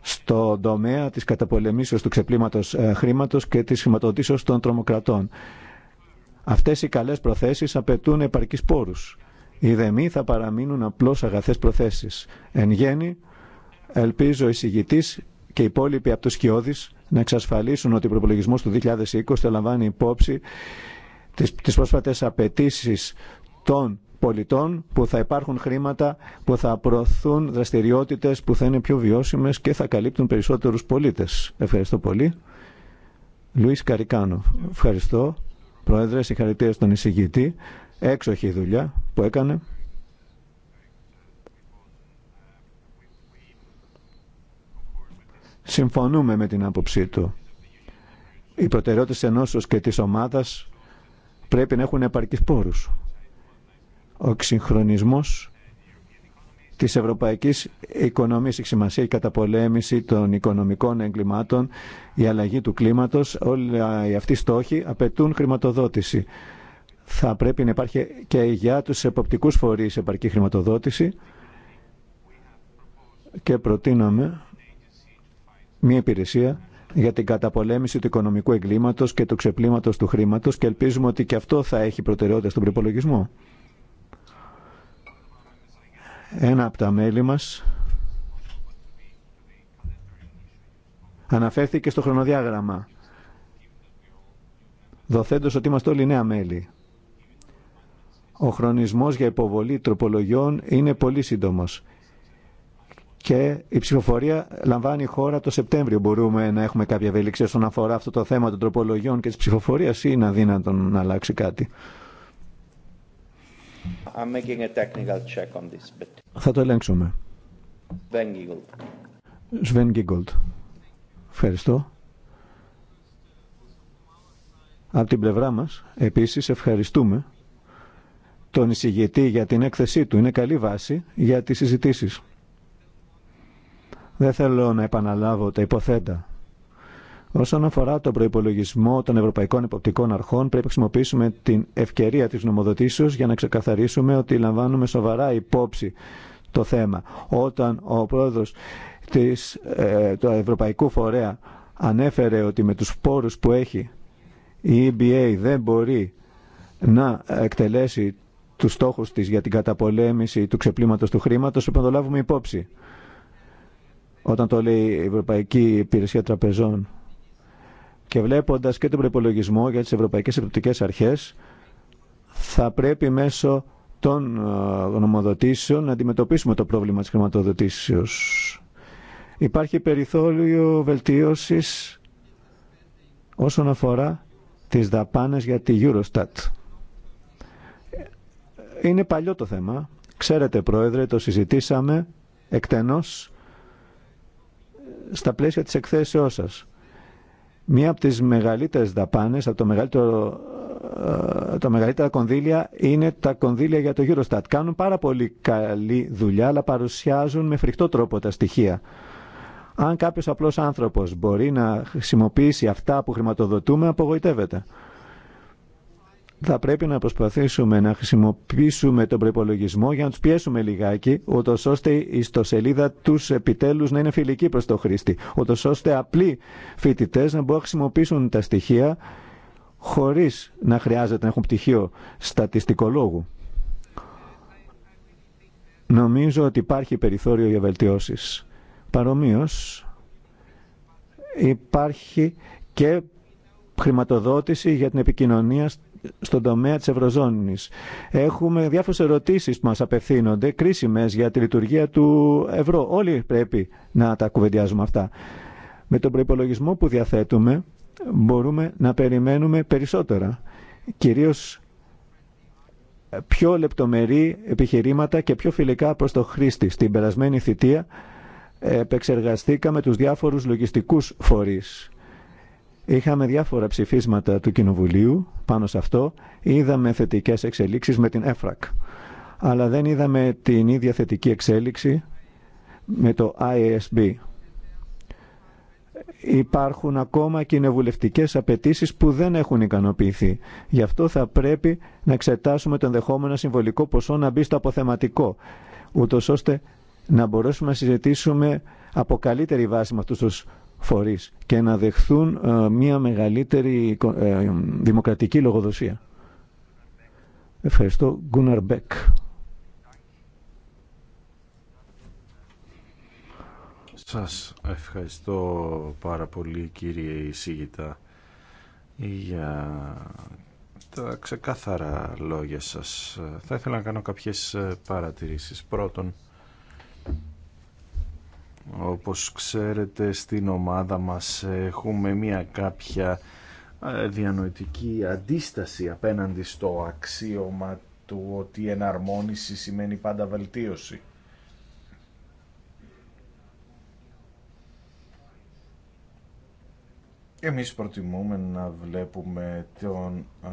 στον τομέα της καταπολεμήσεως του ξεπλήματος ε, χρήματος και της χρηματοδοτήσεως των τρομοκρατών. Αυτές οι καλές προθέσεις απαιτούν επαρκείς πόρους. Οι δεμοί θα παραμείνουν απλώς αγαθές προθέσεις. Εν γέννη, ελπίζω οι συγητής και οι υπόλοιποι από τους Σκιώδης να εξασφαλίσουν ότι ο προπολογισμό του 2020 θα λαμβάνει υπόψη τις, τις πρόσφατες απαιτήσει των πολιτών που θα υπάρχουν χρήματα που θα προωθούν δραστηριότητες που θα είναι πιο βιώσιμες και θα καλύπτουν περισσότερους πολίτες. Ευχαριστώ πολύ. Λουίς Καρικάνο. Ευχαριστώ. Πρόεδρε, συγχαρητήρια στον εισηγητή έξοχη δουλειά που έκανε. Συμφωνούμε με την άποψή του. Οι προτεραιότητες ενώσεως και της ομάδας πρέπει να έχουν επαρκείς πόρους. Ο εξυγχρονισμός της ευρωπαϊκής οικονομίας η σημασία η καταπολέμηση των οικονομικών εγκλημάτων, η αλλαγή του κλίματος, όλοι αυτοί οι στόχοι απαιτούν χρηματοδότηση θα πρέπει να υπάρχει και για τους εποπτικούς φορείς επαρκή χρηματοδότηση και προτείναμε μια υπηρεσία για την καταπολέμηση του οικονομικού εγκλήματος και του ξεπλήματος του χρήματος και ελπίζουμε ότι και αυτό θα έχει προτεραιότητα στον προπολογισμό. Ένα από τα μέλη μας αναφέρθηκε στο χρονοδιάγραμμα δοθέντως ότι είμαστε όλοι νέα μέλη. Ο χρονισμός για υποβολή τροπολογιών είναι πολύ σύντομος. Και η ψηφοφορία λαμβάνει χώρα το Σεπτέμβριο. Μπορούμε να έχουμε κάποια ευελιξία όσον αφορά αυτό το θέμα των τροπολογιών και της ψηφοφορίας ή είναι αδύνατο να αλλάξει κάτι. this Θα το ελέγξουμε. Σβέν Γκίγκολτ. Ευχαριστώ. Από την πλευρά μας, επίσης, ευχαριστούμε τον εισηγητή για την έκθεσή του. Είναι καλή βάση για τις συζητήσεις. Δεν θέλω να επαναλάβω τα υποθέτα. Όσον αφορά τον προπολογισμό των Ευρωπαϊκών Υποπτικών Αρχών, πρέπει να χρησιμοποιήσουμε την ευκαιρία τη νομοδοτήσεω για να ξεκαθαρίσουμε ότι λαμβάνουμε σοβαρά υπόψη το θέμα. Όταν ο πρόεδρο ε, του Ευρωπαϊκού Φορέα ανέφερε ότι με τους πόρους που έχει η EBA δεν μπορεί να εκτελέσει του στόχου της για την καταπολέμηση του ξεπλήματο του χρήματο πρέπει να το λάβουμε υπόψη. Όταν το λέει η Ευρωπαϊκή Υπηρεσία Τραπεζών. Και βλέποντας και τον προπολογισμό για τις Ευρωπαϊκές Επιτοπτικές Αρχές, θα πρέπει μέσω των ε, γνωμοδοτήσεων να αντιμετωπίσουμε το πρόβλημα της χρηματοδοτήσεω. Υπάρχει περιθώριο βελτίωσης όσον αφορά τις δαπάνες για τη Eurostat. Είναι παλιό το θέμα. Ξέρετε, Πρόεδρε, το συζητήσαμε εκτενώς ε, στα πλαίσια της εκθέσεώς σας. Μία από τις μεγαλύτερες δαπάνες, από το μεγαλύτερο, ε, τα μεγαλύτερα κονδύλια είναι τα κονδύλια για το Eurostat. Κάνουν πάρα πολύ καλή δουλειά, αλλά παρουσιάζουν με φρικτό τρόπο τα στοιχεία. Αν κάποιος απλός άνθρωπος μπορεί να χρησιμοποιήσει αυτά που χρηματοδοτούμε, απογοητεύεται θα πρέπει να προσπαθήσουμε να χρησιμοποιήσουμε τον προπολογισμό για να του πιέσουμε λιγάκι, ούτω ώστε η ιστοσελίδα του επιτέλου να είναι φιλική προ το χρήστη. Ούτω ώστε απλοί φοιτητέ να μπορούν να χρησιμοποιήσουν τα στοιχεία χωρί να χρειάζεται να έχουν πτυχίο στατιστικολόγου. Νομίζω ότι υπάρχει περιθώριο για βελτιώσει. Παρομοίω, υπάρχει και χρηματοδότηση για την επικοινωνία στον τομέα της Ευρωζώνης. Έχουμε διάφορες ερωτήσεις που μας απευθύνονται, κρίσιμες για τη λειτουργία του ευρώ. Όλοι πρέπει να τα κουβεντιάζουμε αυτά. Με τον προϋπολογισμό που διαθέτουμε μπορούμε να περιμένουμε περισσότερα. Κυρίως πιο λεπτομερή επιχειρήματα και πιο φιλικά προς το χρήστη. Στην περασμένη θητεία επεξεργαστήκαμε τους διάφορους λογιστικούς φορείς Είχαμε διάφορα ψηφίσματα του Κοινοβουλίου πάνω σε αυτό. Είδαμε θετικές εξελίξεις με την ΕΦΡΑΚ. Αλλά δεν είδαμε την ίδια θετική εξέλιξη με το IASB. Υπάρχουν ακόμα κοινοβουλευτικέ απαιτήσει που δεν έχουν ικανοποιηθεί. Γι' αυτό θα πρέπει να εξετάσουμε το ενδεχόμενο συμβολικό ποσό να μπει στο αποθεματικό, ούτω ώστε να μπορέσουμε να συζητήσουμε από καλύτερη βάση με αυτού του φορείς και να δεχθούν ε, μια μεγαλύτερη ε, ε, δημοκρατική λογοδοσία. Ευχαριστώ. Γκούναρ Μπέκ. Σας ευχαριστώ πάρα πολύ κύριε Σίγητα για τα ξεκάθαρα λόγια σας. Θα ήθελα να κάνω κάποιες παρατηρήσεις. Πρώτον, όπως ξέρετε στην ομάδα μας έχουμε μια κάποια ε, διανοητική αντίσταση απέναντι στο αξίωμα του ότι η εναρμόνιση σημαίνει πάντα βελτίωση. Εμείς προτιμούμε να βλέπουμε τον ε,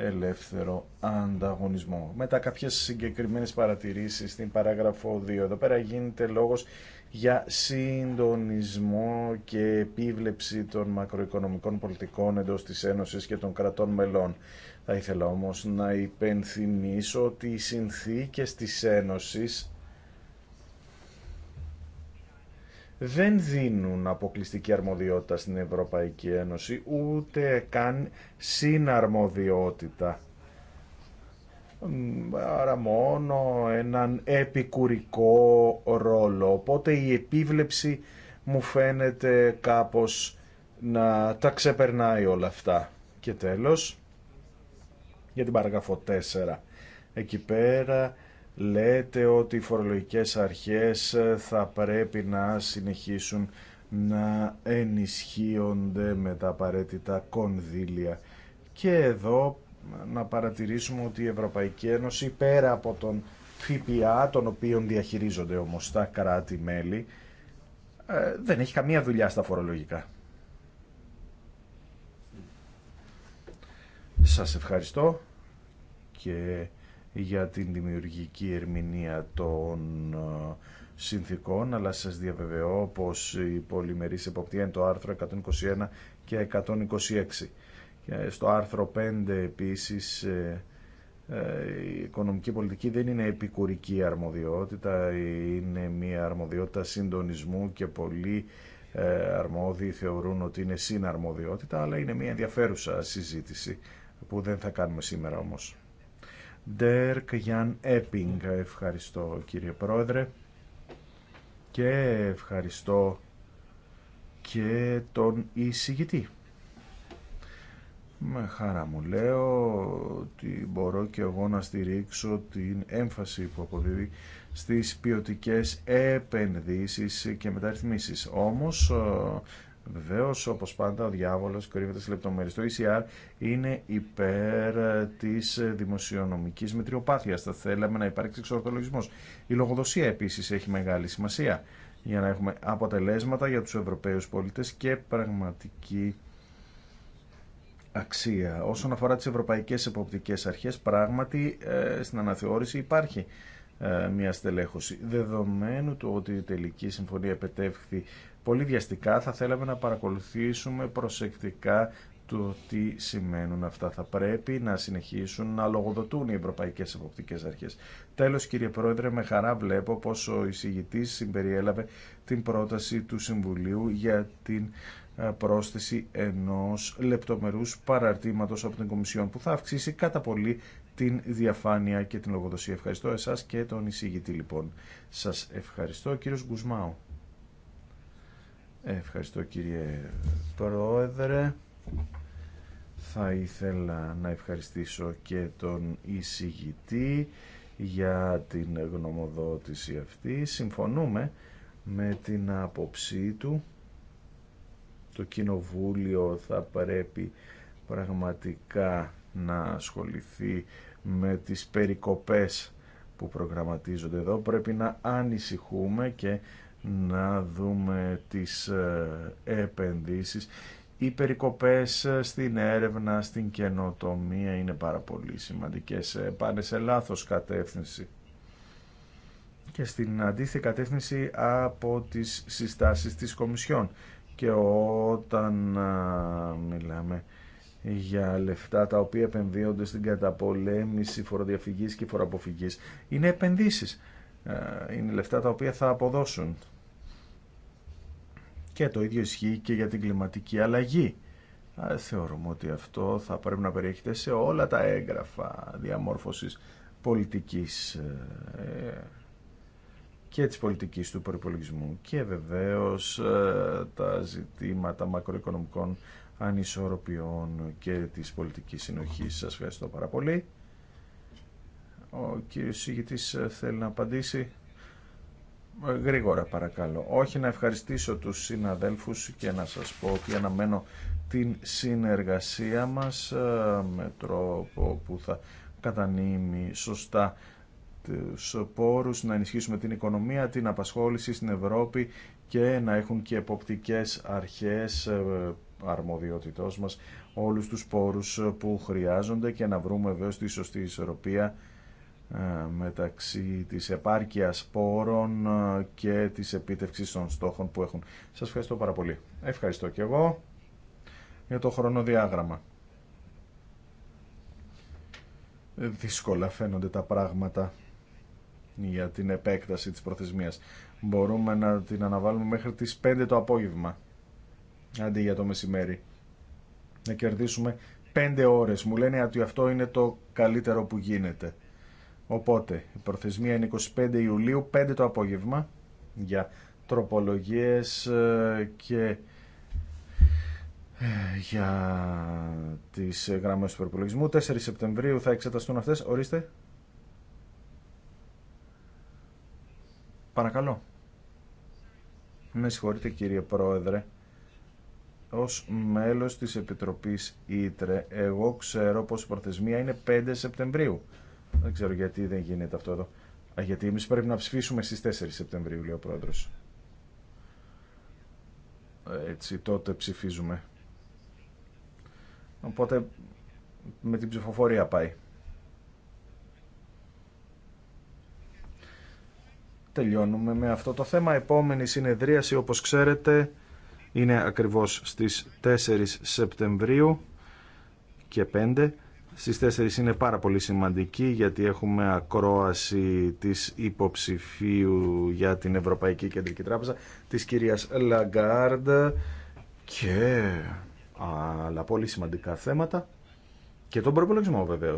ελεύθερο ανταγωνισμό. Μετά κάποιες συγκεκριμένες παρατηρήσεις στην παράγραφο 2. Εδώ πέρα γίνεται λόγος για συντονισμό και επίβλεψη των μακροοικονομικών πολιτικών εντός της Ένωσης και των κρατών μελών. Θα ήθελα όμως να υπενθυμίσω ότι οι συνθήκες της Ένωσης δεν δίνουν αποκλειστική αρμοδιότητα στην Ευρωπαϊκή Ένωση, ούτε καν συναρμοδιότητα. Άρα μόνο έναν επικουρικό ρόλο. Οπότε η επίβλεψη μου φαίνεται κάπως να τα ξεπερνάει όλα αυτά. Και τέλος, για την παραγραφό 4. Εκεί πέρα λέτε ότι οι φορολογικές αρχές θα πρέπει να συνεχίσουν να ενισχύονται με τα απαραίτητα κονδύλια. Και εδώ να παρατηρήσουμε ότι η Ευρωπαϊκή Ένωση πέρα από τον ΦΠΑ, τον οποίον διαχειρίζονται όμως τα κράτη-μέλη, ε, δεν έχει καμία δουλειά στα φορολογικά. Σας ευχαριστώ και για την δημιουργική ερμηνεία των ε, συνθήκων, αλλά σας διαβεβαιώ πως η πολυμερής εποπτεία είναι το άρθρο 121 και 126. στο άρθρο 5 επίσης ε, ε, η οικονομική πολιτική δεν είναι επικουρική αρμοδιότητα, είναι μια αρμοδιότητα συντονισμού και πολλοί αρμόδιοι θεωρούν ότι είναι συναρμοδιότητα, αλλά είναι μια ενδιαφέρουσα συζήτηση που δεν θα κάνουμε σήμερα όμως. Ντέρκ Γιάν Ευχαριστώ κύριε Πρόεδρε και ευχαριστώ και τον εισηγητή. Με χαρά μου λέω ότι μπορώ και εγώ να στηρίξω την έμφαση που αποδίδει στις ποιοτικές επενδύσεις και μεταρρυθμίσεις. Όμως Βεβαίω, όπω πάντα, ο διάβολο κρύβεται σε λεπτομέρειε. Το ECR είναι υπέρ ε, τη δημοσιονομική μετριοπάθεια. Θα θέλαμε να υπάρξει εξορθολογισμό. Η λογοδοσία επίση έχει μεγάλη σημασία για να έχουμε αποτελέσματα για τους Ευρωπαίους πολίτες και πραγματική αξία. Όσον αφορά τις ευρωπαϊκές εποπτικές αρχές, πράγματι ε, στην αναθεώρηση υπάρχει ε, μια στελέχωση. Δεδομένου του ότι η τελική συμφωνία επετεύχθη πολύ βιαστικά θα θέλαμε να παρακολουθήσουμε προσεκτικά το τι σημαίνουν αυτά. Θα πρέπει να συνεχίσουν να λογοδοτούν οι ευρωπαϊκέ εποπτικέ αρχέ. Τέλο, κύριε Πρόεδρε, με χαρά βλέπω πω ο εισηγητή συμπεριέλαβε την πρόταση του Συμβουλίου για την ε, πρόσθεση ενός λεπτομερούς παραρτήματος από την Κομισιόν που θα αυξήσει κατά πολύ την διαφάνεια και την λογοδοσία. Ευχαριστώ εσάς και τον εισηγητή λοιπόν. Σας ευχαριστώ κύριος Γκουσμάου. Ευχαριστώ κύριε Πρόεδρε. Θα ήθελα να ευχαριστήσω και τον εισηγητή για την γνωμοδότηση αυτή. Συμφωνούμε με την άποψή του. Το Κοινοβούλιο θα πρέπει πραγματικά να ασχοληθεί με τις περικοπές που προγραμματίζονται εδώ. Πρέπει να ανησυχούμε και να δούμε τις ε, επενδύσεις. Οι περικοπές ε, στην έρευνα, στην καινοτομία είναι πάρα πολύ σημαντικές. Ε, πάνε σε λάθος κατεύθυνση και στην αντίθετη κατεύθυνση από τις συστάσεις της Κομισιόν. Και όταν μιλάμε για λεφτά τα οποία επενδύονται στην καταπολέμηση φοροδιαφυγής και φοροαποφυγής, είναι επενδύσεις. Είναι λεφτά τα οποία θα αποδώσουν. Και το ίδιο ισχύει και για την κλιματική αλλαγή. Θεωρούμε ότι αυτό θα πρέπει να περιέχεται σε όλα τα έγγραφα διαμόρφωσης πολιτικής ε, και της πολιτικής του προπολογισμού και βεβαίως ε, τα ζητήματα μακροοικονομικών ανισορροπιών και της πολιτικής συνοχής. Σας ευχαριστώ πάρα πολύ. Ο κύριος Σίγητης ε, θέλει να απαντήσει. Γρήγορα παρακαλώ. Όχι να ευχαριστήσω τους συναδέλφους και να σας πω ότι αναμένω την συνεργασία μας ε, με τρόπο που θα κατανείμει σωστά τους πόρους, να ενισχύσουμε την οικονομία, την απασχόληση στην Ευρώπη και να έχουν και εποπτικές αρχές ε, αρμοδιότητός μας όλους τους πόρους που χρειάζονται και να βρούμε βέβαια τη σωστή ισορροπία ε, μεταξύ της επάρκειας πόρων ε, και της επίτευξης των στόχων που έχουν. Σας ευχαριστώ πάρα πολύ. Ευχαριστώ και εγώ για το χρονοδιάγραμμα. Δύσκολα φαίνονται τα πράγματα για την επέκταση της προθεσμίας. Μπορούμε να την αναβάλουμε μέχρι τις 5 το απόγευμα, αντί για το μεσημέρι. Να κερδίσουμε 5 ώρες. Μου λένε ότι αυτό είναι το καλύτερο που γίνεται. Οπότε, η προθεσμία είναι 25 Ιουλίου, 5 το απόγευμα, για τροπολογίες ε, και ε, για τις γραμμές του προπολογισμού. 4 Σεπτεμβρίου θα εξεταστούν αυτές. Ορίστε. Παρακαλώ. Με συγχωρείτε κύριε Πρόεδρε. Ως μέλος της Επιτροπής Ήτρε, εγώ ξέρω πως η προθεσμία είναι 5 Σεπτεμβρίου. Δεν ξέρω γιατί δεν γίνεται αυτό εδώ. Α, γιατί εμεί πρέπει να ψηφίσουμε στις 4 Σεπτεμβρίου, λέει ο πρόεδρος. Έτσι, τότε ψηφίζουμε. Οπότε με την ψηφοφορία πάει. Τελειώνουμε με αυτό το θέμα. Επόμενη συνεδρίαση, όπως ξέρετε, είναι ακριβώς στις 4 Σεπτεμβρίου και 5 στις 4 είναι πάρα πολύ σημαντική γιατί έχουμε ακρόαση της υποψηφίου για την Ευρωπαϊκή Κεντρική Τράπεζα της κυρίας Λαγκάρντ και άλλα πολύ σημαντικά θέματα και τον προπολογισμό βεβαίω.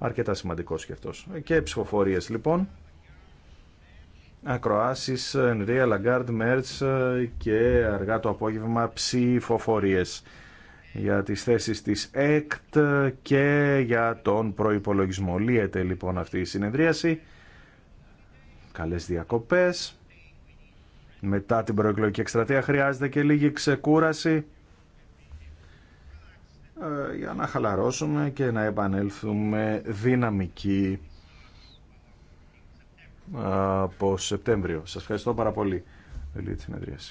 Αρκετά σημαντικός και αυτός. Και ψηφοφορίες λοιπόν. Ακροάσεις, Ενρία, Λαγκάρντ, μέρτ και αργά το απόγευμα ψηφοφορίες για τις θέσεις της ΕΚΤ και για τον προϋπολογισμό. Λύεται λοιπόν αυτή η συνεδρίαση. Καλές διακοπές. Μετά την προεκλογική εκστρατεία χρειάζεται και λίγη ξεκούραση ε, για να χαλαρώσουμε και να επανέλθουμε δυναμική ε, από Σεπτέμβριο. Σας ευχαριστώ πάρα πολύ. Ελίτη συνεδρίαση.